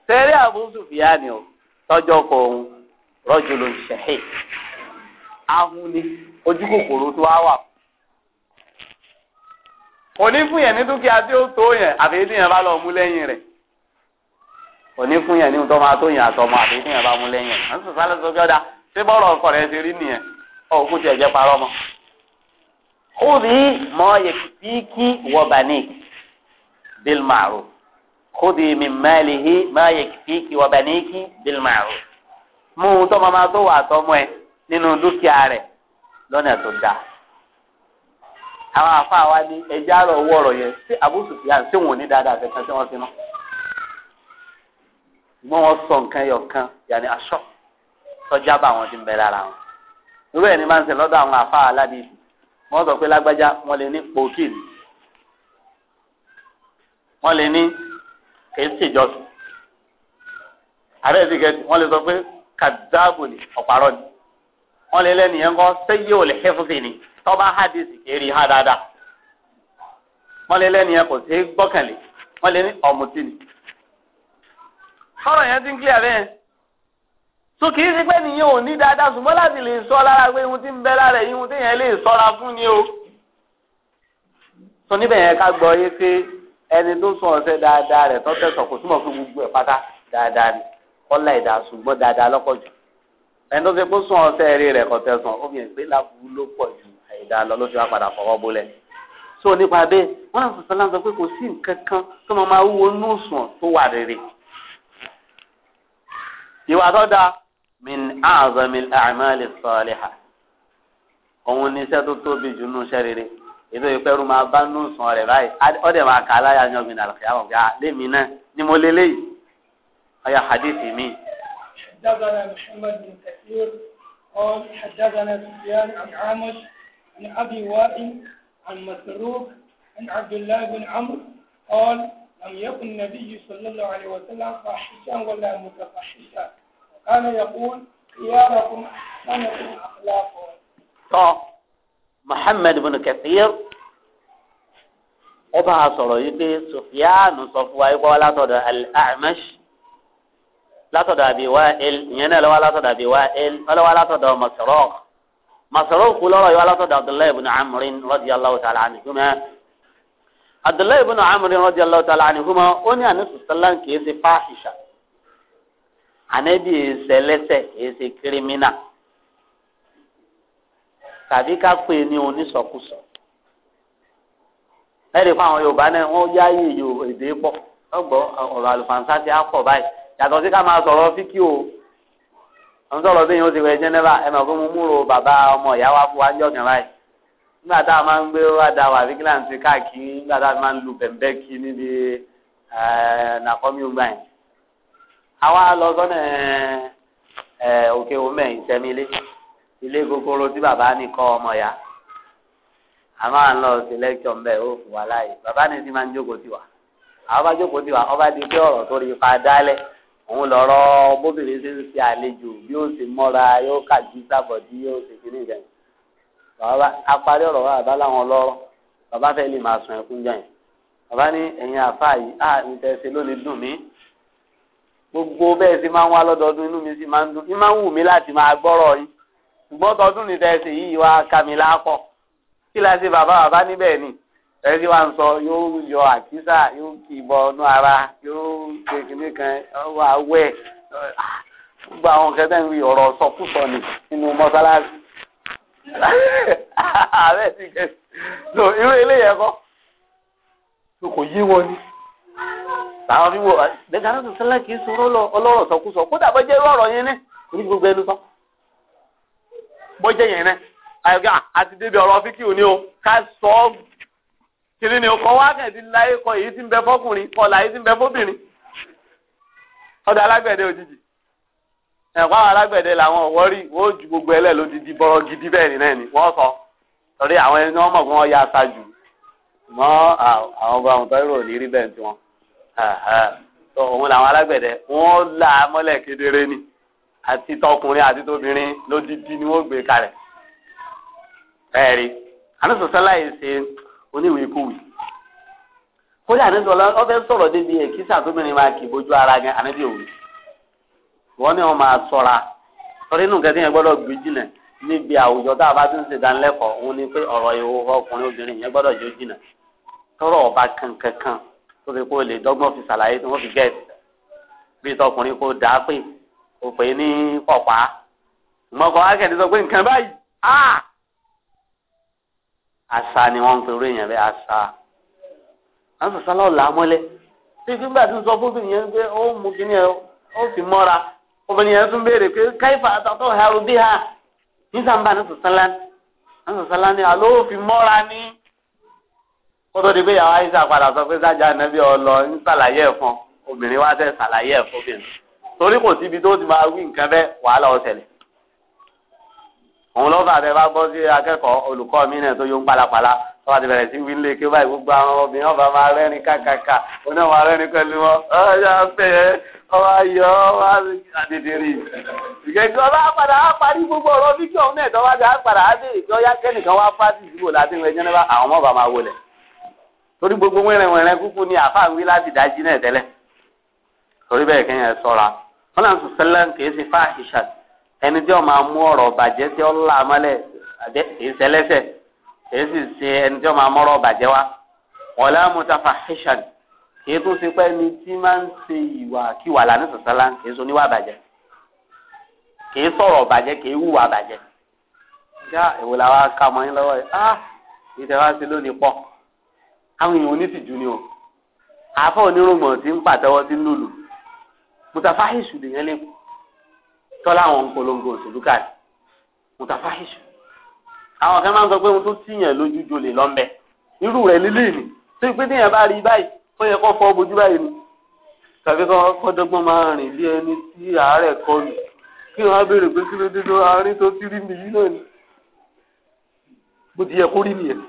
tẹ́lẹ̀ àbú sùfìàn ni o tọ́jọ́ kọ òun rọ́jò ló ń ṣẹ̀hẹ́ ahun ni ojú kòkòrò tó wá wà. òní fún yẹn ní dúkìá tí ó tó yẹn àfi tí yẹn bá lọ mú lẹ́yìn rẹ̀ òní fún yẹn ní tó máa tó yẹn àtọmọ àfi tí yẹn bá mú lẹ́yìn rẹ̀ ń sọ sálẹ̀ sọ́kẹ́ ọ̀dà ṣé ọkọ rẹ̀ ti rí nìyẹn ọ̀hún kò tiẹ̀ jẹ́ parọ́ mọ́. ó rí mọ́ yẹ kí wọ́n bá ní bíl khudi min malihi ma yakfiki wa baniki bil ma'ruf mú un tó máa tó wà tọ́mọ ẹ nínú dúkìá rẹ̀ lọ́nà tó dáa àwọn afa wa ní ẹja àrò owó ọ̀rọ̀ yẹn sí Abu Sufyan sí wọn ò ní dáadáa kankan tí wọ́n fi náà ṣùgbọ́n wọ́n sọ nǹkan ẹyọ kan yàní aṣọ tọ́já bá àwọn ti ń bẹ lára wọn irú ẹ̀ ní máa ń ṣe lọ́dọ̀ àwọn afa aládìsí wọ́n sọ pé lágbájá wọ́n lè ní pòkìlì wọ́n lè ní. kì si ṣèjọsìn ti gẹ̀ẹ́sì wọ́n lè sọ pé kàdáàbò ni ọ̀pàrọ̀ ni wọ́n lè lẹ́nu yẹn kọ́ sẹ́yẹ́ ò lè si ni tọ́ba ha dáadáa wọ́n lè lẹ́nu yẹn kò sí gbọ́kànlé wọ́n lè ní ọ̀mùtí ni. sọ̀rọ̀ yẹn ti ń kílẹ̀ bẹ́ẹ̀ tó kì í ṣe pé nìyẹn ò ní dáadáa ṣùgbọ́n láti lè sọ lára pé ihun tí ń bẹ lára ihun tí yẹn lè fún ni o. sọ níbẹ̀ yẹn ká gbọ́ yé pé ẹni tó sọ ọ̀sẹ̀ dáadáa rẹ̀ tọ́tẹ̀ sọ kò túmọ̀ fún gbogbo ẹ̀ pátá dáadáa ni kọ́lá ìdá ṣùgbọ́n dáadáa lọ́pọ̀ jù ẹni tó ṣe kó sún ọ̀sẹ̀ rí rẹ̀ kọ́ tẹ̀sán ó yẹn pé láburú ló pọ̀ ju àìdá lọ ló fi wá padà fọwọ́ bólẹ̀. so nípa bẹ́ẹ̀ wọ́n náà sọ̀tàn láǹsọ pé kò sí nǹkan kan tó máa máa wúwo inú sùn tó wà rere. ìwà tó dáa min a'zamil a'mali salihah ètò ìpẹ́rù máa bá nù sàn rẹ̀ báyìí ọ̀dẹ̀ máa kà á láyà yan mi nàlọ́ kìá mọ̀ bí àlémi náà ni mo lélẹ̀ yìí ọ̀yà hadith mi. حدثنا محمد بن كثير قال حدثنا سفيان عن عامش عن ابي وائل عن مسروق عن عبد الله بن عمرو قال لم يكن النبي صلى الله عليه وسلم فاحشا ولا متفحشا وكان يقول خياركم احسنكم اخلاقا. Muhammad bin Kathir ọba sọ̀rọ̀ yìí pé Sufyanu sọ fún wa yìí kọ́ látọ̀dọ̀ al-A'mash látọ̀dọ̀ Abi Wa'il ìyẹn náà lọ́wọ́ látọ̀dọ̀ Abi Wa'il ọlọ́wọ́ látọ̀dọ̀ Masruq Masruq kú lọ́rọ̀ yìí wá látọ̀dọ̀ Abdullahi ibn Amrin radiyallahu ta'ala anhuma Abdullahi ibn Amrin radiyallahu ta'ala anhuma ó ní àní sùsàlán kì í ṣe fáṣìṣà ànẹ́bí ìṣẹ̀lẹ́sẹ̀ kì í ṣe kírímínà tàbí ká pè ní onísọkúsọ ẹ̀rí fún àwọn yorùbá náà wọ́n yáyè yorùbá èdè pọ̀ ọgbọ́ ọ̀rọ̀ àlùfáàǹsá ti á pọ̀ báyìí yàtọ̀ sí ká máa sọ̀rọ̀ fíkì o àwọn sọ̀rọ̀ bí yẹn ó ti wẹ̀ jẹ́nẹ́bà ẹ̀ mọ̀ fún mi múrò bàbá ọmọ ìyá wa fún wa ń jọ̀gàn báyìí nígbà tá a máa ń gbé wá da wà fíkì láǹtí káàkiri nígbà tá a máa ń lu bẹ̀m̀bẹ́ kí níbi nàkọ́mí ọgbà àwa lọ sọ́nà òkè òmẹ̀ ìtẹ́mílé ilé gogoro tí bàbá ní kọ́ ọmọ ya a máa ń lọ sí lẹ́kṣọ̀ mbẹ́ ó fún wa láàyè bàbá ní ti máa ń jókòó tiwa àwọn bá jókòó tiwa ọba di pé ọ̀rọ̀ tó rí ipa dálẹ̀ òun lọ́rọ́ bóbìnrin ṣe ń ṣe àlejò bí ó ṣe mọ́ra yóò kàdí sábọ̀dí yóò ṣe kíní ìjẹun bàbá apárí ọ̀rọ̀ wa bàbá làwọn lọ́rọ́ bàbá fẹ́ lè máa sun ẹkún jẹun bàbá ní ẹ̀yin àfáà yìí à ń tẹ́ ṣe lónìí dùn mí gbogbo bẹ́ẹ̀ sì máa ń wá lọ́dọọdún inú mi sì máa ń dùn mi máa ń wù mí láti máa gbọ́rọ̀ yìí ṣùgbọ́n tọdún ní tẹ̀sí yìí wá kàmílà pọ̀ kí la ṣe bàbá bàbá níbẹ̀ ni ẹ̀rí wa ń sọ yóò yọ àkísà yóò kì í bọ ọnú ara yóò ṣe kìnnì kan ọwọ́ awẹ́ gbogbo àwọn kẹtẹ́ ń rí ọ̀rọ̀ sọkúsọ ni nínú mọ́sálásí ààrẹ ti kẹ so irú eléyẹ kọ́ kò yí wọn ni làwọn fi wọ ẹgbẹ́ aláṣẹ sẹ́lẹ̀ kì í sọ̀rọ̀ ọlọ́rọ̀ sọkúsọ kódà bọ́ jẹ́ irú ọ̀rọ̀ yẹn ní gbogbo ẹnu sọ́kù bọ́jẹ́ yẹn náà àyọ̀kẹ́ àti débi ọ̀rọ̀ fíkìú ni o ká sọ ọ́ kiri ni o kọ́ wá kẹ̀dí láyé kọ èyí tí ń bẹ fọkùnrin kọlà èyí tí ń bẹ fóbìnrin ọ̀dọ̀ alágbẹ̀dẹ òjijì ẹ̀kọ́ àwọn alágbẹ̀dẹ làwọn ọ̀wọ́ rí wọ́n ju gbogbo ẹlẹ́ lójijì bọ́rọ̀ gidi bẹ́ẹ̀ ni náà ni wọ́n sọ torí àwọn ẹni wọ́n mọ̀ pé wọ́n ya aṣáájú mọ́ àwọn ọba àwọn tọ́lú òní rí bẹ́ẹ̀ tí wọ́n òun làwọn alágbẹ̀dẹ wọ́n là á mọ́lẹ̀ kedere ni àti tọkùnrin àti tóbìnrin lódìdí ni wọ́n gbé kalẹ̀ ẹ̀rí àníṣọ́sọ́lá yìí ṣe oníwèékúwì kódà àníṣọ́lá ọ̀fẹ́ sọ̀rọ̀ débi èkìsà tóbìnrin máa kì bójú ara gan àníbi òwe wọ́n ní wọ́n máa sọ̀ra sọ̀rọ̀ inú kẹ́kẹ́ yẹn gbọ́dọ̀ gbé jìnà níbi àwùjọ tá a bá ti ń ṣèdánilẹ́kọ̀ọ́ òun ni pé ọ̀rọ̀ ìhòòhò ọkùnrin obìnrin yẹn gbọ́dọ̀ jó jìnà tọrọ ọba kankankan tó fi kó lè dọ́gbọ́n fi ṣàlàyé tí wọ́n fi gẹ̀ẹ́sì bíi tọkùnrin kó dàá pé kò ní pọ̀pá mọ̀kàn akẹ́ni sọ pé nǹkan báyìí ni wọ́n ń pe orí èèyàn bẹ́ẹ̀ àṣà ọla sọ̀sọ́ lọ́ọ̀ là á mọ́lẹ̀ tí gbígbà tí ń sọ fún obìnrin pé ó mú ẹ ó fi mọ́ra obìnrin yẹn tún béèrè pé káyìfà àtàtọ̀ bí ha nísàmbá ní ní fi mọ́ra ní kótó di pé yàrá sọ pé sájà nàbí ọlọ ń torí kò síbi tó ti máa wí nǹkan bẹ́ẹ̀ wàhálà ọ̀sẹ̀lẹ̀ òun lọ́fà bẹ́ẹ̀ bá gbọ́ sí akẹ́kọ̀ọ́ olùkọ́ mi náà tó yóò ń palapala wọ́n àti bẹ̀rẹ̀ sí wí lé kí báyìí gbogbo àwọn obìnrin ọba máa rẹ́rìn kàkàkà oní ọmọ rẹ́rìn pẹ̀lú wọn ọ̀yà fẹ́ ọba yọ ọba àdèdè rì ìgbẹ́jọ́ ọba padà á parí gbogbo ọ̀rọ̀ bí kí òun náà tọ́wá dé á padà á dé ìgbẹ́ ọyá kẹ́nìkan wá fásitì ìdìbò láti torí gbogbo wẹ́rẹ̀wẹ̀rẹ̀ kúkú ni àfáà wí láti dájí náà tẹ́lẹ̀ torí bẹ́ẹ̀ kẹ́yìn ẹ sọ́ra wọn làwọn sọsẹlẹ kì í ṣe fáhìṣà ẹni tí wọn máa mú ọ̀rọ̀ bàjẹ́ tí wọn là mọ́lẹ̀ àbẹ kì í ṣẹlẹsẹ kì í sì ṣe ẹni tí wọn máa mọrọ bàjẹ́ wa wọn làwọn mutafahisha kì í tún ṣe pé ẹni tí máa ń ṣe ìwà kíwà làní sọsẹlẹ kì í ṣe oníwà bàjẹ́ kì sọ̀rọ̀ bàjẹ́ kì í bàjẹ́ já èwo la wá ká mọ yín lọ́wọ́ yìí ah ìtẹ̀ wá lónìí pọ̀ mutafahisu lèyàn lè tọ́lá àwọn polongo òṣèlú káàdì mutafahisu àwọn kan máa ń sọ pé mo tún tíyàn lójú jolè lọ́nbẹ irú rẹ̀ lílé ni tó pé téèyàn bá rí báyìí ó yẹ kó fọ́ bojú báyìí ni tàbí kó dọ́gbọ́n máa rìn bí ẹni tí àárẹ̀ kọ lù kí wọ́n á béèrè pé kí ló dé lọ àárín tó ti rí mi yìí náà ni bó ti yẹ kó rí nìyẹn.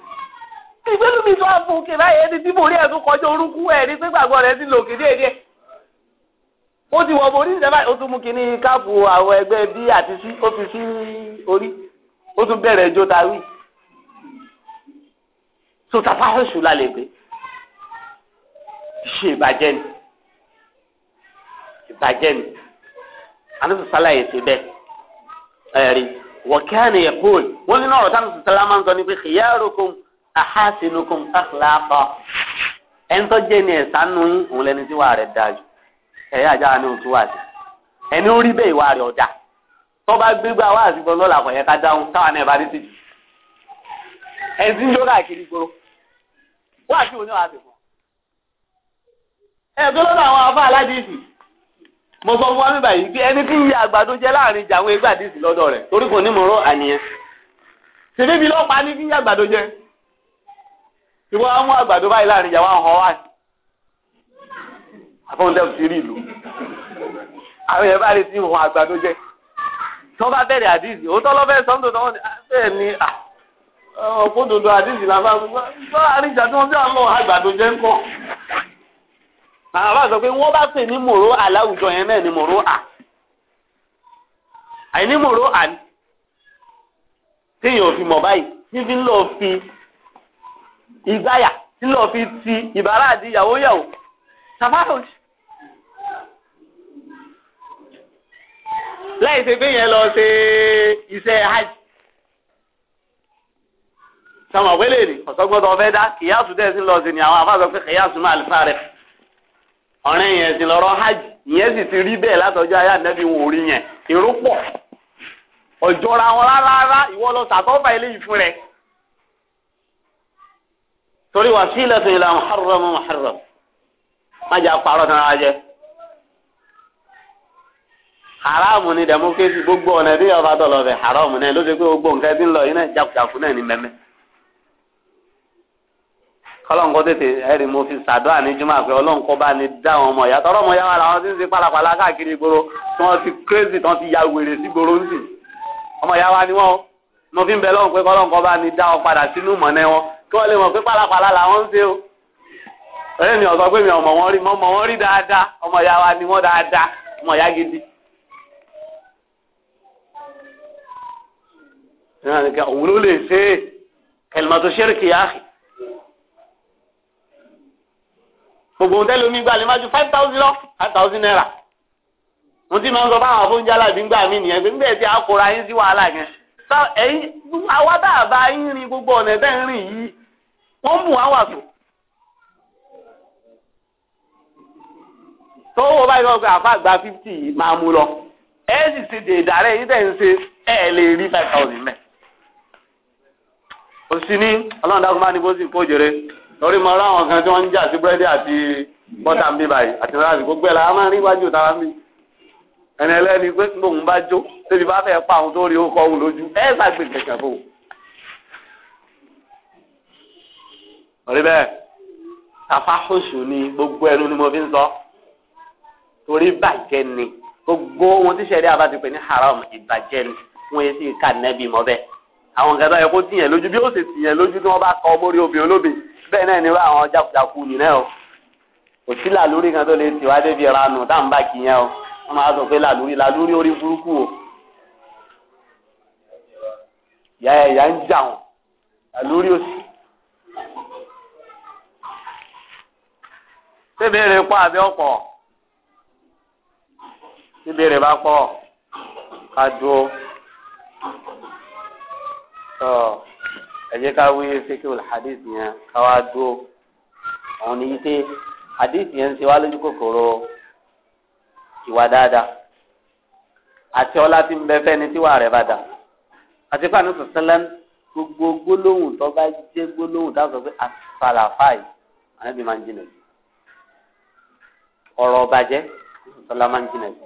ìgbélùmí sọ àfọ̀nkè báyìí ẹni tí mo rí ẹ̀ tó kọjá orúkú ẹ̀ ní pé gbàgbọ́ rẹ̀ ti lò kéde ó ti wọ borí ìjọba ó tún mú kínní káàpù àwọn ẹgbẹ́ bí àti sí ó fi sí orí ó tún bẹ̀rẹ̀ ẹjọ́ ta wí. so tafahosù la lè ṣe ìbàjẹ́ ni ìbàjẹ́ ni anúṣe sálàyé ṣe bẹ́ẹ̀ ẹ̀rí wọ̀kẹ́ni ẹ̀kọ́ọ̀lì wọ́n ní ọ̀rọ̀ táwọn sọ̀tà lámà ń sọ ni pé khiyarukum ahasinukum akhlaqa ẹ̀ńtọ́jẹ́ ni ẹ̀sánú yín òun lẹni tí wàá rẹ̀ dájú. ẹ̀yà ajá ni òtún otu sí ẹni ó bẹ́ẹ̀ ìwà rẹ̀ ọ̀dà tó bá gbégbá wá àsìkò lọ́la kọ̀ yẹ ká dáhùn táwọn náà bá ní tìjú ẹ̀sìn ló káàkiri gbòòrò wàá ẹ̀ tó lọ́dọ̀ àwọn aládìsì mo fún wa mi báyìí ẹni tí ń yẹ àgbàdo láàrin ìjà àwọn ẹgbẹ́ torí kò ní mọ̀rọ̀ àníyẹn ṣèbí lọ́pàá ní kí àwọn àfọwọ́ndẹ́ ti rí ìlú àwọn yẹn bá rí tí wọn àgbàdo jẹ tí wọn bá bẹ̀rẹ̀ àdìsí òótọ́ lọ́fẹ́ sọ́ńdọ̀ náà bẹ́ẹ̀ ni ọ̀pọ̀dodo àdìsí la bá gbọ́ gbọ́ àríjà tí wọ́n bí àwọn àgbàdo jẹ ń kọ́ àwọn bá sọ pé wọ́n bá pè ní mòró àláwùjọ yẹn náà ni mòró à àìní mòró à téèyàn ò fi mọ̀ báyìí níbi ńlọ fi ìgbáyà ńlọ fi ti ìbára àti ìyàwó yẹ̀wò sàfáàlì. láì ṣe pé yẹn lọ ṣe iṣẹ́ hajj sọmọ wẹlẹ ni ọsọgbọdọ ọfẹ dá kìyàsù tẹsí lọ sí ni àwọn afáàsọ pé kìyàsù máa lè fà rẹ ọ̀rẹ́ yẹn sì lọ́rọ́ hajj ìyẹn sì ti rí bẹ́ẹ̀ látọjọ́ ayé ànábì wọn ò rí yẹn irú pọ̀ ọ̀jọ̀ra wọn rárá ìwọ lọ sàkọ́fà eléyìí fún rẹ torí wàásù ilẹ̀ tó yẹ la muharram muharram má jà pààrọ̀ tán ara jẹ haramu ni democracy gbogbo ọ̀nà bí ọba tọ̀lọ̀ bẹ̀ haramu náà ló ṣe pé gbogbo nǹkan ẹbí ń lọ yín náà jakujaku náà ní mẹ́mẹ́. kọ́lọ́nkọ́ tètè ẹ̀rì mo fi ṣàdúrà ní jùmọ̀ pé ọlọ́nkọ́ bá ní dá àwọn ọmọ ìyá tọ́rọ́ ọmọ ìyá wa làwọn ti ń ṣe pálapàla káàkiri ìgboro tí wọ́n ti crazy tí wọ́n ti ya wèrè sí ìgboro ń sìn. ọmọ ìyá wa ni wọ́n mo fi ń bẹ lọ́hùn pé kọ́lọ́nkọ́ bá ní dá wọn padà sínú mọ̀nẹ́ wọn kí ọmọ ìyá gidi. òun ló lè ṣe kẹlìmọ̀tò ṣẹ́ríkì yáàkì. gbogbo ohun tẹ́lẹ̀ omi gba lè má ju five thousand lọ five thousand naira. mo ti máa ń sọ fáwọn afọ́njálà bí ń gbà mí nìyẹn pé níbẹ̀ tí a kóra yín sí wàhálà yẹn. ẹ̀yin àwa tá a bá yín rin gbogbo ọ̀nà tẹ́ ń rìn yìí wọ́n mú wa wà tó. tọ́wọ́ báyìí lọ́gbà àfa gba fifty máa mú lọ. ẹ sì ṣe dèdà rẹ̀ òsínì ọlọ́run dákun máa ní bó sì kó jèrè lórí mọ ọlọ́run kan tí wọ́n ń jà sí búrẹ́dì àti bọ́tà ń bí báyìí àti ráàlì gbogbo ẹ̀ la máa ń rí wájú tara mi ẹni ẹlẹ́ni pé kí òun bá jó tẹ́bi bá fẹ́ pa òun tó rí ókọ òun lójú ẹ gbàgbé kẹ̀kẹ́ fò. lórí bẹ́ẹ̀ tafáhùsù ni gbogbo ẹnu ni mo fi ń sọ torí bàjẹ́ ni gbogbo ohun tíṣẹ̀rí àbá ti pè ní haram ìbàjẹ́ ni wọ́n yẹ ká nẹ́bí mọ́ bẹ́ẹ̀ àwọn nǹkan tó yẹ kó tìyàn lójú bí ó sì tìyàn lójú tí wọ́n bá kọ mórí obìnrin olóbìn bẹ́ẹ̀ náà nírú àwọn jákujáku nìyẹn o kò sí làlórí kan tó lè tì wá débi ranù tá à ń bá kìyẹn o wọ́n máa sọ pé làlórí làlórí orí burúkú o ìyá ẹ̀yà ń jà wọ́n làlórí òsì. bíbèrè pọ̀ àbí ọ̀pọ̀ bíbèrè bá pọ̀ ká tọ́ ẹ jẹ́ ká wí fíkìl hadith yẹn ká wá dúró àwọn ní pé hadith yẹn ń ṣe wá lójú kòkòrò ìwà dáadáa àti ọlá tí ń bẹ fẹ́ni tí wàá rẹ̀ bá dà àti fàánù sọ̀sẹ́lẹ́n gbogbo gbólóhùn tó bá jẹ́ gbólóhùn dáhùn sọ pé àfàlàfàì ànábì máa ń jìnà jù ọ̀rọ̀ ọ̀bàjẹ́ sọ̀sẹ́lá máa ń jìnà jù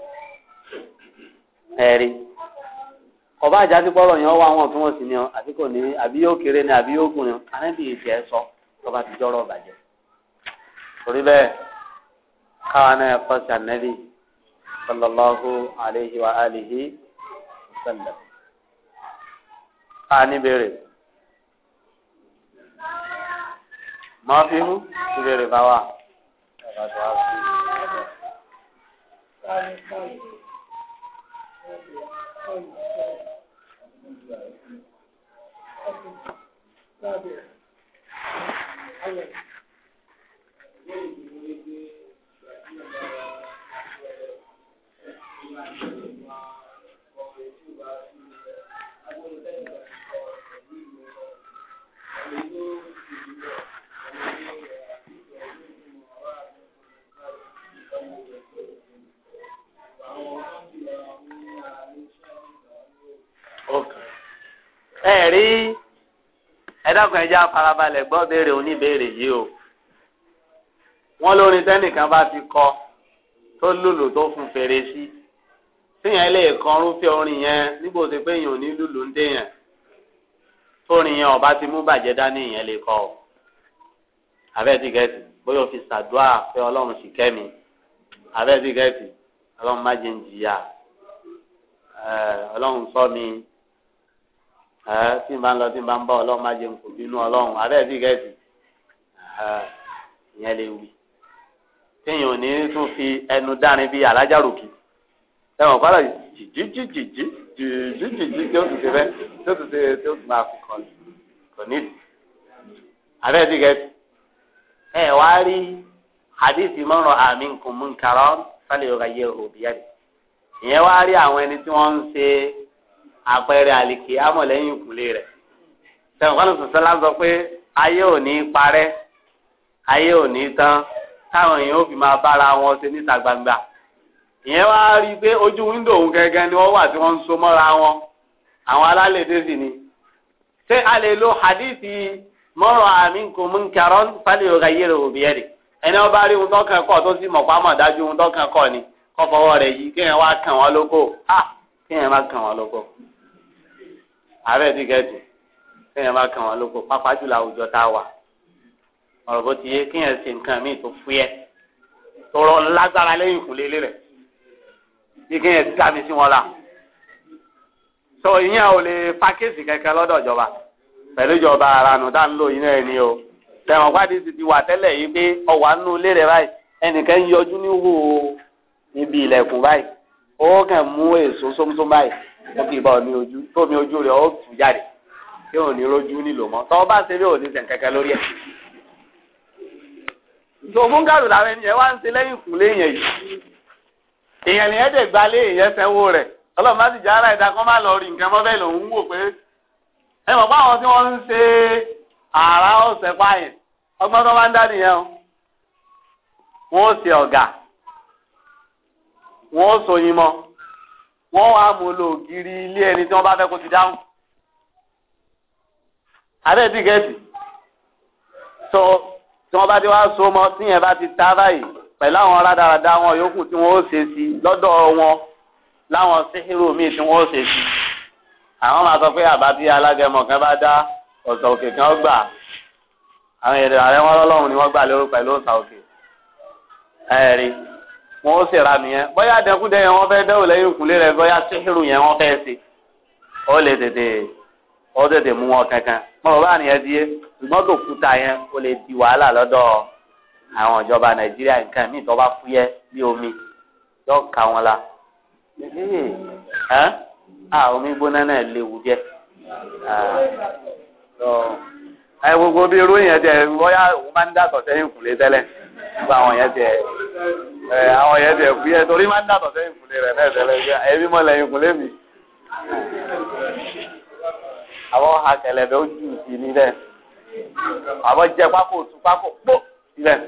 ẹ̀rí ọba àjáde pọ́lọ̀ yẹn wá wọn tí wọ́n sì ní ọ àti kò ní àbí yóò kéré ni àbí yóò gùn ni àníbi ìjẹ́ ẹ sọ ọba ti jọ́rọ̀ bàjẹ́ torí bẹ́ẹ̀ káwa náà kọ́ sí ànẹ́bí sallallahu alayhi wa alihi wa sallam ká ní béèrè máa fi mú ìbéèrè bá wà Thank you. sábẹ̀ ọ̀rẹ́ ẹ dákun ẹ jẹ́ afarabalẹ̀ gbọ́ béèrè oníbèrè yìí o wọ́n lórin tẹ́nìkan bá ti kọ tó lùlù tó fún fèrè sí tíyẹn lè kọrún fẹ́ orin yẹn nígbà tó pé èèyàn ò ní lùlù ń déyàn tórin yẹn ọba ti mú bàjẹ́ dání ìyẹn lè kọ o abẹ́ẹ̀tì gẹ̀ẹ́tì bóyá o fi ṣàdúrà pé ọlọ́run sì kẹ́ mi abẹ́ẹ̀tì gẹ̀ẹ́tì ọlọ́run má jẹ́ jìyà ọlọ́run ṣọ́ mi tí n bá ń lọ tí n bá ń bọ̀ ọlọ́run má jẹ́ nkù bínú ọlọ́run abẹ́ẹ̀ sì gẹ̀ẹ́sì ìyẹn lè wí. téèyàn ò ní tún fi ẹnu dárin bíi alájàròkì ẹ̀wọ̀n kọ́lá jìjìjìjì jìjìjìjì tí ó tún ti fẹ́ tí ó tún ti tí ó tún máa fi kọ́ kò ní ìdí. abẹ́ẹ̀ sì ẹ wá rí hadith mọ́rọ̀ àmì nkùnmú sálẹ̀ yóò yẹ òbí yá ìyẹn wá rí àwọn ẹni tí wọ́n ń ṣe àpẹẹrẹ àlìkè amọ̀lẹ́yìn ìkúlé rẹ̀ sẹ́wọ̀n kọ́nà sọ̀sọ́ la sọ pé ayé ò ní parẹ́ ayé ò ní tán táwọn èèyàn ò fi máa bára wọn ṣe níta gbangba ìyẹn wá rí i pé ojú wíńdò òun gẹ́gẹ́ ni wọ́n wà tí wọ́n ń so mọ́ra wọn àwọn alálẹ̀dẹ́ sì ni ṣé a lè lo hadithi mọ́rọ̀ àmì kò mú nkẹ́rọ́ fálẹ̀ ọ̀gá yé rẹ̀ òbí ẹ̀rì ẹni ọba rí ohun tọ́kàn kọ́ tó sì mọ̀ pámọ̀ dájú ohun tọ́kàn kọ́ ni kọ́ fọwọ́ rẹ̀ yìí kéèyàn wá kàn wọ́n lóko ah kéèyàn má kàn wọ́n lóko ààrẹ ti gẹ̀ẹ́dù kéèyàn bá kàn wọ́n lóko pápá jùlọ àwùjọ tá a wà ọ̀rọ̀ bó ti yé kéèyàn ṣe nǹkan míì tó fúyẹ́ tọrọ lágbára lẹ́yìn ìkúnlẹ̀ ilé rẹ̀ bí kéèyàn dá mi sí wọn la sọ ìyẹn ò lè pàkíyèsí kankan lọ́dọ̀ ìjọba pẹ̀lú ìjọba ara nù dá ń lò yín náà ni o tẹ̀wọ̀n pàdé ti ti wà tẹ́lẹ̀ yìí pé ọwà nù ilé rẹ̀ báyìí ẹnìkan yọjú níwò ibi ilẹ̀kùn báyìí ó kàn mú èso sómsóm báyìí ó kì bá ojú tómi ojú rẹ ó tù jáde tí ò ní rojú nílò mọ́ tọ́ bá ṣe bí ò ní lórí ìṣòfún làwọn ènìyàn wá ń ṣe lẹ́yìn ara ìdá kan lọ rí nǹkan lòun pé ẹ mọ̀ pé àwọn tí wọ́n ń ṣe àrà ọ̀sẹ̀ pààyàn ọgbọ́n tó máa wọ́n ó wọ́n wá mú lò ògiri ilé ẹni tí wọ́n bá fẹ́ kó ti dáhùn. àbẹ́ẹ̀ gẹ̀ẹ́sì sọ tí wọ́n bá ti wá so mọ́ tíyẹn bá ti ta báyìí pẹ̀lú àwọn rádaràda wọn yòókù tí wọ́n ó ṣe sí lọ́dọ̀ wọn láwọn síhírò míì tí wọ́n ó ṣe sí. àwọn máa sọ pé àbá tí alágẹmọ kan bá dá ọ̀sà òkè kan gbà àwọn èrè ààrẹ wọn lọ́lọ́run ni wọ́n gbà lérò pẹ̀lú ọ̀sà òkè ẹ̀rí wọn ó sì ra mi yẹn bóyá dẹkúndẹ yẹn wọn fẹ́ dẹwò lẹ́yìn ìkúnlẹ̀ rẹ bóyá síhìrù yẹn wọn fẹ́ ṣe ó lè tètè ó tètè mú wọn kankan mo rò bá nìyẹn di yé ṣùgbọ́n tó kúta yẹn ó lè di wàhálà lọ́dọ̀ àwọn ìjọba nàìjíríà nǹkan míì tó bá fúyẹ́ bí omi yóò ka wọn la ẹ a omi gbóná náà léwu díẹ̀ ẹ gbogbo bí irú yẹn tẹ bóyá wọn máa ń dàtọ̀ sẹ́yìn ìkúnlẹ̀ tẹ́lẹ̀ gba àwọn yẹn tiẹ̀ ẹ àwọn yẹn tiẹ̀ fúyẹ́ torí máa ń dàtọ̀ sẹ́yìn kùlé rẹ̀ náà tẹ́lẹ̀ bí ẹbí mọ́ lẹ́yìn kùlé mi. àwọn akẹlẹ̀ bẹ́ẹ̀ ó jù sí ní bẹ́ẹ̀ àwọn jẹ pákó tu pákó pọ̀ sílẹ̀.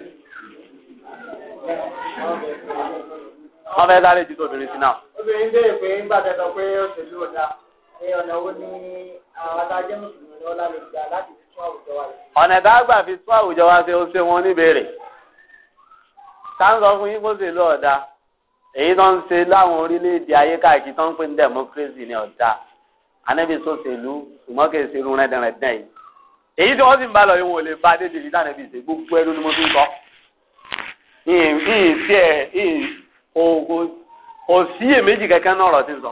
wọ́n fẹ́ dálé ju tóbìnrin sí náà. obìnrin béèrè pé ń gbàgbé sọ pé òṣèlú ò dáa pé ọ̀nà wo ni àwọn adájọ́ mùsùlùmí ọlá lè gbà láti fi tún àwùjọ wa ṣe. ọ̀nà tá a gbà fi tún àwùjọ wa ṣe ó ṣe wọn níbèrè sáńsọ fún yín kó sì lọ ọ̀dà èyí tó ń ṣe láwọn orílẹ̀-èdè ayé káàkiri tó ń pè ní democracy ní ọ̀dà anábì sọ̀sẹ̀lú ṣùgbọ́n kì í ṣe irú rẹ́dẹ̀rẹ́dẹ̀ yìí èyí tí wọ́n sì ń bá lọ yìí wọn ò lè bá débi ìdí tànàbì ṣe gbogbo ẹnu ni mo fi ń kọ́ kò sí èméjì kankan náà ọ̀rọ̀ ti sọ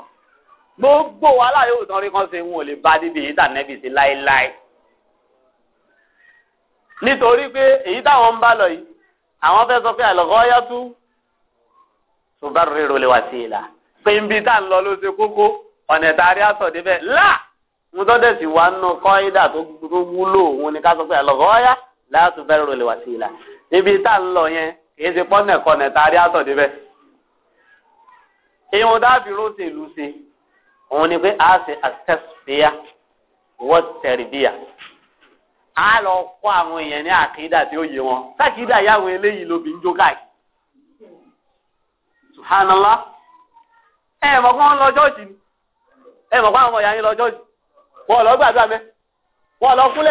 gbogbo wàhálà yóò tán rí kan ṣe wọn ò lè bá débi ìdí tànàbì ṣe láéláé nítorí pé èyí táwọn ń bá lọ yìí àwọn fẹ́ sọ pé àlọ́kọ́yọ́tú ṣùgbọ́n rírò lè wá sí i la pé ń bi tá à ń lọ ló ṣe kókó ọ̀nà ìtaari àsọ̀dé bẹ́ẹ̀ là ń tọ́ dẹ̀ sí wa nù kọ́ídà tó wúlò òun ni ká sọ pé àlọ́kọ́yá láti bẹ́ẹ̀ rírò lè wá sí i la ibi tá à ń lọ yẹn kìí ṣe pọ́nà ẹ̀kọ́ ọ̀nà ìtaari àsọ̀dé bẹ́ẹ̀. ìwọ̀n dábì róṣèlú ṣe òun ni pé a ṣe àṣẹ́ṣ a lọ kọ àwọn èèyàn ní àkídà tí ó yé wọn sákìdá yàwọn eléyìí ló fi ń jó káàkiri Suhanala. ẹ mọ̀ pé lọ jọ́ọ̀jì ni ẹ mọ̀ pé àwọn lọ jọ́ọ̀jì wọ́n lọ gbàdúrà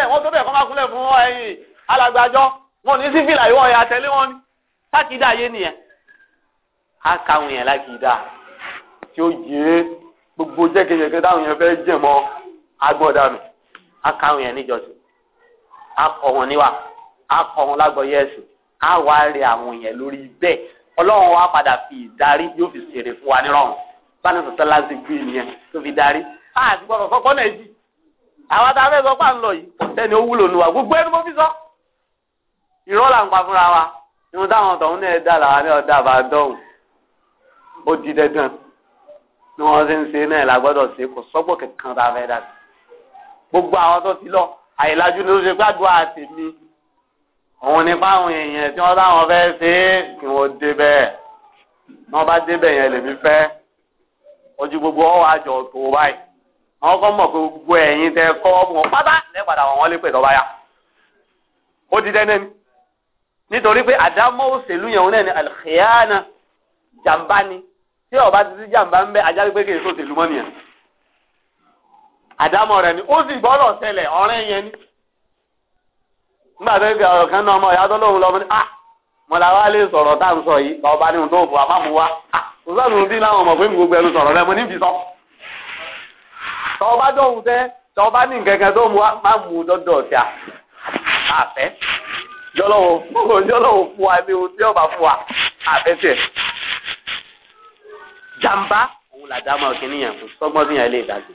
lọ tó bẹ̀ kọ́ máa fún wọn ní sífìlà ìwọ ọ̀yà tẹ̀lé wọn ni sákìdá yé nìyẹn èèyàn lákìdá tí ó yé gbogbo jẹ́kẹ̀jẹ̀kẹ̀ táwọn èèyàn fẹ́ jẹ̀ mọ́ akọ wọn níwà akọ wọn lágbọ̀ọ́yé ẹ̀sìn á wá rẹ àwọn èèyàn lórí bẹ́ẹ̀ ọlọ́run wa padà fi ìdarí yóò fi ṣèrè fún wa nírọ̀rùn báni sọ̀tẹ́ láti gbé nìyẹn tó fi darí àti gbọ́dọ̀ sọ́kọ́ náà jì àwọn tá a fẹ́ sọ pà ń lọ yìí sẹ́ni ó wúlò nù wá gbogbo ẹni mo fi sọ ìrọ́ là ń pa fúnra wa irun táwọn tọ̀hún náà dà làwọn ní ọ̀dà bá dọ̀hùn ó di dandan ni wọ́n ṣe ń ṣe náà làgbọ́dọ̀ ṣe kò sọ́gbọ̀ kankan tá a fẹ́ dà sí gbogbo àwọn tó ti lọ àìlájú ló ṣe gbàgbọ́ àtẹ̀mí òun ni fáwọn èèyàn tí wọ́n láwọn fẹ́ ṣe é kí wọ́n débẹ̀ wọ́n bá débẹ̀ yẹn lèmi fẹ́ ojú gbogbo ọwọ́ àjọ tó báyìí wọ́n kọ́ mọ̀ pé gbogbo ẹ̀yin tẹ kọ́ wọn pátá lẹ́gbàdà wọn lè pè tọ́ba ya ó di dẹ́nẹ́ ni nítorí pé àdámọ́ òṣèlú yẹn òun náà ni àlùkìyàna jàǹbá ni tí ọba ti sí jàǹbá ń bẹ ajá pé kì í sọ òṣèlú mọ́ nìyẹn àdámọ̀ rẹ̀ ni ó sì gbọ́dọ̀ ṣẹlẹ̀ ọ̀rẹ́ yẹn ni. nígbà tó ń gbé ọ̀rọ̀ kan náà ọmọ ìyá tó lóun lọ́mọ ní à ah, mo la wá lè sọ̀rọ̀ tá à ń sọ yìí ọba ní tó bù àmàmù wa òṣèlú bí láwọn ọmọ pé mi gbogbo ẹnu sọ̀rọ̀ rẹ mo ní fi sọ. tọ́ba dọ̀hún tẹ́ tọ́ba ní kẹ̀kẹ́ tó mu má mu dọ́dọ̀ ọ̀sẹ̀ àfẹ́ jọlọ́wọ́ fún wa ní ohun tí òun làdámọ̀ kínní yẹn fún sọ́gbọ́n sí yẹn lè dàgbé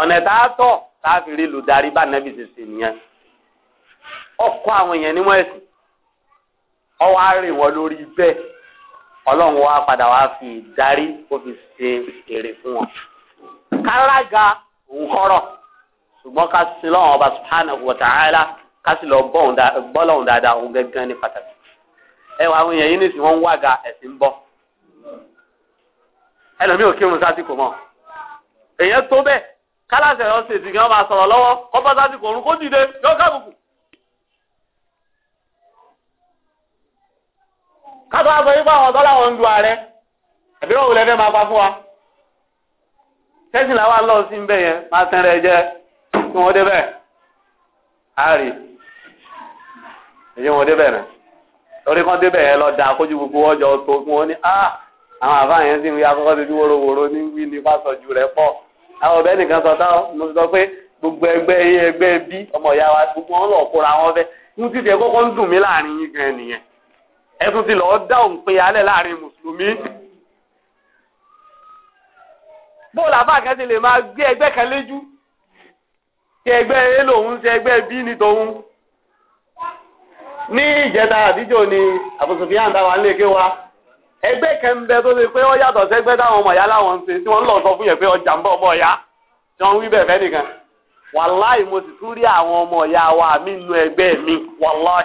ọ̀nà tá a tọ̀ tá a fi rí lùdarí bá nẹ́bí ṣèṣe nìyẹn ọkọ àwọn èèyàn níwọ̀n ẹ̀sìn ọwọ́ á rìn wọn lórí bẹ́ẹ̀ ọlọ́run wa padà wá fi ìdarí ó fi ṣe èrè fún wọn kárága òun kọ́rọ̀ ṣùgbọ́n ká sí lọ́wọ́n ọba subhanahu wa ká sì lọ bọ́ dáadáa òun gẹ́gẹ́ ní pàtàkì ẹ wà àwọn èèyàn yìí nìsín wọ́n ń wága ẹ̀sìn ń ẹlòmíì ò kírun sásìkò mọ́ èèyàn tó bẹ́ẹ̀ kálásẹ̀ yọ ṣèṣì kí wọ́n máa sọ̀rọ̀ lọ́wọ́ sásìkò òun kó dìde yọ kábùkù. kátó àgbẹ̀ yìí fáwọn ọ̀dọ́ làwọn ń du ààrẹ ẹ̀bí wọn ò lẹ́fẹ́ máa pa fún wa. tẹ́sí làwọn àlọ́ sí ń bẹ̀ yẹn máa tẹ́rẹ̀ jẹ́ kí wọ́n débẹ̀ àárí èyí wọn débẹ̀ rẹ̀ lórí kan débẹ̀ yẹn lọ da kójú gbogbo ọjọ́ tó fún wọn ní ah, àwọn àfáà yẹn sì ń wí akọ́kọ́ dojú wóróworó ní wí ní fásọjú rẹ̀ pọ̀ àwọn ọ̀bẹ nìkan sọ táwọn mo sọ pé gbogbo ẹgbẹ́ yín ẹgbẹ́ bí ọmọ ìyá wa gbogbo wọn lọ kóra wọn fẹ́ ní títí ẹ kọ́kọ́ ń dùn mí láàrin yín gan nìyẹn ẹ tún ti lọ́ọ́ dá òǹpin alẹ́ láàrin mùsùlùmí bóòlù àbá kan ti lè máa gbé ẹgbẹ́ kan léjú ṣe ẹgbẹ́ e lòun ṣe ẹgbẹ́ bí ni tòun ní ìjẹta àdíjò ni àbùsùnfíà ń ń lè ké wa. egbe kemgbe bẹ tó ṣe pé ó yàtọ̀ sẹ́gbẹ́ táwọn ọmọ ìyá láwọn ń ṣe tí wọ́n lọ sọ fún yẹn pé ọjà ń bọ̀ ọmọ ya tí wọ́n wa mi nu ẹgbẹ́ mi wàláì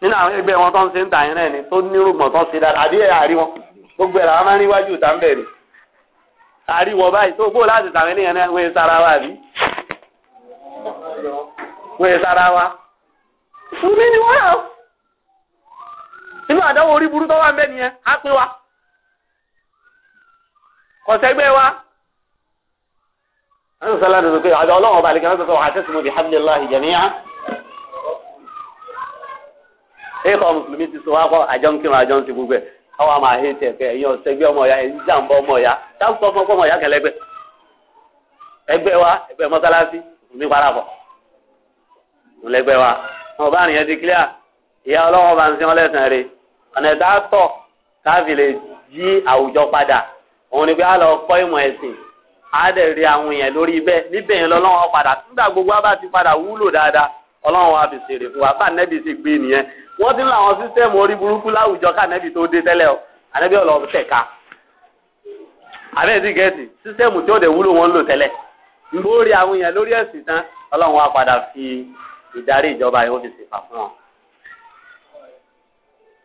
nínú àwọn ẹgbẹ́ wọn tó ń ṣe tàyín náà ni tó nírùgbọ̀n tó ṣe dáadáa àrí wọn gbogbo ẹ̀rọ àwọn aríwájú ìta ń àrí wọn báyìí tó gbóò láti náà wọ́n ni wọ́n inu àdánwò orí burú tó wà ń bẹ nìyẹn á pín wa kọ̀sẹ́gbẹ́ wa. ẹnu sọlá nínú pé àjọ ọlọ́run ọba àlekẹ́ náà sọ àtẹ́sìmọ́ bíi hamdulillahi jamiya. ẹ̀kọ́ mùsùlùmí ti sọ wá kọ́ ti gbogbo ẹ̀ káwa máa hé tẹ̀ kẹ́ ẹ̀yin ọ̀sẹ̀gbẹ́ ọmọ ọ̀yá ẹ̀yin jàǹbọ̀ ọmọ ọ̀yá táwọn ọmọ ọmọ ọ̀yá kẹlẹ́gbẹ́ wa ẹgbẹ́ mọ́sálásí ní parapọ̀ wa ti kílíà ìyá ọlọ́wọ́ bá ọ̀nà tá a tọ̀ káfí lè yí àwùjọ padà òun ni pé a lọ kọ́ ìmọ̀ ẹ̀sìn a dẹ̀ rí àwọn èèyàn lórí bẹ́ẹ̀ níbẹ̀ yẹn padà gbogbo a bá ti padà wúlò dáadáa ọlọ́run a fi ṣèrè fún wa bá nẹ́bí ti gbé nìyẹn wọ́n ti ń lọ àwọn sísẹ́mù orí burúkú láwùjọ ká nẹ́bí tó dé tẹ́lẹ̀ o ànẹ́bí ọ̀lọ́ tẹ̀ka àbẹ́ẹ̀ gẹ̀ẹ́sì sísẹ́mù tí ó dẹ̀ wúlò wọn lò tẹ́lẹ̀ àwọn èèyàn lórí ẹ̀sìn tán ọlọ́run padà fi ìdarí ìjọba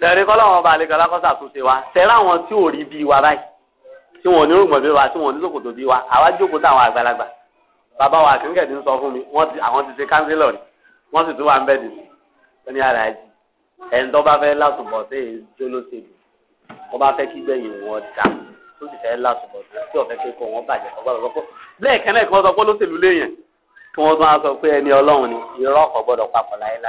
tẹ̀rí kọ́lọ́wọ́n ọba àlejò alákọ́sà tó wa tẹ̀rí àwọn tí ò rí bíi wa báyìí tí wọ́n ní rògbòdì wa tí wọ́n ní ṣòkòtò bíi wa àwa táwọn àgbàlagbà bàbá wa àkínkẹ́ ń sọ fún mi àwọn ti ṣe kánsílọ̀ rí wọ́n sì tún wà ń bẹ̀ dìbò ó ní ara ẹ̀jì ẹni tó bá fẹ́ lásùbọ̀ sí ìjó lóṣèlú tó bá fẹ́ kí gbẹ̀yìn wọn dà tó sì fẹ́ lásùbọ̀ sí ọ̀fẹ́ kékeré wọn bàjẹ́ ọgbà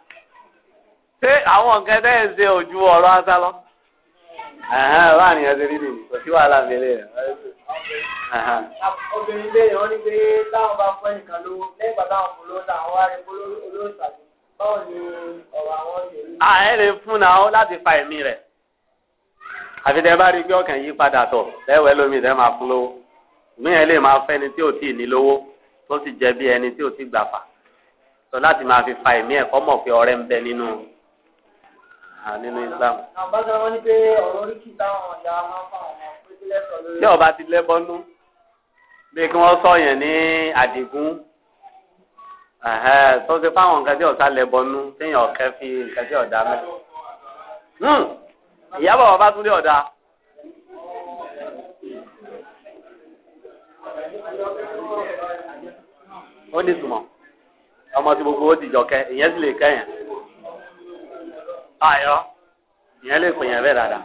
ṣé àwọn nǹkan tẹ́ ẹ ṣe ojú ọ̀rọ̀ ata lọ. báàrin ẹ ṣe rí nìyí kò sí wàhálà mẹ́lẹ̀ rẹ̀. obìnrin léèrè wọn ní pé táwọn bá fún ẹnìkan lówó lẹ́yìn ìgbà táwọn kò lówó táwọn wá rí olóòṣà báwo ni ọ̀rọ̀ àwọn ṣe rí. àyẹ̀ lè fún náà láti fa ẹ̀mí rẹ̀ àfi tẹ bá rí pé ọkàn yí padà tọ̀ lẹ́wẹ̀ẹ́ lómi tẹ máa fún lówó míyẹn lè máa fẹ́ni tí ò tí ì ní lówó tó sì jẹ bí ẹni tí ò tí gbà fà tó láti máa fi fa ẹ̀mí ẹ̀kọ́ mọ̀ pé ọ̀rẹ́ ń bẹ nínú nínú Islam. àbájá wọn ní pé ọ̀rọ̀ oríkì táwọn ọ̀yà máa ń fà wọn pé kí lẹ́sọ̀ lórí. tí ọba ti lẹ́bọ́nú bí kí wọ́n sọ̀yàn ní àdìgún tó ṣe fáwọn nǹkan tí ọ̀sá lẹ́bọ́nú téèyàn ọ̀kẹ́ fi nǹkan tí ọ̀dà mẹ́. Hmm, ìyábọ̀ bàbá tún lé ọ̀dà. ó ní ìtumọ̀ ọmọ tí gbogbo ó ti jọ kẹ ìyẹn sì lè kẹyàn. ayọ̀ ìyẹn lè pè yẹn bẹ́ẹ̀ dáadáa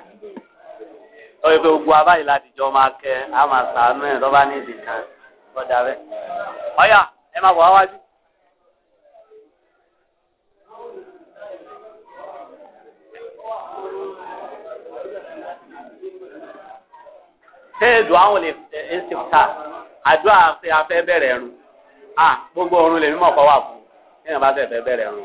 ó yẹ pé gbogbo abáyé láti jọ máa kẹ á máa sàánú ẹ̀ lọ́ba ní ìdí kan lọ́dà bẹ́ẹ̀ ọ̀yà ẹ máa bọ̀ wá wájú. ṣéèdù àwọn lè ṣèkúta àdúrà àfẹ afẹ bẹ̀rẹ̀ gbogbo ọrùn lè mímọ kọ wà fún kéèyàn bá fẹ́ fẹ́ bẹ̀rẹ̀ ẹrù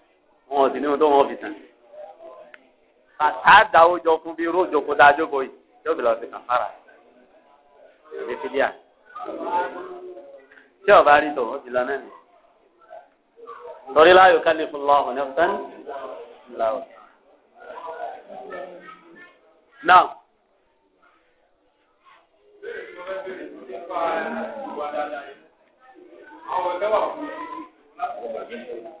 wọn ò sì ní ohun tó wọn fi tàn àtàdà òjò fún bí rójò kó dáa jókòó yìí yóò fi lọ sí kàfàrà ìròyìn fídíà tí ọba rí tòun ó ti lọ náà ni torí láyò kálí fún lọ ọ̀hún ẹ̀fọn làwọn. now. Àwọn ẹgbẹ́ wà fún mi láti ọ̀gá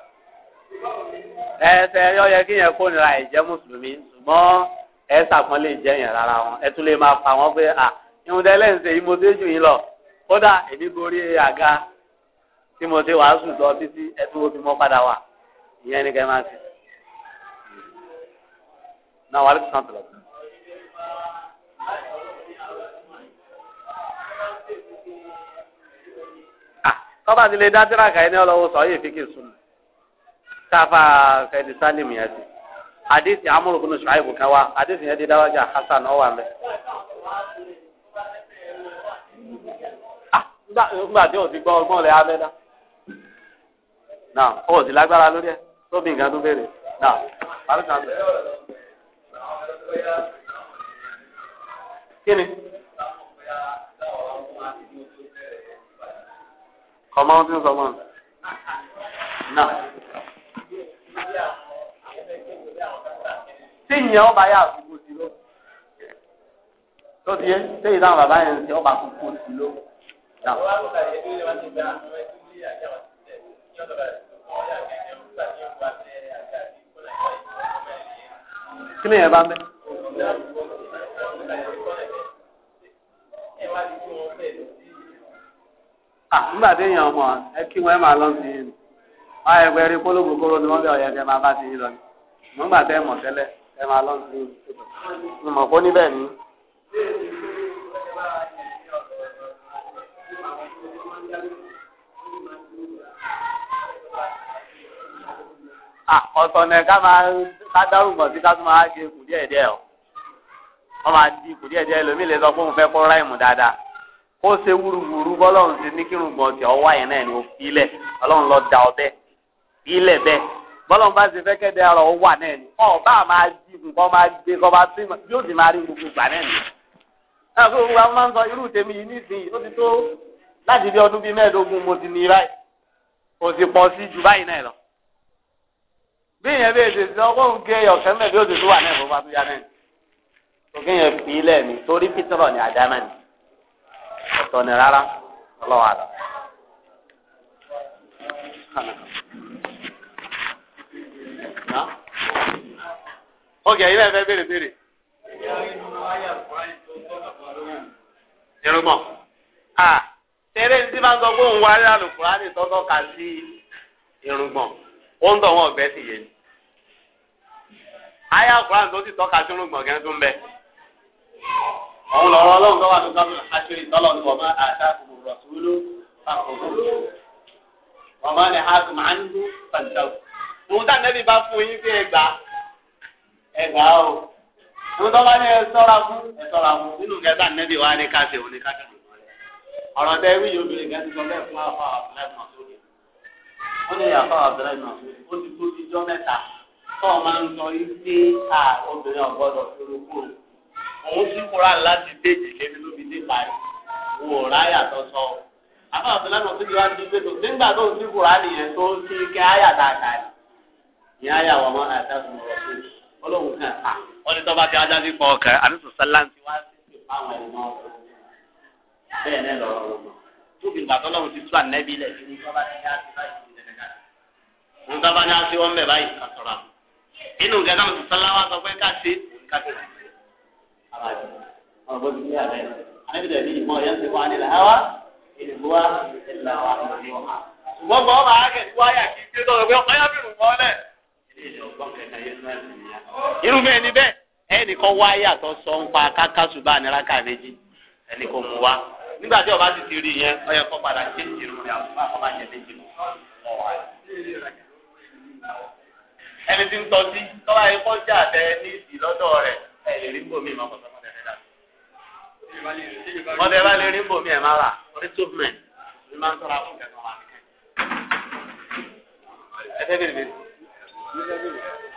ẹsẹ̀ yọ yẹ kí yẹn kó nira ẹ̀jẹ̀ mùsùlùmí ṣùgbọ́n ẹ sàpọ́n lè jẹ́ yẹn rárá wọn ẹ tún lè máa fà wọ́n pé à ìhun tẹ́lẹ̀ ń ṣe yìí mo ṣe jù yín lọ kódà èmi gorí àga tí mo ṣe wàásù lọ títí ẹ tún omi mọ́ padà wà ìyẹn ni kẹ́ máa ṣe. náà wàá lè tún àtọ̀lọ́. tọ́ba ti lè dá tíráàkà yẹn ọlọ́wọ́ sọ yìí fi kì í sùn. káfa kẹni sálìm yẹn ti àdìsí amúlùkùnú ṣùáìbù kan wá àdìsí yẹn ti dáwájà hasan ọwọ àmì. nígbà tí o ti gbọ́ ọgbọ́n rẹ̀ abẹ́dá náà o sì lágbára lórí ẹ̀ tó bí nǹkan tó béèrè náà parí kan bẹ̀. kí ni. kọ́mọ́ tí ń sọ mọ́ náà. tí ìyẹn ọba yà àkókò sí ló tó ti yé bàbá yẹn ń ṣe àkókò sí ló. kí ni yẹn bá ń bẹ. nígbà téèyàn ọmọ ẹ kí wọn ẹ máa lọ sí i wọ́n á ẹgbẹ́ rí kólóbù kóró ni wọ́n bẹ̀ ọ̀yẹ́ kẹ́ máa bá ti yí lọ ni mo ń gbà tẹ́ mọ̀ tẹ́lẹ̀ ẹ máa lọ́n sí i mọ̀ kó níbẹ̀ ni. ọ̀sọ̀nà ká máa ká dárúgbọ̀n sí ká tún máa ṣe kù díẹ̀ díẹ̀ o wọ́n máa di kù díẹ̀ díẹ̀ lómi lè sọ pé òun fẹ́ kọ́ ráìmù dáadáa kó wúruwúru bọ́lọ́run ti ní kírun gbọ̀n tí ọwọ́ àyẹ̀ ni ó fi lẹ̀ lọ da ọbẹ̀ ilẹ̀ bẹ́ẹ̀ bọ́lọ́n bá ṣe fẹ́ kẹ́dẹ́ ọ̀rọ̀ ó wà náà ni ọba máa di nǹkan máa gbé kọ́ bá sí yóò sì máa rí gbogbo gbà náà ni. náà fún gbogbo àwọn máa ń sọ irú tèmi yìí nísìnyí ó ti tó láti bí ọdún bíi mẹ́ẹ̀ẹ́dógún mo ti ní báyìí kò sì pọ̀ sí ju báyìí náà lọ. bí ìyẹn bí èsì sọ kó ń gé ọ̀kẹ́ mẹ́ẹ̀ bí ó ti tó wà náà bó yá náà ni. òkè yẹn fi ilẹ̀ mi torí pítọ̀rọ̀ ọkẹ yìí lẹ́ẹ̀fẹ́ béèrè béèrè. irúgbọ̀n a tẹ́lẹ̀ ní tí máa sọ pé òun wá rí àlùkùránì tọ́tọ́ ka sí irúgbọ̀n ó tọ̀ wọ́n ọ̀bẹ sì yé ni. ayé àlùkùránì tó ti tọ́ka sí irúgbọ̀n gẹ́gẹ́ ń bẹ. òun lọ̀rọ̀ ọlọ́run tó wà ní kábílì aṣèré tọ́lọ̀ ní wọ́n àdá kùkù rọ̀ sùúrù pàkókò wọ́n máa ní hàtùmáà òun tá nẹ́bí bá fún yín sí ẹgbàá ẹgbàá o òun tó bá ní ẹ sọ́ra fún ẹ sọ́ra fún nínú kẹta nẹ́bí wa ní káṣe òun ní káṣe ọ̀rọ̀ tẹ wí yóò bèrè gẹ́gẹ́ sọ bẹ́ẹ̀ fún àfa àbúrẹ́mù ọ̀sọ́dẹ̀ ó ní àfa àbúrẹ́mù ọ̀sọ́dẹ̀ ó ti kó ti jọ́ mẹ́ta tó o máa ń sọ yìí pé à obìnrin ọ̀gbọ́dọ̀ fúru kúrò òun sì kúra láti déjì lébi ló fi dé parí wò ráyà tó sọ àfa àbúrẹ́mù ọ̀sọ́dẹ̀ wá ń dúpẹ́ tó nígbà tó o sì kúra nìyẹn tó ń sí kẹ́ áyà dáadáa ìyá yà wọ́n mọ́ àtàkùn ọ̀rọ̀ sí ọlọ́run kan à wọ́n ní tọ́ba ti ajá sí pọ̀ ọ̀kẹ́ àdúgbò sáláǹtì wá sí ìpáwọn ẹ̀rọ náà bẹ́ẹ̀ náà lọ́rọ̀ wọn mọ́ tóbi ìgbà tọ́lọ́run ti tú ànẹ́bí lẹ̀ ní tọ́ba ti yá sí báyìí ní tọ́ba ní aṣọ wọn bẹ̀ báyìí ká sọ̀rọ̀ àbọ̀ inú nǹkan náà ti sọ́lá wa sọ pé ká ṣe ká ṣe ṣùgbọ́n bọ́ọ̀ bá á kẹ̀ tí wáyà kí n gbé tọ́lọ́ pé ọ̀pá yà fi rùn mọ́lẹ̀ irú bẹ́ẹ̀ ni bẹ́ẹ̀ ẹnìkan wá yàtọ̀ sọ ń pa kákásùbà níraka méjì ẹnìkan mú wa nígbà tí ọba ti ti rí yẹn ọyọ kọ padà ṣe ti rún ní àbúrò àkọ́bá jẹ méjì mú ẹni tí ń tọ́ sí tọ́ba yẹn kọ́ jà tẹ ní ìsì lọ́dọ̀ rẹ̀ ẹ lè rí bòmí ma kọ́sọ́ mọ́tẹ́ rẹ̀ dàbí. mọ́tẹ́ bá lè rí bòmí ẹ̀ má rà orí ní máa ń tọ́ra fún kẹsàn-án ẹ fẹ́ bèrè bèrè. 你在那边。